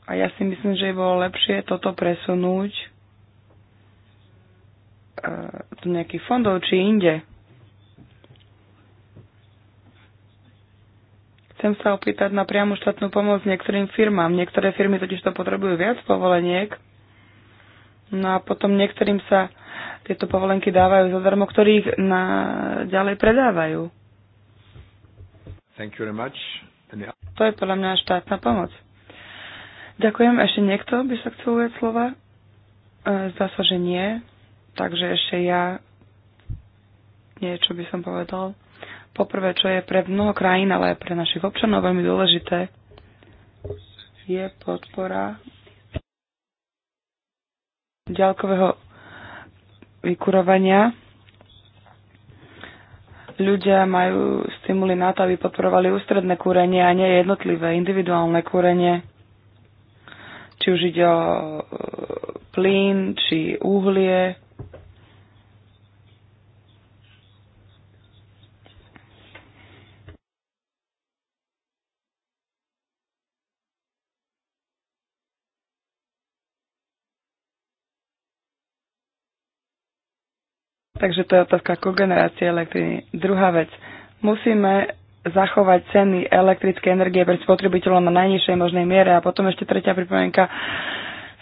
a ja si myslím, že je bolo lepšie toto presunúť e, do nejakých fondov či inde. Chcem sa opýtať na priamu štátnu pomoc niektorým firmám. Niektoré firmy totiž to potrebujú viac povoleniek. No a potom niektorým sa tieto povolenky dávajú zadarmo, ktorých na, ďalej predávajú. Thank you very much. To je podľa mňa štátna pomoc. Ďakujem. Ešte niekto by sa chcel ujať slova? E, zdá sa, že nie. Takže ešte ja niečo by som povedal. Poprvé, čo je pre mnoho krajín, ale aj pre našich občanov veľmi dôležité, je podpora ďalkového vykurovania. Ľudia majú stimuly na to, aby podporovali ústredné kúrenie a nie jednotlivé individuálne kúrenie či už ide o e, plyn či uhlie. Takže to je otázka kogenerácie elektriny. Druhá vec. Musíme zachovať ceny elektrickej energie pre spotrebiteľov na najnižšej možnej miere. A potom ešte tretia pripomienka.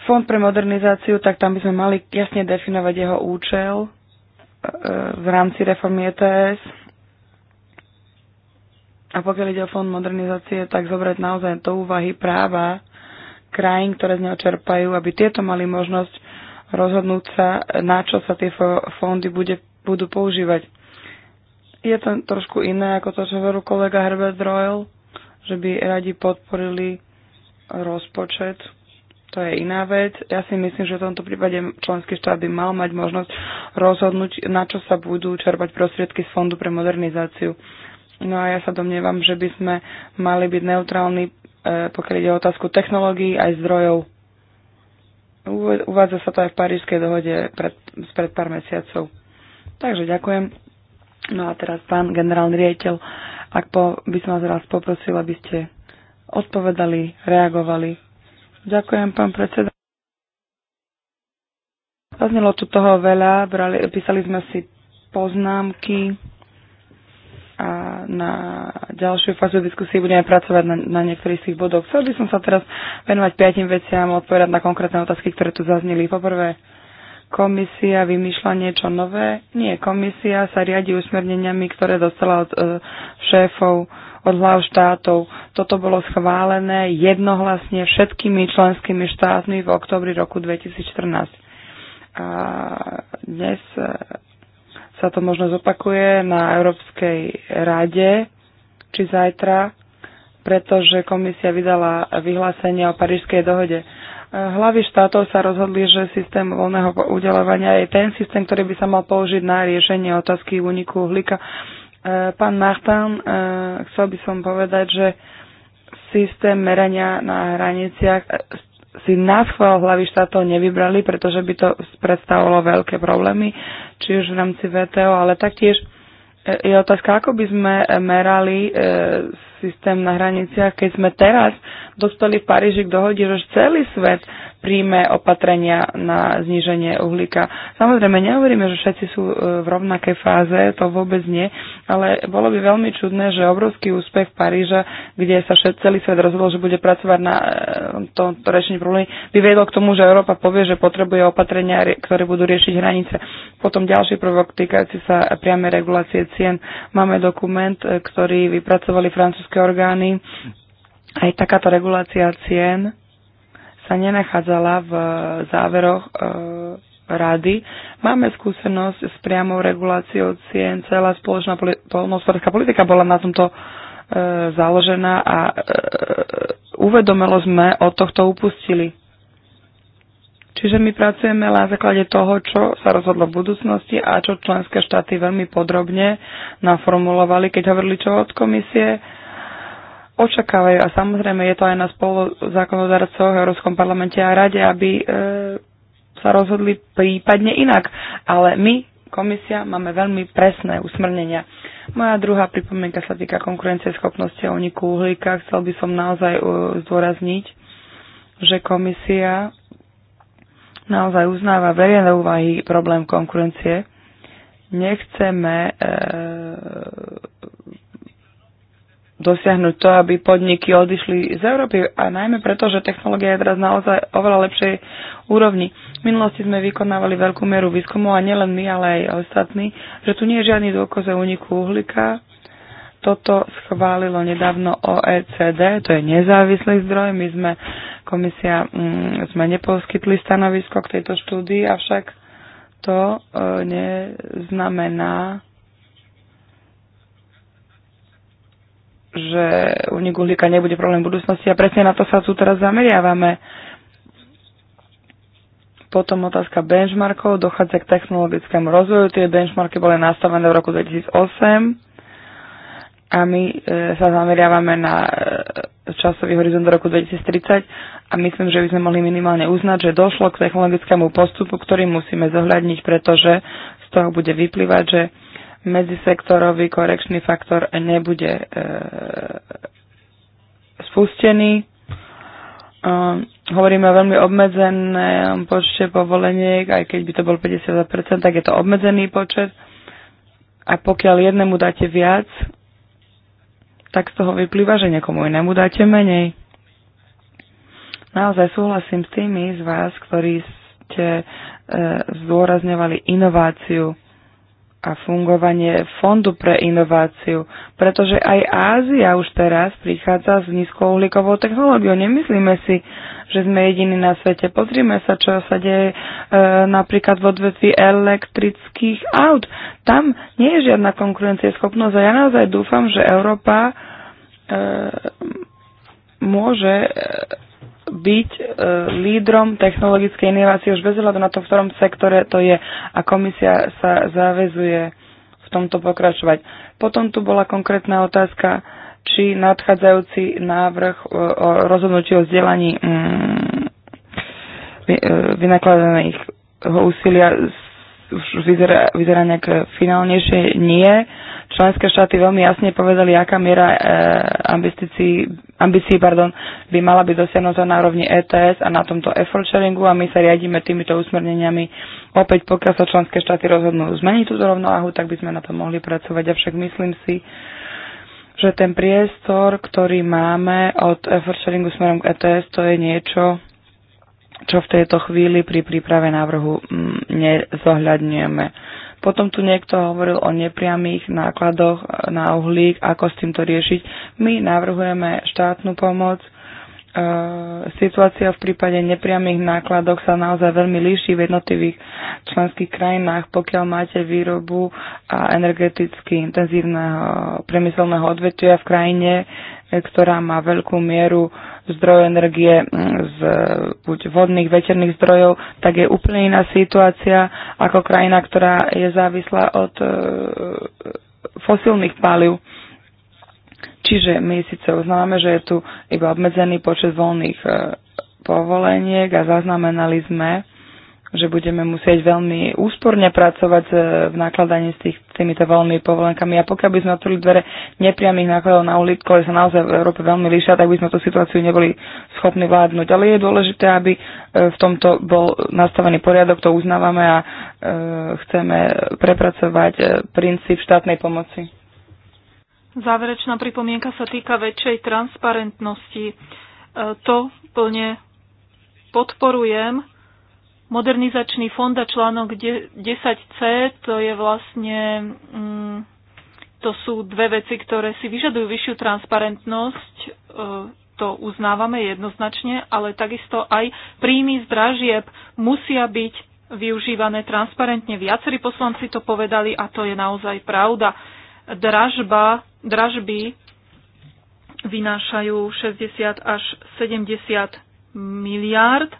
Fond pre modernizáciu, tak tam by sme mali jasne definovať jeho účel e, v rámci reformy ETS. A pokiaľ ide o fond modernizácie, tak zobrať naozaj do úvahy práva krajín, ktoré z neho čerpajú, aby tieto mali možnosť rozhodnúť sa, na čo sa tie fondy bude, budú používať. Je to trošku iné ako to, čo veru kolega Herbert Royal, že by radi podporili rozpočet. To je iná vec. Ja si myslím, že v tomto prípade členský štát by mal mať možnosť rozhodnúť, na čo sa budú čerpať prostriedky z Fondu pre modernizáciu. No a ja sa domnievam, že by sme mali byť neutrálni, e, pokiaľ ide o otázku technológií aj zdrojov. Uvádza sa to aj v Parížskej dohode pred, pred pár mesiacov. Takže ďakujem. No a teraz, pán generálny riaditeľ, ak po, by som vás raz poprosil, aby ste odpovedali, reagovali. Ďakujem, pán predseda. Zaznelo tu toho veľa, brali, písali sme si poznámky a na ďalšiu fázu diskusie budeme pracovať na, na niektorých z tých bodov. Chcel by som sa teraz venovať piatim veciam, odpovedať na konkrétne otázky, ktoré tu zazneli. Poprvé, komisia vymýšľa niečo nové. Nie, komisia sa riadi usmerneniami, ktoré dostala od e, šéfov, od hlav štátov. Toto bolo schválené jednohlasne všetkými členskými štátmi v oktobri roku 2014. A dnes e, sa to možno zopakuje na Európskej rade, či zajtra, pretože komisia vydala vyhlásenie o Parížskej dohode hlavy štátov sa rozhodli, že systém voľného udelovania je ten systém, ktorý by sa mal použiť na riešenie otázky úniku uhlíka. E, pán Nachtan, e, chcel by som povedať, že systém merania na hraniciach e, si nás chval hlavy štátov nevybrali, pretože by to predstavovalo veľké problémy, či už v rámci VTO, ale taktiež je otázka, ako by sme merali systém na hraniciach, keď sme teraz dospeli v Paríži k dohode, že celý svet príjme opatrenia na zníženie uhlíka. Samozrejme, nehovoríme, že všetci sú e, v rovnakej fáze, to vôbec nie, ale bolo by veľmi čudné, že obrovský úspech Paríža, kde sa všet, celý svet rozhodol, že bude pracovať na to, e, to riešenie problémy, by viedol k tomu, že Európa povie, že potrebuje opatrenia, ktoré budú riešiť hranice. Potom ďalší prvok týkajúci sa priame regulácie cien. Máme dokument, e, ktorý vypracovali francúzske orgány. Aj takáto regulácia cien sa nenachádzala v e, záveroch e, rady. Máme skúsenosť s priamou reguláciou cien. Celá spoločná poli- polnohospodárska politika bola na tomto e, založená a e, uvedomelo sme, od tohto upustili. Čiže my pracujeme na základe toho, čo sa rozhodlo v budúcnosti a čo členské štáty veľmi podrobne naformulovali, keď hovorili čo od komisie očakávajú. A samozrejme je to aj na spoluzákonodarcoch v Európskom parlamente a rade, aby e, sa rozhodli prípadne inak. Ale my, komisia, máme veľmi presné usmrnenia. Moja druhá pripomienka sa týka konkurencie schopnosti a uniku uhlíka. Chcel by som naozaj e, zdôrazniť, že komisia naozaj uznáva verejné úvahy problém konkurencie. Nechceme e, dosiahnuť to, aby podniky odišli z Európy a najmä preto, že technológia je teraz naozaj oveľa lepšej úrovni. V minulosti sme vykonávali veľkú mieru výskumu a nielen my, ale aj ostatní, že tu nie je žiadny dôkaz o úniku uhlíka. Toto schválilo nedávno OECD, to je nezávislý zdroj, my sme, komisia, mm, sme neposkytli stanovisko k tejto štúdii, avšak to e, neznamená, že nich uhlíka nebude problém v budúcnosti a presne na to sa tu teraz zameriavame. Potom otázka benchmarkov. Dochádza k technologickému rozvoju. Tie benchmarky boli nastavené v roku 2008 a my e, sa zameriavame na e, časový horizont do roku 2030 a myslím, že by sme mohli minimálne uznať, že došlo k technologickému postupu, ktorý musíme zohľadniť, pretože z toho bude vyplývať, že medzisektorový korekčný faktor nebude e, spustený. E, hovoríme o veľmi obmedzenom počte povoleniek, aj keď by to bol 50%, tak je to obmedzený počet. A pokiaľ jednému dáte viac, tak z toho vyplýva, že niekomu inému dáte menej. Naozaj súhlasím s tými z vás, ktorí ste e, zdôrazňovali inováciu a fungovanie Fondu pre inováciu, pretože aj Ázia už teraz prichádza s nízkouhlíkovou technológiou. Nemyslíme si, že sme jediní na svete. Pozrime sa, čo sa deje e, napríklad v odvetví elektrických aut. Tam nie je žiadna konkurencieschopnosť a ja naozaj dúfam, že Európa e, môže e, byť e, lídrom technologickej inovácie už bez hľadu na to, v ktorom sektore to je a komisia sa záväzuje v tomto pokračovať. Potom tu bola konkrétna otázka, či nadchádzajúci návrh o, e, o rozhodnutí o vzdelaní mm, vy, e, vynakladaných úsilia už vyzerá, vyzerá nejak finálnejšie? Nie. Členské štáty veľmi jasne povedali, aká miera e, ambistícií ambícií pardon, by mala byť dosiahnutá na úrovni ETS a na tomto effort sharingu a my sa riadíme týmito usmerneniami. Opäť, pokiaľ sa členské štáty rozhodnú zmeniť túto rovnováhu, tak by sme na to mohli pracovať. Avšak myslím si, že ten priestor, ktorý máme od effort sharingu smerom k ETS, to je niečo, čo v tejto chvíli pri príprave návrhu mm, nezohľadňujeme. Potom tu niekto hovoril o nepriamých nákladoch na uhlík, ako s týmto riešiť. My navrhujeme štátnu pomoc, E, situácia v prípade nepriamých nákladoch sa naozaj veľmi líši v jednotlivých členských krajinách. Pokiaľ máte výrobu a energeticky intenzívneho priemyselného odvetvia v krajine, e, ktorá má veľkú mieru zdrojov energie z buď vodných, veterných zdrojov, tak je úplne iná situácia ako krajina, ktorá je závislá od e, fosílnych palív. Čiže my síce uznáme, že je tu iba obmedzený počet voľných e, povoleniek a zaznamenali sme, že budeme musieť veľmi úsporne pracovať e, v nakladaní s tých, týmito voľnými povolenkami. A pokiaľ by sme otvorili dvere nepriamých nákladov na ulic, ktoré sa naozaj v Európe veľmi líšia, tak by sme tú situáciu neboli schopní vládnuť. Ale je dôležité, aby e, v tomto bol nastavený poriadok, to uznávame a chceme prepracovať princíp štátnej pomoci. Záverečná pripomienka sa týka väčšej transparentnosti. E, to plne podporujem. Modernizačný fond a článok 10c, to je vlastne, mm, to sú dve veci, ktoré si vyžadujú vyššiu transparentnosť, e, to uznávame jednoznačne, ale takisto aj príjmy z dražieb musia byť využívané transparentne. Viacerí poslanci to povedali a to je naozaj pravda dražba, dražby vynášajú 60 až 70 miliárd.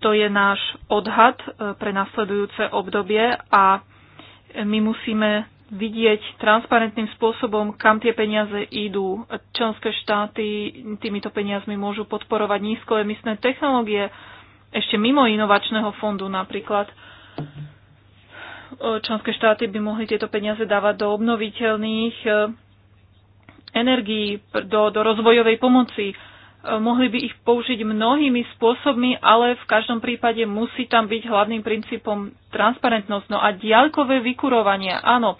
To je náš odhad e, pre nasledujúce obdobie a my musíme vidieť transparentným spôsobom, kam tie peniaze idú. Členské štáty týmito peniazmi môžu podporovať nízkoemisné technológie, ešte mimo inovačného fondu napríklad. E, členské štáty by mohli tieto peniaze dávať do obnoviteľných e, energií, do, do rozvojovej pomoci. E, mohli by ich použiť mnohými spôsobmi, ale v každom prípade musí tam byť hlavným princípom transparentnosť. No a diaľkové vykurovanie, áno,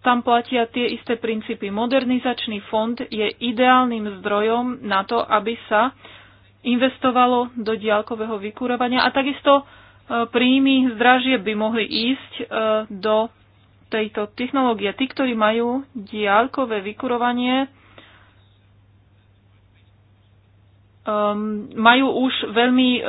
tam platia tie isté princípy. Modernizačný fond je ideálnym zdrojom na to, aby sa investovalo do diaľkového vykurovania a takisto príjmy z dražie by mohli ísť e, do tejto technológie. Tí, ktorí majú diálkové vykurovanie, ehm, majú už veľmi e,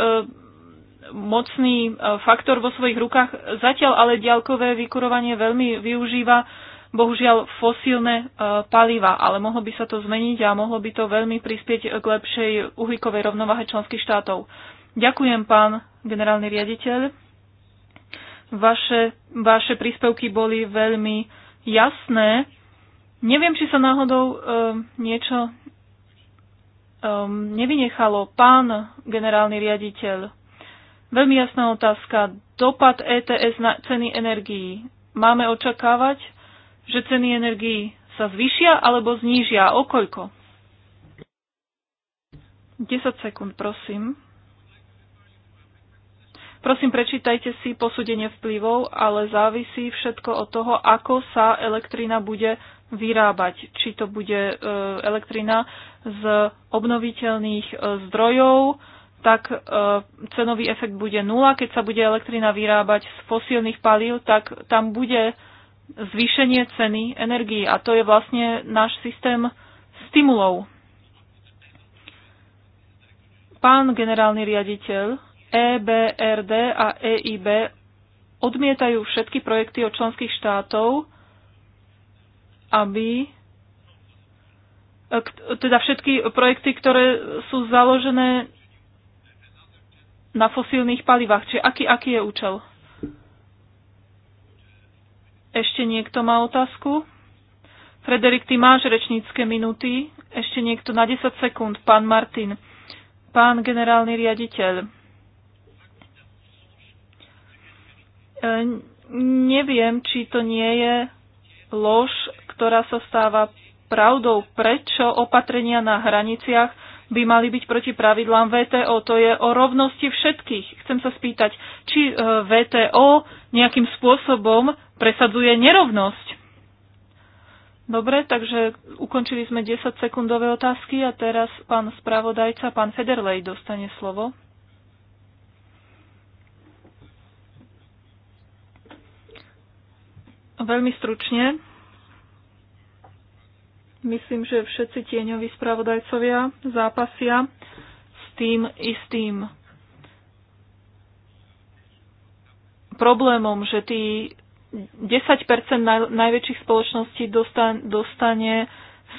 mocný e, faktor vo svojich rukách. Zatiaľ ale diaľkové vykurovanie veľmi využíva bohužiaľ fosílne paliva, ale mohlo by sa to zmeniť a mohlo by to veľmi prispieť k lepšej uhlíkovej rovnováhe členských štátov. Ďakujem, pán generálny riaditeľ. Vaše, vaše príspevky boli veľmi jasné. Neviem, či sa náhodou um, niečo um, nevynechalo. Pán generálny riaditeľ, veľmi jasná otázka. Dopad ETS na ceny energií. Máme očakávať, že ceny energií sa zvyšia alebo znížia? Okoľko? 10 sekúnd, prosím. Prosím, prečítajte si posúdenie vplyvov, ale závisí všetko od toho, ako sa elektrina bude vyrábať. Či to bude e, elektrina z obnoviteľných e, zdrojov, tak e, cenový efekt bude nula. Keď sa bude elektrina vyrábať z fosílnych palív, tak tam bude zvýšenie ceny energii. A to je vlastne náš systém stimulov. Pán generálny riaditeľ EBRD a EIB odmietajú všetky projekty od členských štátov, aby e, teda všetky projekty, ktoré sú založené na fosílnych palivách. Čiže aký, aký je účel? Ešte niekto má otázku? Frederik, ty máš rečnícke minúty. Ešte niekto na 10 sekúnd. Pán Martin. Pán generálny riaditeľ. E, neviem, či to nie je lož, ktorá sa stáva pravdou, prečo opatrenia na hraniciach by mali byť proti pravidlám VTO. To je o rovnosti všetkých. Chcem sa spýtať, či e, VTO nejakým spôsobom presadzuje nerovnosť. Dobre, takže ukončili sme 10-sekundové otázky a teraz pán spravodajca, pán Federlej dostane slovo. Veľmi stručne. Myslím, že všetci tieňoví spravodajcovia zápasia s tým istým problémom, že tí 10% najväčších spoločností dostane,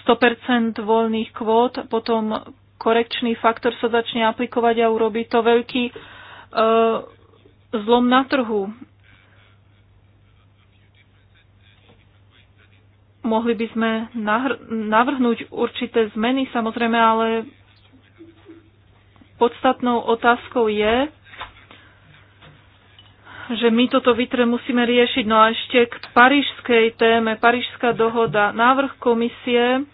100% voľných kvót, potom korekčný faktor sa začne aplikovať a urobí to veľký uh, zlom na trhu Mohli by sme navrhnúť určité zmeny, samozrejme, ale podstatnou otázkou je, že my toto vitre musíme riešiť. No a ešte k parížskej téme, parížská dohoda. Návrh komisie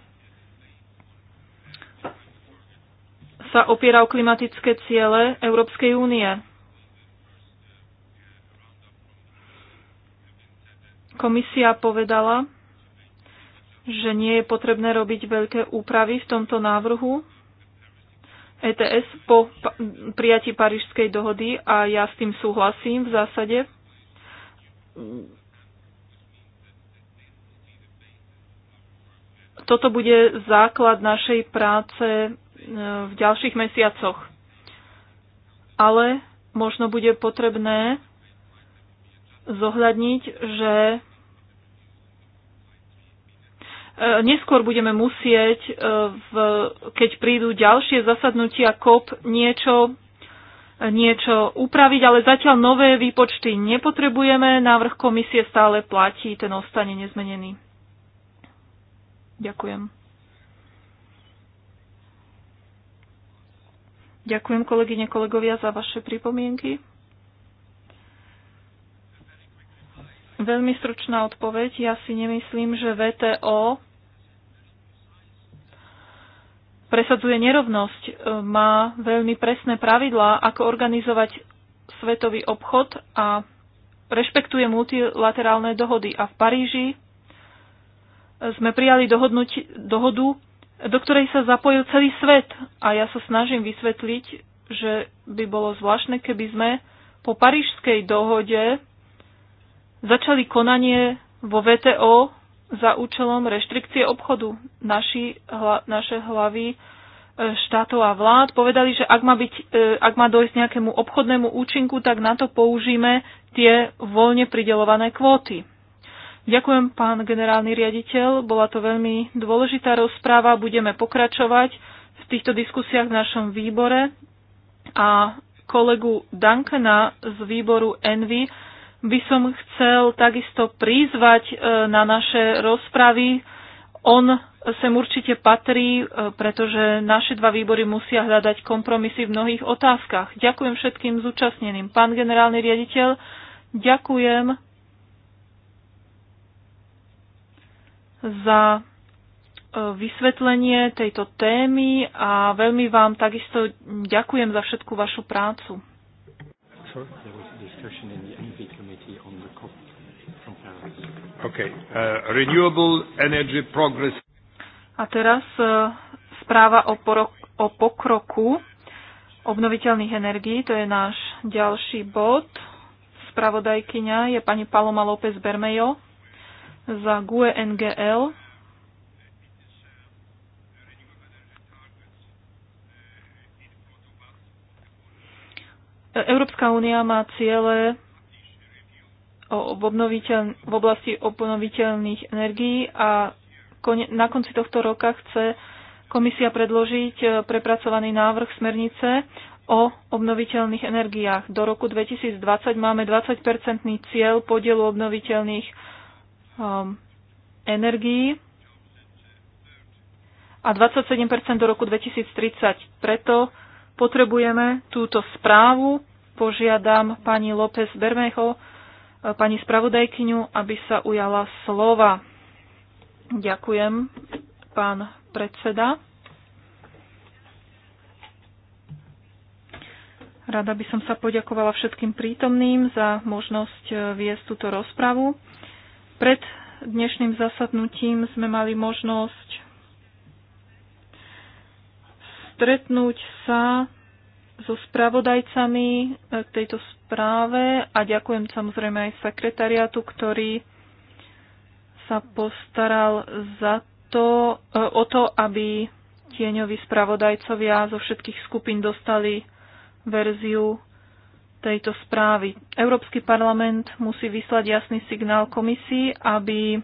sa opiera o klimatické ciele Európskej únie. Komisia povedala, že nie je potrebné robiť veľké úpravy v tomto návrhu ETS po prijatí Parížskej dohody a ja s tým súhlasím v zásade. Toto bude základ našej práce e, v ďalších mesiacoch. Ale možno bude potrebné zohľadniť, že E, neskôr budeme musieť, e, v, keď prídu ďalšie zasadnutia COP, niečo, e, niečo upraviť, ale zatiaľ nové výpočty nepotrebujeme. Návrh komisie stále platí, ten ostane nezmenený. Ďakujem. Ďakujem kolegyne, kolegovia za vaše pripomienky. Veľmi stručná odpoveď. Ja si nemyslím, že VTO presadzuje nerovnosť, e, má veľmi presné pravidlá, ako organizovať svetový obchod a rešpektuje multilaterálne dohody. A v Paríži e, sme prijali dohodu, do ktorej sa zapojil celý svet. A ja sa snažím vysvetliť, že by bolo zvláštne, keby sme po parížskej dohode začali konanie vo VTO za účelom reštrikcie obchodu. Naši, hla, naše hlavy e, štátov a vlád povedali, že ak má, byť, e, ak má dojsť nejakému obchodnému účinku, tak na to použijeme tie voľne pridelované kvóty. Ďakujem, pán generálny riaditeľ. Bola to veľmi dôležitá rozpráva. Budeme pokračovať v týchto diskusiách v našom výbore. A kolegu Dankana z výboru Envy by som chcel takisto prizvať e, na naše rozpravy. On sem určite patrí, e, pretože naše dva výbory musia hľadať kompromisy v mnohých otázkach. Ďakujem všetkým zúčastneným. Pán generálny riaditeľ, ďakujem za e, vysvetlenie tejto témy a veľmi vám takisto ďakujem za všetku vašu prácu. Sorry, Okay. Uh, renewable energy progress. A teraz uh, správa o, porok, o pokroku obnoviteľných energií, to je náš ďalší bod. Spravodajkyňa je pani Paloma López Bermejo za GUE NGL. Európska únia má ciele v, obnoviteľ, v oblasti obnoviteľných energií a na konci tohto roka chce komisia predložiť e, prepracovaný návrh smernice o obnoviteľných energiách. Do roku 2020 máme 20-percentný cieľ podielu obnoviteľných um, energií a 27 do roku 2030. Preto potrebujeme túto správu. Požiadam pani López Bermejo, E, pani spravodajkyňu, aby sa ujala slova. Ďakujem, pán predseda. Rada by som sa poďakovala všetkým prítomným za možnosť e, viesť túto rozpravu. Pred dnešným zasadnutím sme mali možnosť stretnúť sa so spravodajcami e, k tejto správe a ďakujem samozrejme aj sekretariatu, ktorý sa postaral za to, e, o to, aby tieňoví spravodajcovia zo všetkých skupín dostali verziu tejto správy. Európsky parlament musí vyslať jasný signál komisii, aby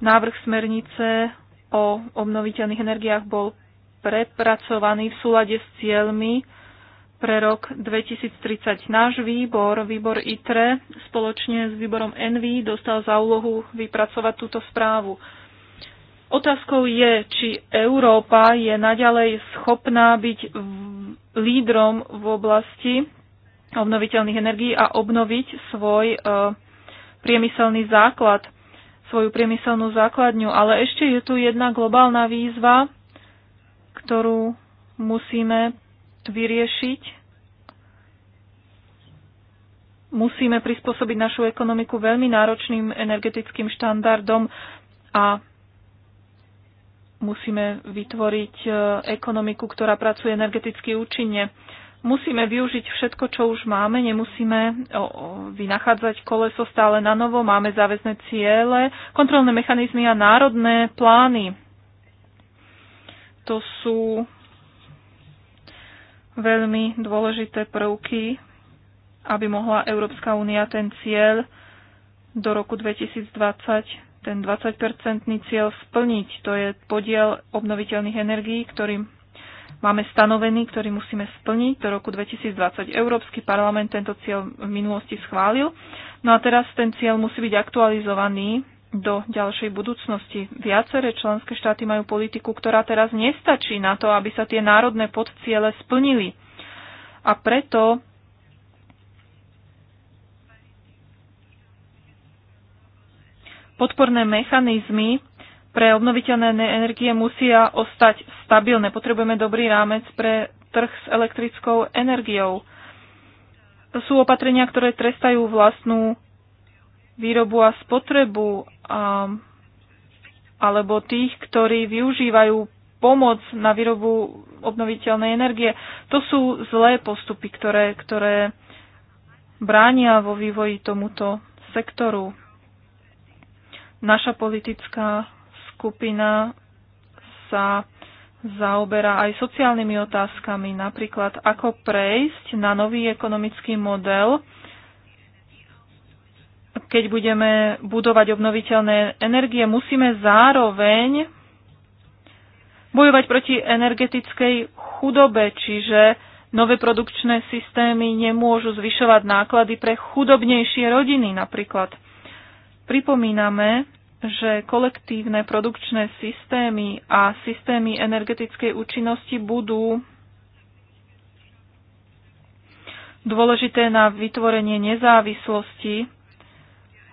návrh smernice o obnoviteľných energiách bol prepracovaný v súlade s cieľmi pre rok 2030. Náš výbor, výbor ITRE, spoločne s výborom ENVY dostal za úlohu vypracovať túto správu. Otázkou je, či Európa je naďalej schopná byť lídrom v oblasti obnoviteľných energií a obnoviť svoj e, priemyselný základ, svoju priemyselnú základňu. Ale ešte je tu jedna globálna výzva, ktorú musíme vyriešiť. Musíme prispôsobiť našu ekonomiku veľmi náročným energetickým štandardom a musíme vytvoriť e, ekonomiku, ktorá pracuje energeticky účinne. Musíme využiť všetko, čo už máme, nemusíme vynachádzať koleso stále na novo, máme záväzne ciele, kontrolné mechanizmy a národné plány to sú veľmi dôležité prvky, aby mohla Európska únia ten cieľ do roku 2020, ten 20-percentný cieľ splniť. To je podiel obnoviteľných energií, ktorý máme stanovený, ktorý musíme splniť do roku 2020. Európsky parlament tento cieľ v minulosti schválil. No a teraz ten cieľ musí byť aktualizovaný do ďalšej budúcnosti. Viaceré členské štáty majú politiku, ktorá teraz nestačí na to, aby sa tie národné podciele splnili. A preto podporné mechanizmy pre obnoviteľné energie musia ostať stabilné. Potrebujeme dobrý rámec pre trh s elektrickou energiou. To sú opatrenia, ktoré trestajú vlastnú výrobu a spotrebu a, alebo tých, ktorí využívajú pomoc na výrobu obnoviteľnej energie. To sú zlé postupy, ktoré, ktoré bránia vo vývoji tomuto sektoru. Naša politická skupina sa zaoberá aj sociálnymi otázkami, napríklad ako prejsť na nový ekonomický model, keď budeme budovať obnoviteľné energie, musíme zároveň bojovať proti energetickej chudobe, čiže nové produkčné systémy nemôžu zvyšovať náklady pre chudobnejšie rodiny napríklad. Pripomíname, že kolektívne produkčné systémy a systémy energetickej účinnosti budú dôležité na vytvorenie nezávislosti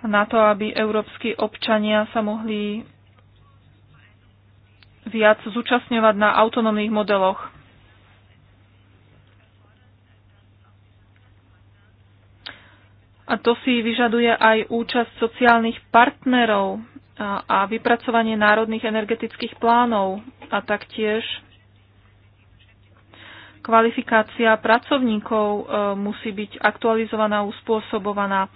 na to, aby európsky občania sa mohli viac zúčastňovať na autonómnych modeloch. A to si vyžaduje aj účasť sociálnych partnerov a vypracovanie národných energetických plánov a taktiež kvalifikácia pracovníkov e, musí byť aktualizovaná, uspôsobovaná.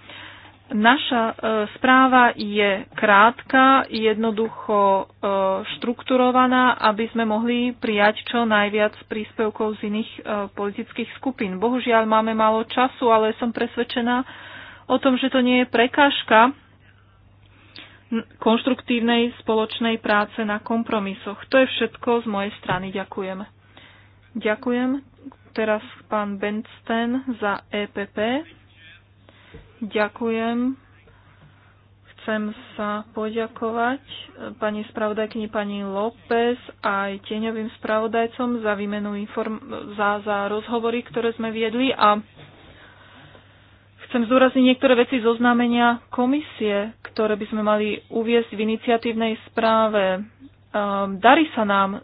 Naša e, správa je krátka, jednoducho e, štrukturovaná, aby sme mohli prijať čo najviac príspevkov z iných e, politických skupín. Bohužiaľ máme málo času, ale som presvedčená o tom, že to nie je prekážka konštruktívnej spoločnej práce na kompromisoch. To je všetko z mojej strany. Ďakujem. Ďakujem. Teraz pán Bensten za EPP. Ďakujem. Chcem sa poďakovať pani spravodajkyni pani López aj tieňovým spravodajcom za výmenu inform- za, za rozhovory, ktoré sme viedli a chcem zdôrazniť niektoré veci zoznámenia komisie, ktoré by sme mali uviesť v iniciatívnej správe. Ehm, darí sa nám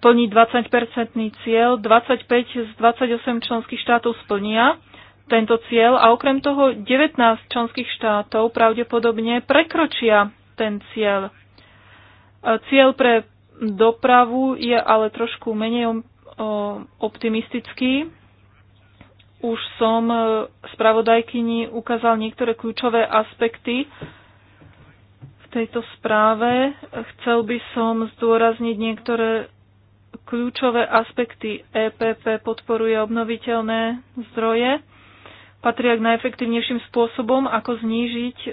plní 20-percentný cieľ. 25 z 28 členských štátov splnia tento cieľ a okrem toho 19 členských štátov pravdepodobne prekročia ten cieľ. E, cieľ pre dopravu je ale trošku menej optimistický. Už som e, spravodajkyni ukázal niektoré kľúčové aspekty v tejto správe. Chcel by som zdôrazniť niektoré Kľúčové aspekty EPP podporuje obnoviteľné zdroje, patria k najefektívnejším spôsobom, ako znížiť e,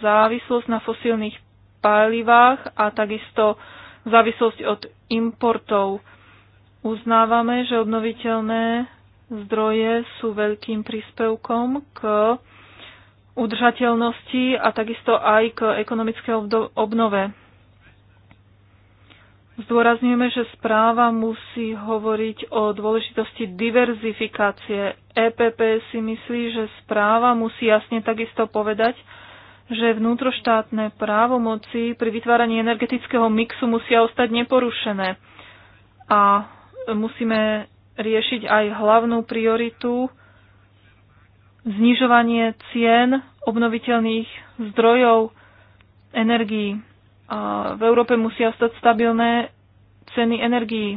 závislosť na fosílnych palivách a takisto závislosť od importov. Uznávame, že obnoviteľné zdroje sú veľkým príspevkom k udržateľnosti a takisto aj k ekonomickej obnove. Zdôrazňujeme, že správa musí hovoriť o dôležitosti diverzifikácie. EPP si myslí, že správa musí jasne takisto povedať, že vnútroštátne právomoci pri vytváraní energetického mixu musia ostať neporušené. A musíme riešiť aj hlavnú prioritu znižovanie cien obnoviteľných zdrojov energií v Európe musia stať stabilné ceny energií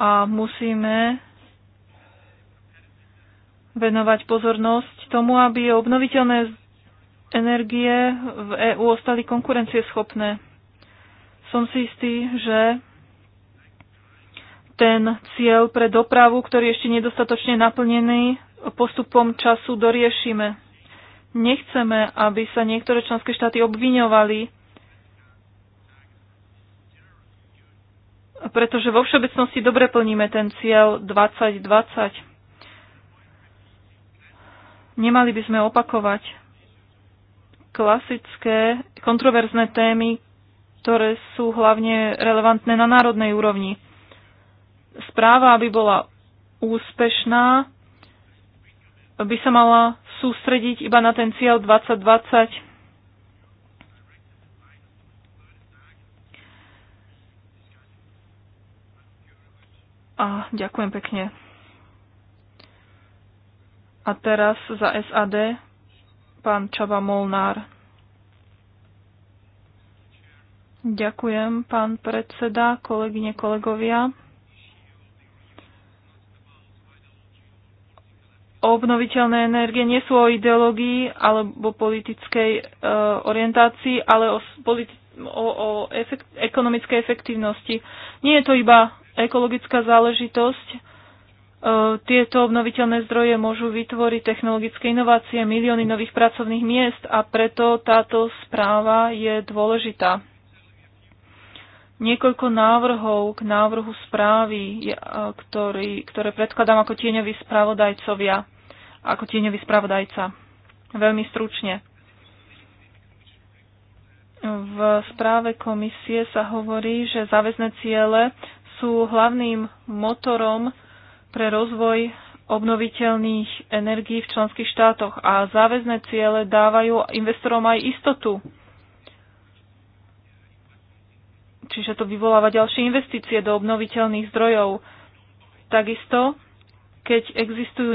a musíme venovať pozornosť tomu, aby obnoviteľné energie v EÚ ostali konkurencieschopné. Som si istý, že ten cieľ pre dopravu, ktorý je ešte nedostatočne naplnený, postupom času doriešime. Nechceme, aby sa niektoré členské štáty obviňovali pretože vo všeobecnosti dobre plníme ten cieľ 2020. Nemali by sme opakovať klasické kontroverzné témy, ktoré sú hlavne relevantné na národnej úrovni. Správa, aby bola úspešná, by sa mala sústrediť iba na ten cieľ 2020 A ďakujem pekne. A teraz za SAD pán Čaba Molnár. Ďakujem, pán predseda, kolegyne, kolegovia. obnoviteľné energie nie sú o ideológii alebo politickej e, orientácii, ale o, politi- o, o efekt- ekonomickej efektívnosti. Nie je to iba ekologická záležitosť. E, tieto obnoviteľné zdroje môžu vytvoriť technologické inovácie, milióny nových pracovných miest a preto táto správa je dôležitá. Niekoľko návrhov k návrhu správy, e, ktorý, ktoré predkladám ako tieňový spravodajcovia, ako tieňový spravodajca. Veľmi stručne. V správe komisie sa hovorí, že záväzne ciele sú hlavným motorom pre rozvoj obnoviteľných energií v členských štátoch a záväzné ciele dávajú investorom aj istotu. Čiže to vyvoláva ďalšie investície do obnoviteľných zdrojov. Takisto, keď existujú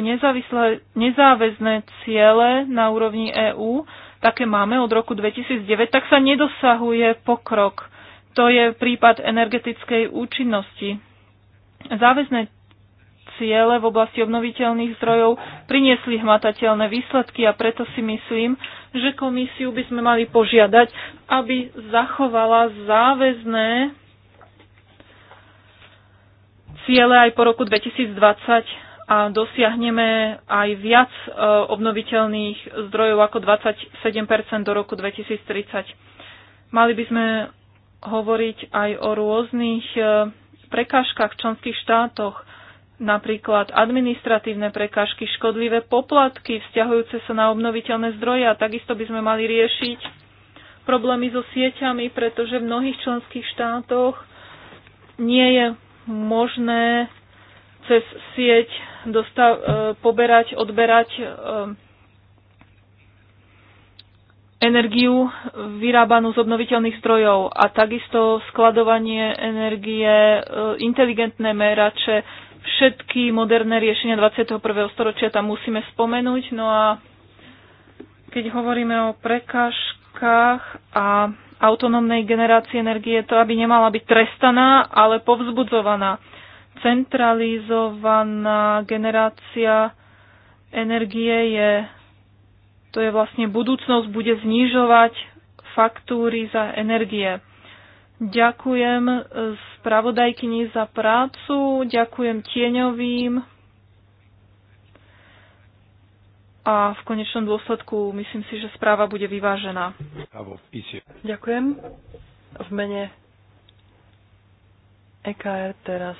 nezáväzné ciele na úrovni EÚ, také máme od roku 2009, tak sa nedosahuje pokrok. To je prípad energetickej účinnosti. Záväzné ciele v oblasti obnoviteľných zdrojov priniesli hmatateľné výsledky a preto si myslím, že komisiu by sme mali požiadať, aby zachovala záväzné ciele aj po roku 2020 a dosiahneme aj viac e, obnoviteľných zdrojov ako 27 do roku 2030. Mali by sme hovoriť aj o rôznych e, prekážkach v členských štátoch, napríklad administratívne prekážky, škodlivé poplatky vzťahujúce sa na obnoviteľné zdroje a takisto by sme mali riešiť problémy so sieťami, pretože v mnohých členských štátoch nie je možné cez sieť dostav, e, poberať, odberať e, energiu vyrábanú z obnoviteľných strojov a takisto skladovanie energie, e, inteligentné merače, všetky moderné riešenia 21. storočia tam musíme spomenúť. No a keď hovoríme o prekážkach a autonómnej generácii energie, to aby nemala byť trestaná, ale povzbudzovaná. Centralizovaná generácia energie je to je vlastne budúcnosť, bude znižovať faktúry za energie. Ďakujem eh, spravodajkyni za prácu, ďakujem tieňovým a v konečnom dôsledku myslím si, že správa bude vyvážená. Ďakujem. V mene EKR teraz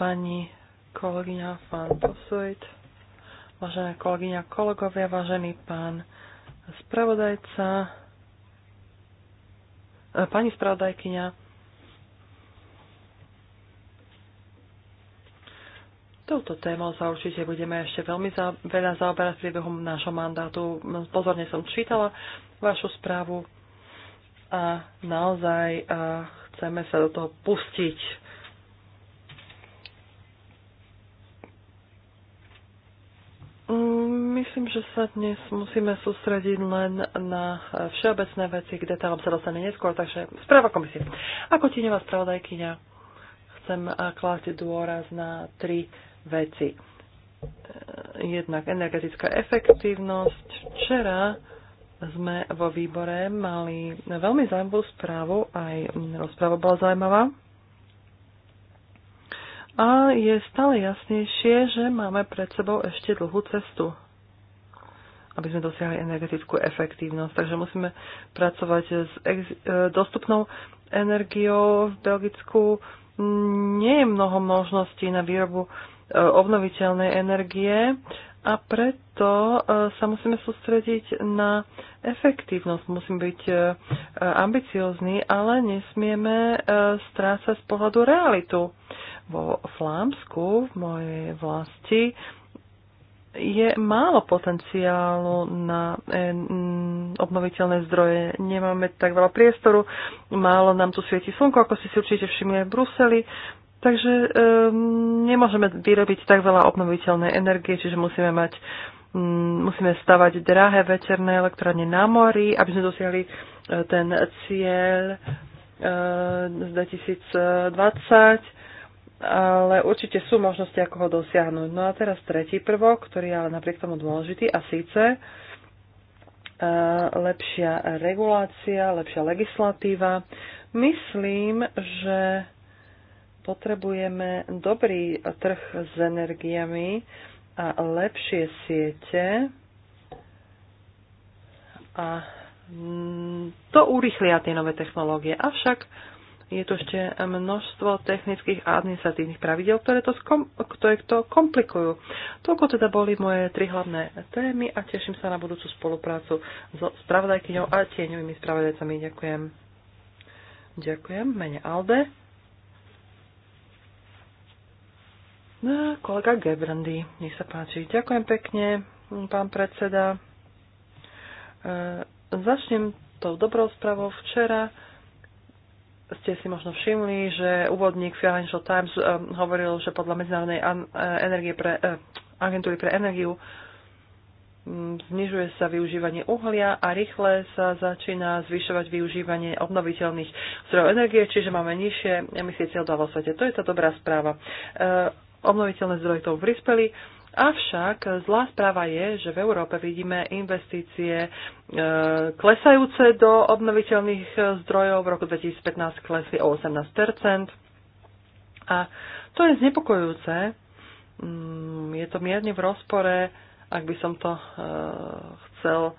pani kolegyňa Fantosuit. Vážené kolegyňa, kolegovia, vážený pán spravodajca, e, pani spravodajkyňa, Touto témou sa určite budeme ešte veľmi za, veľa zaoberať v priebehu nášho mandátu. Pozorne som čítala vašu správu a naozaj a e, chceme sa do toho pustiť Mm, myslím, že sa dnes musíme sústrediť len na všeobecné veci, k detailom sa dostane neskôr, takže správa komisie. Ako tieňová spravodajkyňa chcem eh, klásť dôraz na tri veci. Eh, jednak energetická efektívnosť. Včera sme vo výbore mali veľmi zaujímavú správu, aj rozpráva bola zaujímavá a je stále jasnejšie, že máme pred sebou ešte dlhú cestu, aby sme dosiahli energetickú efektívnosť. Takže musíme pracovať s e, dostupnou energiou v Belgicku. Nie je mnoho možností na výrobu e, obnoviteľnej energie a preto e, sa musíme sústrediť na efektívnosť. Musím byť e, ambiciózny, ale nesmieme e, strácať z pohľadu realitu. Vo Flámsku, v mojej vlasti, je málo potenciálu na obnoviteľné zdroje. Nemáme tak veľa priestoru, málo nám tu svieti slnko, ako si si určite všimli aj v Bruseli. Takže um, nemôžeme vyrobiť tak veľa obnoviteľnej energie, čiže musíme mať mm, musíme stavať drahé veterné elektrárne na mori, aby sme dosiahli e, ten cieľ e, z 2020, ale určite sú možnosti, ako ho dosiahnuť. No a teraz tretí prvok, ktorý je ale napriek tomu dôležitý, a síce e, lepšia regulácia, lepšia legislatíva. Myslím, že Potrebujeme dobrý trh s energiami a lepšie siete a mm, to urychlia tie nové technológie. Avšak je tu ešte množstvo technických a administratívnych pravidel, ktoré to, skom- ktoré to komplikujú. Toľko teda boli moje tri hlavné témy a teším sa na budúcu spoluprácu so spravodajkyňou a tieňovými spravodajcami. Ďakujem. Ďakujem. Mene Alde. No, Kolega Gebrandy, nech sa páči. Ďakujem pekne, pán predseda. E, začnem tou dobrou správou. Včera ste si možno všimli, že úvodník Financial Times e, hovoril, že podľa Medzinárodnej e, energie pre, agentúry pre energiu znižuje sa využívanie uhlia a rýchle sa začína zvyšovať využívanie obnoviteľných zdrojov energie, čiže máme nižšie emisie CO2 vo svete. To je tá dobrá správa obnoviteľné zdroje k tomu prispeli. Avšak zlá správa je, že v Európe vidíme investície e, klesajúce do obnoviteľných zdrojov. V roku 2015 klesli o 18 A to je znepokojúce. Mm, je to mierne v rozpore, ak by som to e, chcel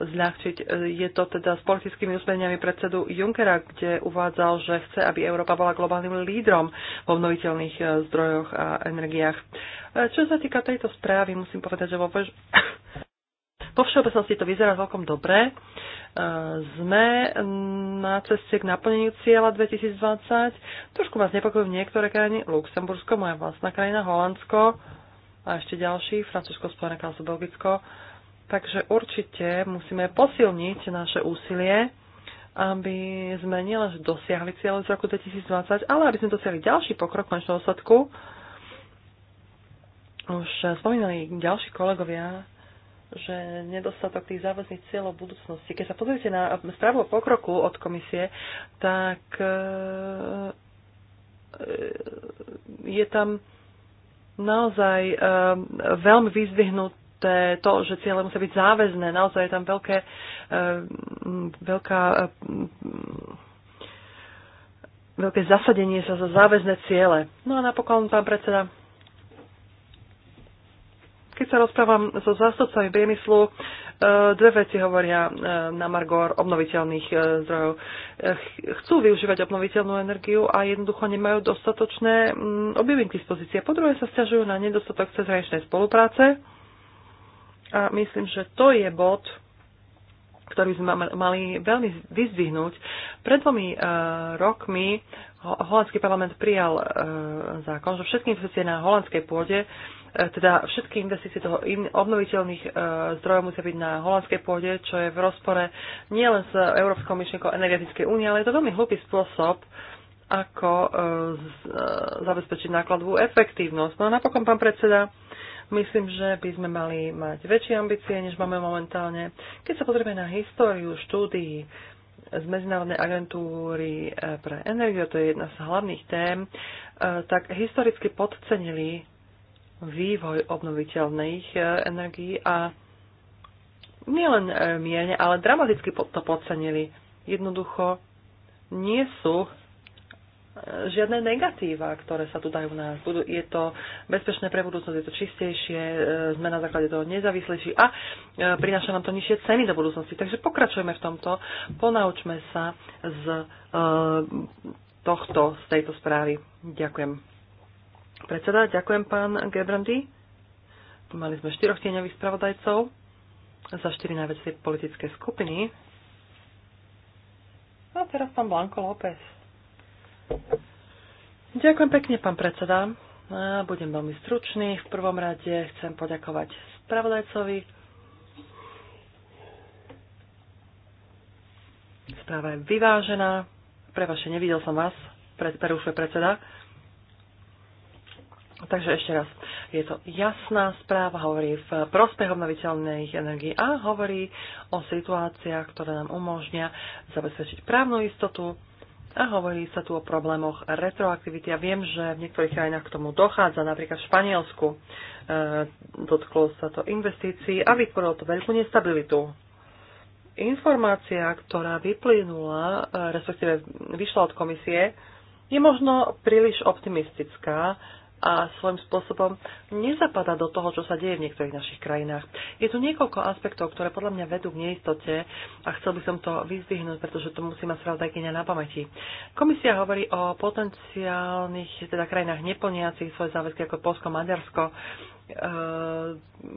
zľahčiť. E, je to teda s politickými usmerneniami predsedu Junckera, kde uvádzal, že chce, aby Európa bola globálnym lídrom v obnoviteľných e, zdrojoch a energiách. E, čo sa týka tejto správy, musím povedať, že vo, vo všeobecnosti to vyzerá celkom dobre. Sme na ceste k naplneniu cieľa 2020. Trošku vás nepokojujú niektoré krajiny, Luxembursko, moja vlastná krajina, Holandsko a ešte ďalší, Francúzsko, Spojené kráľovstvo, Belgicko Takže určite musíme posilniť naše úsilie, aby sme nielen dosiahli cieľ z roku 2020, ale aby sme dosiahli ďalší pokrok v končnom dôsledku. Už spomínali ďalší kolegovia, že nedostatok tých záväzných cieľov budúcnosti. Keď sa pozriete na správu o pokroku od komisie, tak e, e, je tam naozaj e, veľmi vyzdvihnutý dôležité to, že ciele musia byť záväzné. Naozaj je tam veľké, eh, veľká, eh, veľké zasadenie sa za záväzné ciele. No a napokon, pán predseda, keď sa rozprávam so zástupcami priemyslu, eh, dve veci hovoria na Margor obnoviteľných zdrojov. Chcú využívať obnoviteľnú energiu a jednoducho nemajú dostatočné mm, objemy k dispozície. Po druhé sa stiažujú na nedostatok cezhraničnej spolupráce a myslím, že to je bod, ktorý sme mali veľmi vyzdvihnúť. Pred dvomi uh, rokmi ho- holandský parlament prijal uh, zákon, že všetky investície na holandskej pôde, uh, teda všetky investície toho in- obnoviteľných uh, zdrojov musia byť na holandskej pôde, čo je v rozpore nielen s Európskou myšlienkou energetickej únie, ale je to veľmi hlupý spôsob ako uh, z, uh, zabezpečiť nákladovú efektívnosť. No a napokon, pán predseda, Myslím, že by sme mali mať väčšie ambície, než máme momentálne. Keď sa pozrieme na históriu štúdií z Medzinárodnej agentúry eh, pre energiu, to je jedna z hlavných tém, eh, tak historicky podcenili vývoj obnoviteľných eh, energií a nielen mierne, ale dramaticky to podcenili. Jednoducho nie sú žiadne negatíva, ktoré sa tu dajú na nás. Je to bezpečné pre budúcnosť, je to čistejšie, e, sme na základe toho nezávislejší a e, prináša nám to nižšie ceny do budúcnosti. Takže pokračujeme v tomto, ponaučme sa z e, tohto, z tejto správy. Ďakujem. Predseda, ďakujem pán Gebrandy. Mali sme štyroch tieňových spravodajcov za štyri najväčšie politické skupiny. A teraz pán Blanko López. Ďakujem pekne, pán predseda. Budem veľmi stručný. V prvom rade chcem poďakovať spravodajcovi. Správa je vyvážená. Prevaše, nevidel som vás, pred, prerušuje predseda. Takže ešte raz, je to jasná správa, hovorí v prospech obnoviteľnej energii a hovorí o situáciách, ktoré nám umožnia zabezpečiť právnu istotu a hovorí sa tu o problémoch retroaktivity. Ja viem, že v niektorých krajinách k tomu dochádza, napríklad v Španielsku. E, dotklo sa to investícií a vytvorilo to veľkú nestabilitu. Informácia, ktorá vyplynula, e, respektíve vyšla od komisie, je možno príliš optimistická a svojím spôsobom nezapadá do toho, čo sa deje v niektorých našich krajinách. Je tu niekoľko aspektov, ktoré podľa mňa vedú k neistote a chcel by som to vyzdvihnúť, pretože to musí mať spravodajkyňa na pamäti. Komisia hovorí o potenciálnych teda krajinách neplniacich svoje záväzky ako Polsko, Maďarsko. E,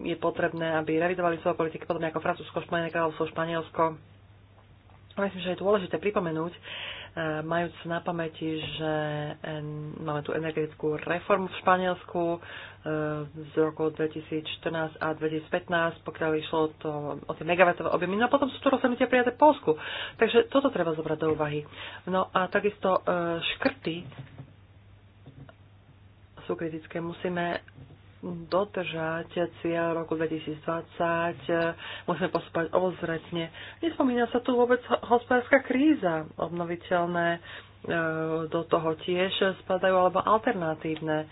je potrebné, aby revidovali svoje politiky podobne ako Francúzsko, Španielsko, Španielsko. Myslím, že je dôležité pripomenúť, Eh, majúc na pamäti, že máme tu energetickú reformu v Španielsku eh, z roku 2014 a 2015, pokiaľ išlo to, o tie megavetové objemy. No a potom sú tu rozhodnutia prijaté v Polsku. Takže toto treba zobrať do úvahy. No a takisto eh, škrty sú kritické. Musíme dodržať cieľ roku 2020, musíme postupovať obozretne. Nespomína sa tu vôbec hospodárska kríza, obnoviteľné e, do toho tiež spadajú, alebo alternatívne. E,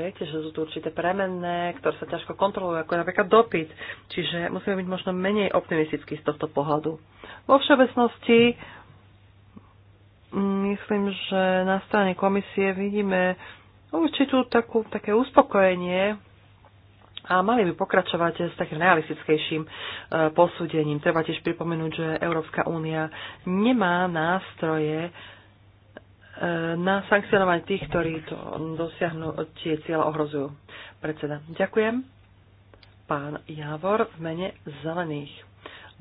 viete, že sú tu určité premenné, ktoré sa ťažko kontrolujú, ako je napríklad dopyt. Čiže musíme byť možno menej optimistickí z tohto pohľadu. Vo všeobecnosti mm, myslím, že na strane komisie vidíme určitú takú, také uspokojenie a mali by pokračovať s takým realistickejším e, posúdením. Treba tiež pripomenúť, že Európska únia nemá nástroje e, na sankcionovanie tých, ktorí to dosiahnu, tie cieľa ohrozujú. Predseda, ďakujem. Pán Javor v mene Zelených.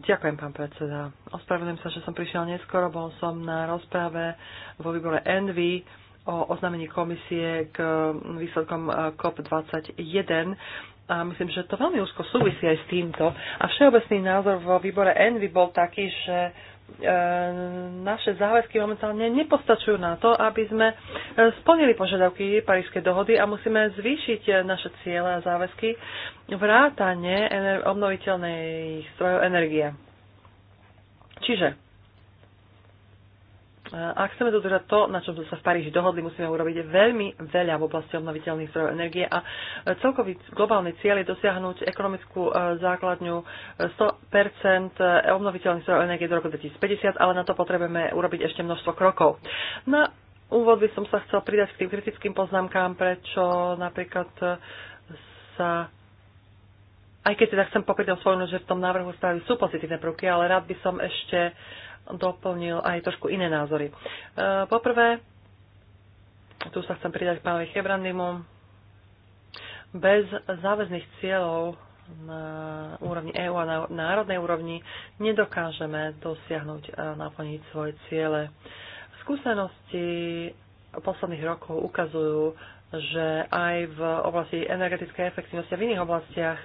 Ďakujem, pán predseda. Ospravedlňujem sa, že som prišiel neskoro, bol som na rozprave vo výbore Envy o oznámení komisie k výsledkom eh, COP21. A myslím, že to veľmi úzko súvisí aj s týmto. A všeobecný názor vo výbore Envy bol taký, že eh, naše záväzky momentálne nepostačujú na to, aby sme eh, splnili požiadavky Parískej dohody a musíme zvýšiť naše ciele a záväzky vrátane obnoviteľnej strojov energie. Čiže ak chceme dodržať to, na čom sa v Paríži dohodli, musíme urobiť veľmi veľa v oblasti obnoviteľných zdrojov energie a celkový globálny cieľ je dosiahnuť ekonomickú e, základňu 100% e, e, obnoviteľných zdrojov energie do roku 2050, ale na to potrebujeme urobiť ešte množstvo krokov. Na úvod by som sa chcel pridať k tým kritickým poznámkám, prečo napríklad sa aj keď teda chcem popri o svojom, že v tom návrhu správy sú pozitívne prvky, ale rád by som ešte uh, doplnil aj trošku iné názory. E, poprvé, tu sa chcem pridať k pánovi Hebrandimu, bez záväzných cieľov na úrovni EÚ a na národnej úrovni nedokážeme dosiahnuť a naplniť svoje ciele. Skúsenosti posledných rokov ukazujú, že aj v oblasti energetickej efektivnosti a v iných oblastiach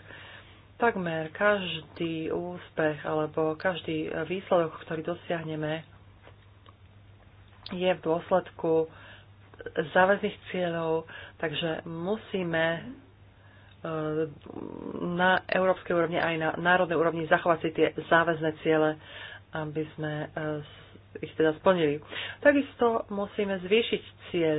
takmer každý úspech alebo každý výsledok, ktorý dosiahneme, je v dôsledku záväzných cieľov, takže musíme e, na európskej úrovni aj na národnej úrovni zachovať si tie záväzné ciele, aby sme e, ich teda splnili. Takisto musíme zvýšiť cieľ.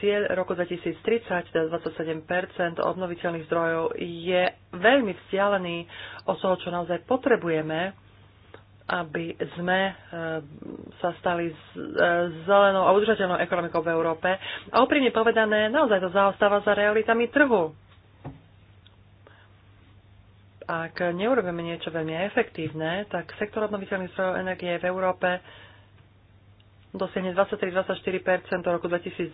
Cieľ roku 2030, teda 27 obnoviteľných zdrojov, je veľmi vzdialený od toho, čo naozaj potrebujeme, aby sme e, sa stali e, zelenou a udržateľnou ekonomikou v Európe. A úprimne povedané, naozaj to zaostáva za realitami trhu. Ak neurobíme niečo veľmi efektívne, tak sektor obnoviteľných zdrojov energie v Európe dosiahne 23-24% do roku 2020.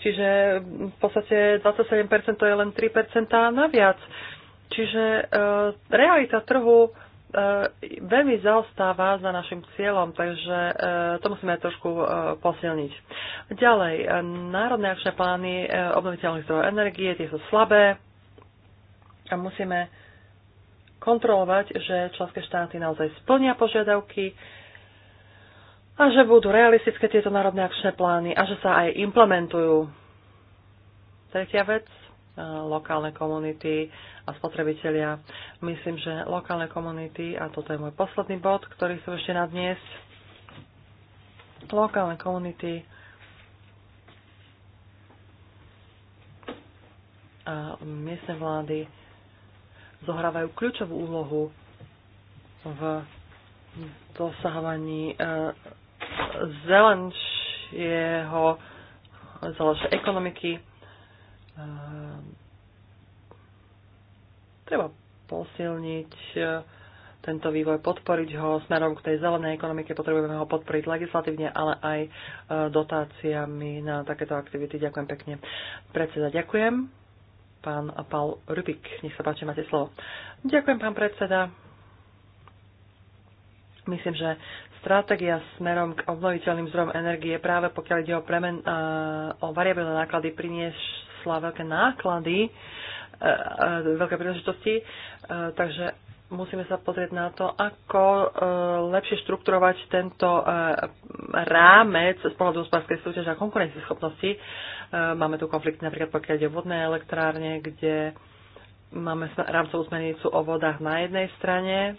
Čiže v podstate 27% to je len 3% naviac. Čiže e, realita trhu e, veľmi zaostáva za našim cieľom, takže e, to musíme trošku e, posilniť. Ďalej, e, národné akčné plány e, obnoviteľných zdrojov energie, tie sú slabé a musíme kontrolovať, že členské štáty naozaj splnia požiadavky, e, a že budú realistické tieto národné akčné plány a že sa aj implementujú. Tretia vec, e, lokálne komunity a spotrebitelia. Myslím, že lokálne komunity, a toto je môj posledný bod, ktorý chcem ešte nadniesť, lokálne komunity a miestne vlády zohrávajú kľúčovú úlohu v dosahovaní e, zelenšieho, zelenšie ekonomiky. Treba posilniť e, tento vývoj, podporiť ho smerom k tej zelenej ekonomike. Potrebujeme ho podporiť legislatívne, ale aj e, dotáciami na takéto aktivity. Ďakujem pekne. Predseda, ďakujem pán Paul Rubik. Nech sa páči, máte slovo. Ďakujem, pán predseda. Myslím, že stratégia smerom k obnoviteľným zdrojom energie práve pokiaľ ide o, premen, o variabilné náklady priniesla veľké náklady, e, e, veľké príležitosti, e, takže musíme sa pozrieť na to, ako lepšie štrukturovať tento rámec z pohľadu hospodárskej súťaže a konkurencieschopnosti. Máme tu konflikty napríklad pokiaľ ide o vodné elektrárne, kde máme rámcovú smernicu o vodách na jednej strane,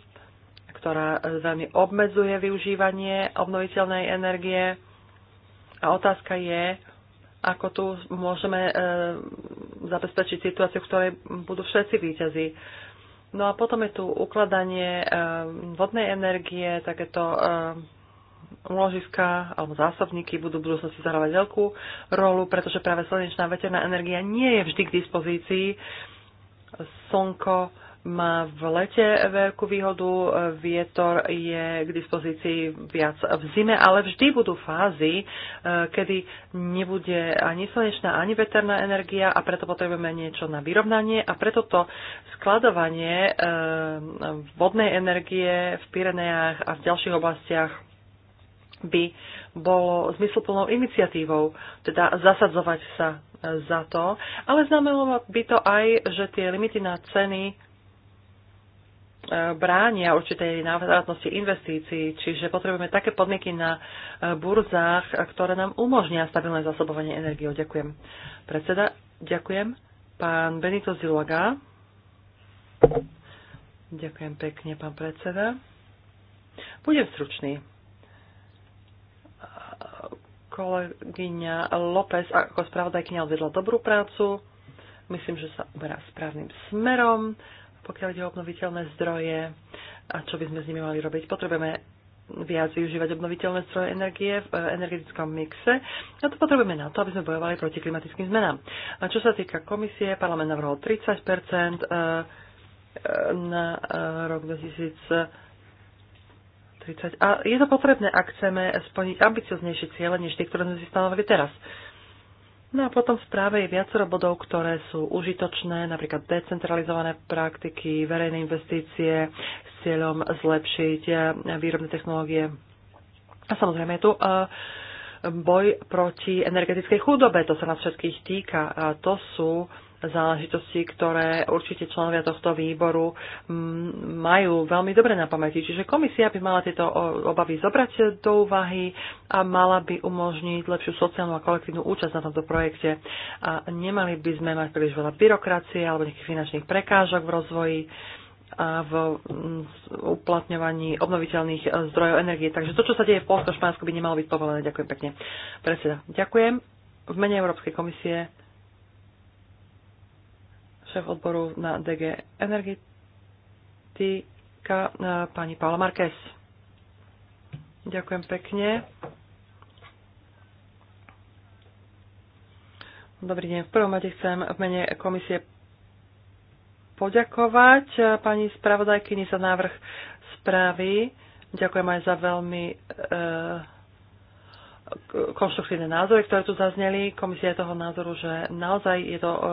ktorá veľmi obmedzuje využívanie obnoviteľnej energie. A otázka je, ako tu môžeme e, zabezpečiť situáciu, v ktorej budú všetci výťazí. No a potom je tu ukladanie e, vodnej energie, takéto e, úložiska alebo zásobníky budú v budúcnosti zahrávať veľkú rolu, pretože práve slnečná veterná energia nie je vždy k dispozícii. Slnko má v lete veľkú výhodu, vietor je k dispozícii viac v zime, ale vždy budú fázy, e, kedy nebude ani slnečná, ani veterná energia a preto potrebujeme niečo na vyrovnanie a preto to skladovanie e, vodnej energie v Pirenejách a v ďalších oblastiach by bolo zmysluplnou iniciatívou, teda zasadzovať sa e, za to, ale znamenalo by to aj, že tie limity na ceny bránia určitej návratnosti investícií, čiže potrebujeme také podmienky na e, burzách, ktoré nám umožnia stabilné zásobovanie energiou. Ďakujem. Predseda, ďakujem. Pán Benito Zilaga. Ďakujem pekne, pán predseda. Budem stručný. Kolegyňa López ako spravodajkynia odvedla dobrú prácu. Myslím, že sa uberá správnym smerom pokiaľ ide o obnoviteľné zdroje a čo by sme s nimi mali robiť. Potrebujeme viac využívať obnoviteľné zdroje energie v eh, energetickom mixe a to potrebujeme na to, aby sme bojovali proti klimatickým zmenám. A čo sa týka komisie, parlament navrhol 30 eh, eh, na rok 2030. A je to potrebné, ak chceme splniť ambicioznejšie ciele, než tie, ktoré sme si stanovili teraz. No a potom v správe je viacero bodov, ktoré sú užitočné, napríklad decentralizované praktiky, verejné investície s cieľom zlepšiť eh, výrobné technológie. A samozrejme je tu eh, boj proti energetickej chudobe, to sa nás všetkých týka. A to sú záležitosti, ktoré určite členovia tohto výboru mm, majú veľmi dobre na pamäti. Čiže komisia by mala tieto obavy zobrať do úvahy a mala by umožniť lepšiu sociálnu a kolektívnu účasť na tomto projekte. A nemali by sme mať príliš veľa byrokracie alebo nejakých finančných prekážok v rozvoji a v mm, uplatňovaní obnoviteľných e, zdrojov energie. Takže to, čo sa deje v Polsku a Španielsku, by nemalo byť povolené. Ďakujem pekne. Predseda, ďakujem. V mene Európskej komisie šéf odboru na DG Energetika, e, pani Paula Marquez. Ďakujem pekne. Dobrý deň. V prvom rade chcem v mene komisie poďakovať e, pani spravodajkyni za návrh správy. Ďakujem aj za veľmi e, konštruktívne názory, ktoré tu zazneli. Komisia je toho názoru, že naozaj je to e,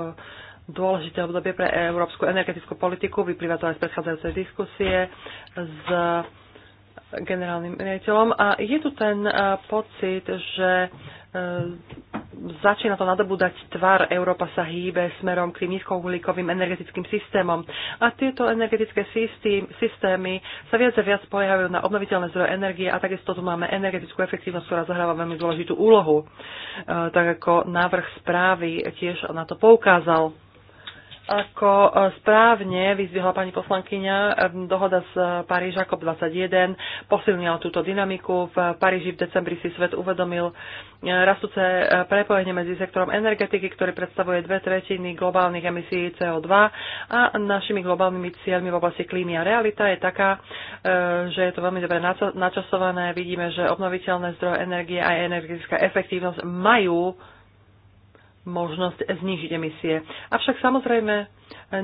dôležité obdobie pre európsku energetickú politiku. Vyplýva to aj z predchádzajúcej diskusie s generálnym riaditeľom. A je tu ten pocit, že e, začína to nadobúdať tvar. Európa sa hýbe smerom k tým nízkouhlíkovým energetickým systémom. A tieto energetické systémy sa viac a viac pojavujú na obnoviteľné zdroje energie a takisto tu máme energetickú efektívnosť, ktorá zahráva veľmi dôležitú úlohu. E, tak ako návrh správy tiež na to poukázal. Ako e, správne vyzvihla pani poslankyňa, e, dohoda z e, Paríža COP21 posilnila túto dynamiku. V Paríži v decembri si svet uvedomil rastúce prepojenie medzi sektorom energetiky, ktorý predstavuje dve tretiny globálnych emisí CO2 a našimi globálnymi cieľmi v oblasti klímy. A realita je taká, že je to veľmi dobre načasované. Vidíme, že obnoviteľné zdroje energie a energetická efektívnosť majú možnosť znížiť emisie. Avšak samozrejme,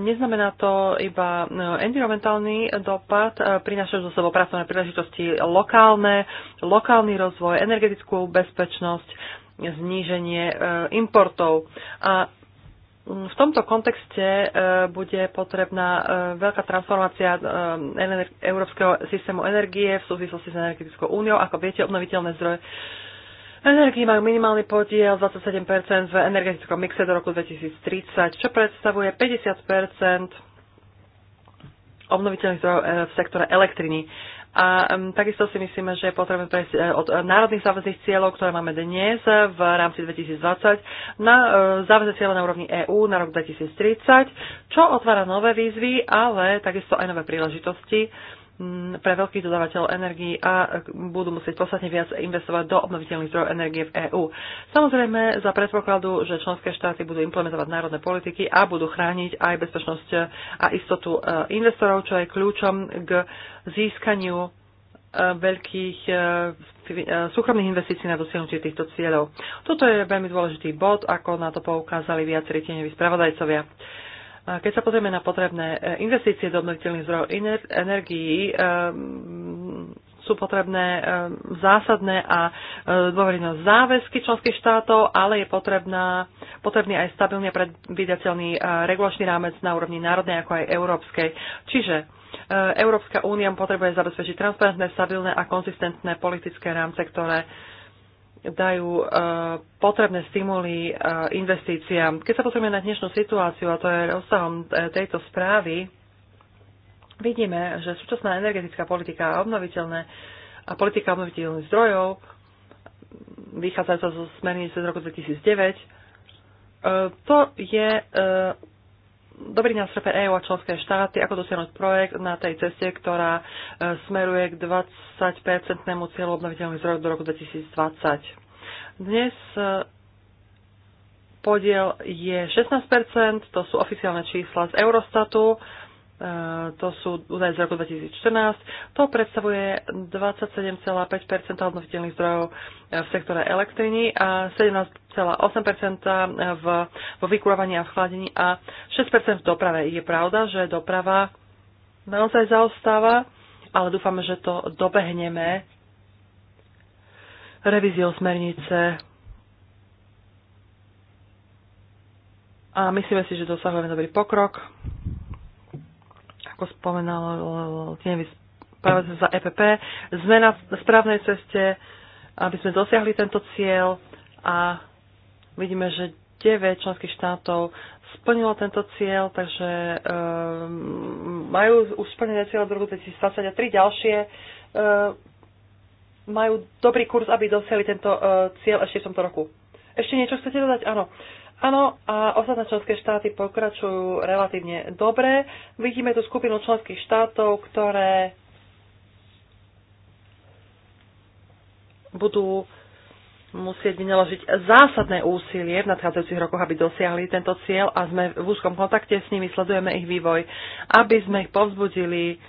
neznamená to iba eh, environmentálny dopad, eh, prináša zo sebou pracovné príležitosti lokálne, lokálny rozvoj, energetickú bezpečnosť, zníženie eh, importov. A mm, v tomto kontexte bude potrebná veľká transformácia európskeho systému energie v súvislosti s energetickou úniou. Ako viete, obnoviteľné zdroje Energie majú minimálny podiel 27% v energetickom mixe do roku 2030, čo predstavuje 50% obnoviteľných zdrojov eh, v sektore elektriny. A um, takisto si myslíme, že je potrebné prejsť eh, od eh, národných záväzných cieľov, ktoré máme dnes v rámci 2020, na uh, záväzné cieľe na úrovni EÚ na rok 2030, čo otvára nové výzvy, ale takisto aj nové príležitosti. Uh, Mm, pre veľkých dodávateľov energií a budú musieť podstatne viac investovať do obnoviteľných zdrojov energie v EÚ. Samozrejme za predpokladu, že členské štáty budú implementovať národné politiky a budú chrániť aj bezpečnosť a istotu e, investorov, čo je kľúčom k získaniu e, veľkých e, súkromných investícií na dosiahnutie týchto cieľov. Toto je veľmi dôležitý bod, ako na to poukázali viacerí tieňoví spravodajcovia. Keď sa pozrieme na potrebné e, investície do obnoviteľných zdrojov energií, ehm, sú potrebné ehm, zásadné a e, dôverné záväzky členských štátov, ale je potrebná, potrebný aj stabilne predvidateľný e, regulačný rámec na úrovni národnej ako aj európskej. Čiže Európska únia potrebuje zabezpečiť transparentné, stabilné a konzistentné politické rámce, ktoré dajú eh, potrebné stimuly eh, investíciám. Keď sa pozrieme na dnešnú situáciu, a to je rozsahom eh, tejto správy, vidíme, že súčasná energetická politika a obnoviteľné a politika obnoviteľných zdrojov, vychádzajúca zo smernice z roku 2009, to je dobrý deň, pre EU a členské štáty, ako dosiahnuť projekt na tej ceste, ktorá e, smeruje k 20-percentnému cieľu obnoviteľných zdrojov do roku 2020. Dnes e, podiel je 16%, to sú oficiálne čísla z Eurostatu E, to sú údaje z roku 2014. To predstavuje 27,5 obnoviteľných zdrojov e, v sektore elektriny a 17,8 v, vo vykurovaní a v chladení a 6 v doprave. Je pravda, že doprava naozaj zaostáva, ale dúfame, že to dobehneme revíziou smernice a myslíme si, že dosahujeme dobrý pokrok ako spomenal eh, Tienvis, práve za EPP, sme na správnej ceste, aby sme dosiahli tento cieľ a vidíme, že 9 členských štátov splnilo tento cieľ, takže um, majú už splnené cieľ do roku 2020 a tri ďalšie um, majú dobrý kurz, aby dosiahli tento uh, cieľ ešte v tomto roku. Ešte niečo chcete dodať? Áno. Uh, Áno, a ostatné členské štáty pokračujú relatívne dobre. Vidíme tu skupinu členských štátov, ktoré budú musieť vynaložiť zásadné úsilie v nadchádzajúcich rokoch, aby dosiahli tento cieľ a sme v úzkom kontakte s nimi, sledujeme ich vývoj, aby sme ich povzbudili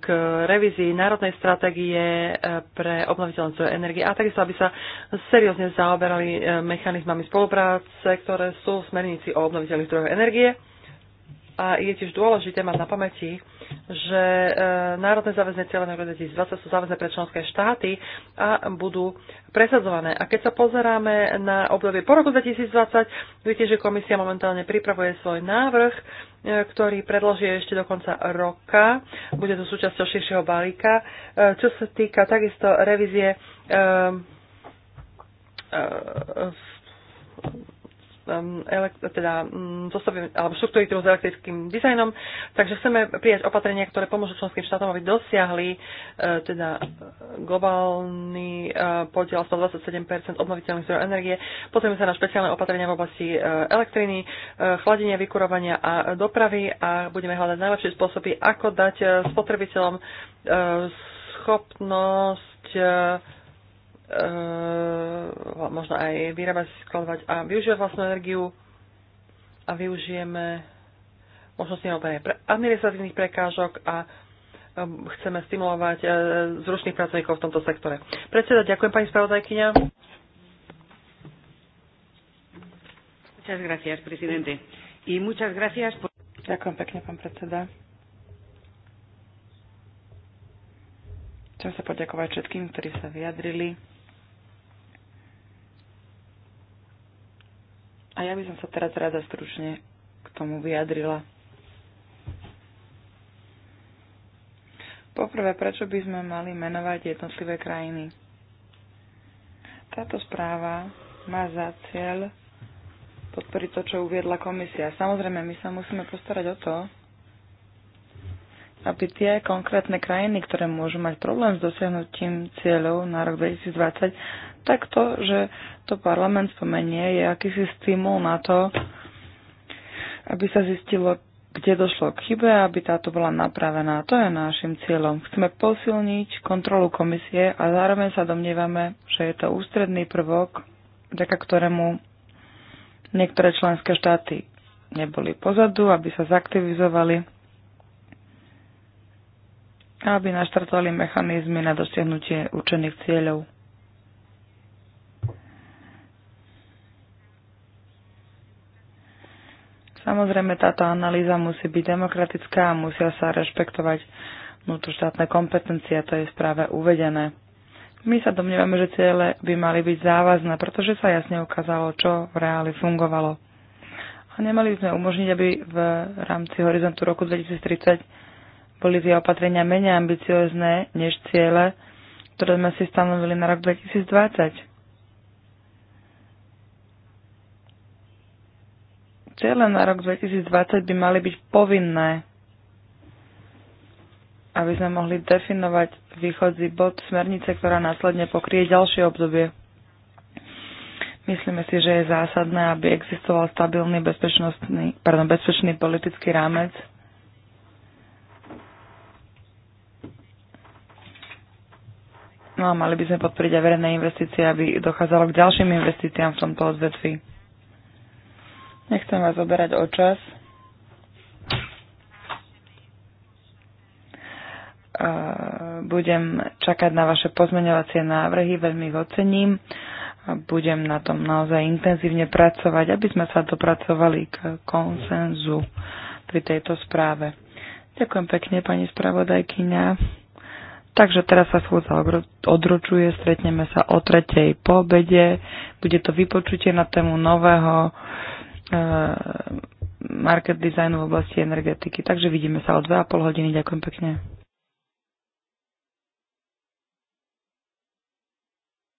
k revízii národnej stratégie e, pre obnoviteľné zdroje energie a takisto, aby sa seriózne zaoberali e, mechanizmami spolupráce, ktoré sú v smernici o obnoviteľných zdrojoch energie a je tiež dôležité mať na pamäti, že e, národné záväzne cieľe na 2020 sú záväzne pre členské štáty a budú presadzované. A keď sa pozeráme na obdobie po roku 2020, viete, že komisia momentálne pripravuje svoj návrh, e, ktorý predloží ešte do konca roka. Bude to súčasťou širšieho balíka. E, čo sa týka takisto revízie v Um, teda mm, alebo štruktúry trhu s elektrickým dizajnom. Takže chceme prijať opatrenia, ktoré pomôžu členským štátom, aby dosiahli e, teda globálny e, podiel 127 obnoviteľných zdrojov energie. Pozrieme sa na špeciálne opatrenia v oblasti e, elektriny, chladenia, vykurovania a dopravy a budeme hľadať najlepšie spôsoby, ako dať spotrebiteľom schopnosť E, možno aj vyrábať, skladovať a využívať vlastnú energiu a využijeme možnosti na pre administratívnych prekážok a e, chceme stimulovať e, zručných pracovníkov v tomto sektore. Predseda, ďakujem pani spravodajkyňa. Muchas gracias, presidente. Y muchas gracias por... Ďakujem pekne, pán predseda. Chcem sa poďakovať všetkým, ktorí sa vyjadrili. A ja by som sa teraz rada stručne k tomu vyjadrila. Poprvé, prečo by sme mali menovať jednotlivé krajiny? Táto správa má za cieľ podporiť to, čo uviedla komisia. Samozrejme, my sa musíme postarať o to, aby tie konkrétne krajiny, ktoré môžu mať problém s dosiahnutím cieľov na rok 2020, tak to, že to parlament spomenie, je akýsi stimul na to, aby sa zistilo, kde došlo k chybe, aby táto bola napravená. To je našim cieľom. Chceme posilniť kontrolu komisie a zároveň sa domnievame, že je to ústredný prvok, vďaka ktorému niektoré členské štáty neboli pozadu, aby sa zaktivizovali a aby naštartovali mechanizmy na dosiahnutie určených cieľov. Samozrejme, táto analýza musí byť demokratická a musia sa rešpektovať vnútroštátne kompetencie, to je v správe uvedené. My sa domnievame, že ciele by mali byť závazné, pretože sa jasne ukázalo, čo v reáli fungovalo. A nemali by sme umožniť, aby v rámci horizontu roku 2030 boli tie opatrenia menej ambiciozne než ciele, ktoré sme si stanovili na rok 2020. Ciele na rok 2020 by mali byť povinné, aby sme mohli definovať východzí bod smernice, ktorá následne pokrie ďalšie obdobie. Myslíme si, že je zásadné, aby existoval stabilný bezpečnostný, pardon, bezpečný politický rámec, No a mali by sme podporiť aj verejné investície, aby dochádzalo k ďalším investíciám v tomto odvetví. Nechcem vás oberať o čas. Budem čakať na vaše pozmeňovacie návrhy, veľmi ich ocením budem na tom naozaj intenzívne pracovať, aby sme sa dopracovali k konsenzu pri tejto správe. Ďakujem pekne, pani spravodajkyňa. Takže teraz sa schôdza odročuje, stretneme sa o tretej po obede. Bude to vypočutie na tému nového market designu v oblasti energetiky. Takže vidíme sa o 2,5 hodiny. Ďakujem pekne.